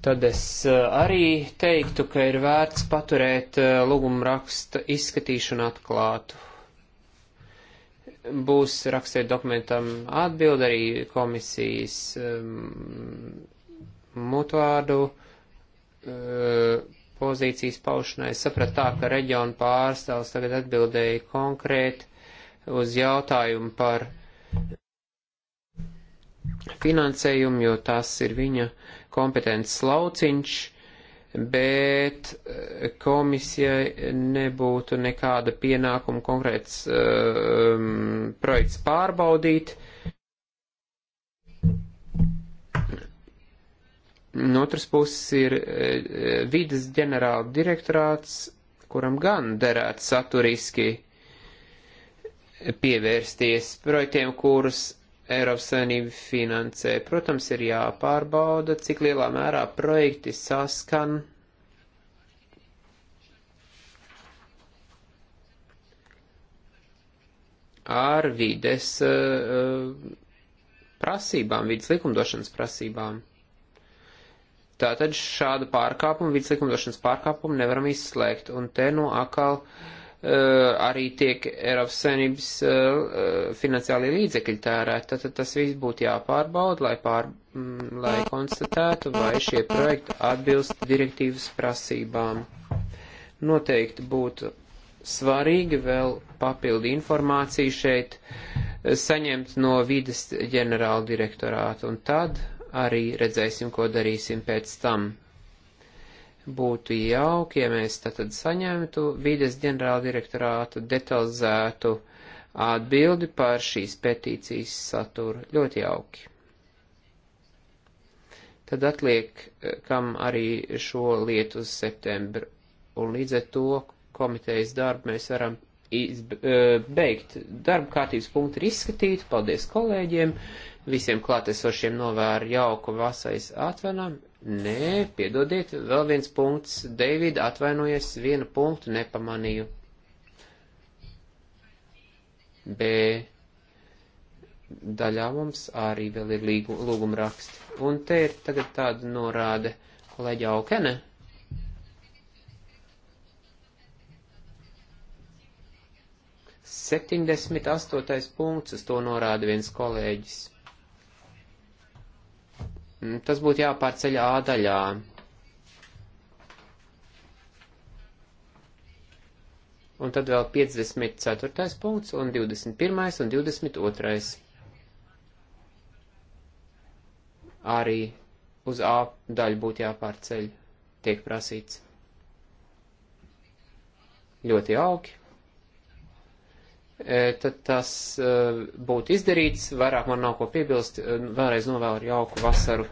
tad es eh, arī teiktu, ka ir vērts paturēt eh, lūgumu raksta izskatīšanu atklātu. Būs rakstīt dokumentam atbild arī komisijas um, mutvārdu uh, pozīcijas paušanai. Es sapratu tā, ka reģionu pārstāvs tagad atbildēja konkrēti uz jautājumu par finansējumu, jo tas ir viņa uh, kompetences lauciņš, bet eh, komisijai nebūtu nekāda pienākuma konkrēts um, projekts pārbaudīt. No otras puses ir eh, vidas ģenerāla direktorāts, kuram gan derētu saturiski pievērsties projektiem, kurus Eiropas Savienība finansē. Protams, ir jāpārbauda, cik lielā mērā projekti saskan ar vides eh, prasībām, vides likumdošanas prasībām. Tātad šādu pārkāpumu, vidas likumdošanas pārkāpumu nevaram izslēgt, un te nu no akal uh, Eh, arī tiek Eiropas saimnības eh, finansiālie līdzekļi tērēt. Tātad tas viss būtu jāpārbauda, lai, pār, mm, lai konstatētu, vai šie projekti atbilst direktīvas prasībām. Noteikti būtu svarīgi vēl papildi informāciju šeit eh, saņemt no vides ģenerāla direktorāta, un tad arī redzēsim, ko darīsim pēc tam. Būtu jauki, ja mēs tātad saņemtu vides ģenerāla direktorātu detalizētu atbildi par šīs petīcijas saturu. Ļoti jauki. Tad atliek, eh, kam arī šo lietu uz septembru. Un līdz ar to komitejas darbu mēs varam eh, beigt. Darba kārtības punkti ir izskatīti. Paldies kolēģiem. Visiem klātesošiem novēru jauku vasais atvenam. Nē, piedodiet, vēl viens punkts. Deivida atvainojies, vienu punktu nepamanīju. B. Daļā mums arī vēl ir lūguma raksti. Un te ir tagad tāda norāde kolēģa Aukene. Septiņdesmit astotais punkts, uz to norāda viens kolēģis. Mm, tas būtu jāpārceļ A daļā. Un tad vēl 54. punkts un 21. un 22. Arī uz A daļu būtu jāpārceļ, tiek prasīts. Ļoti jauki. E, tad tas e, būtu izdarīts. Vairāk man nav ko piebilst. E, vēlreiz novēlu jauku vasaru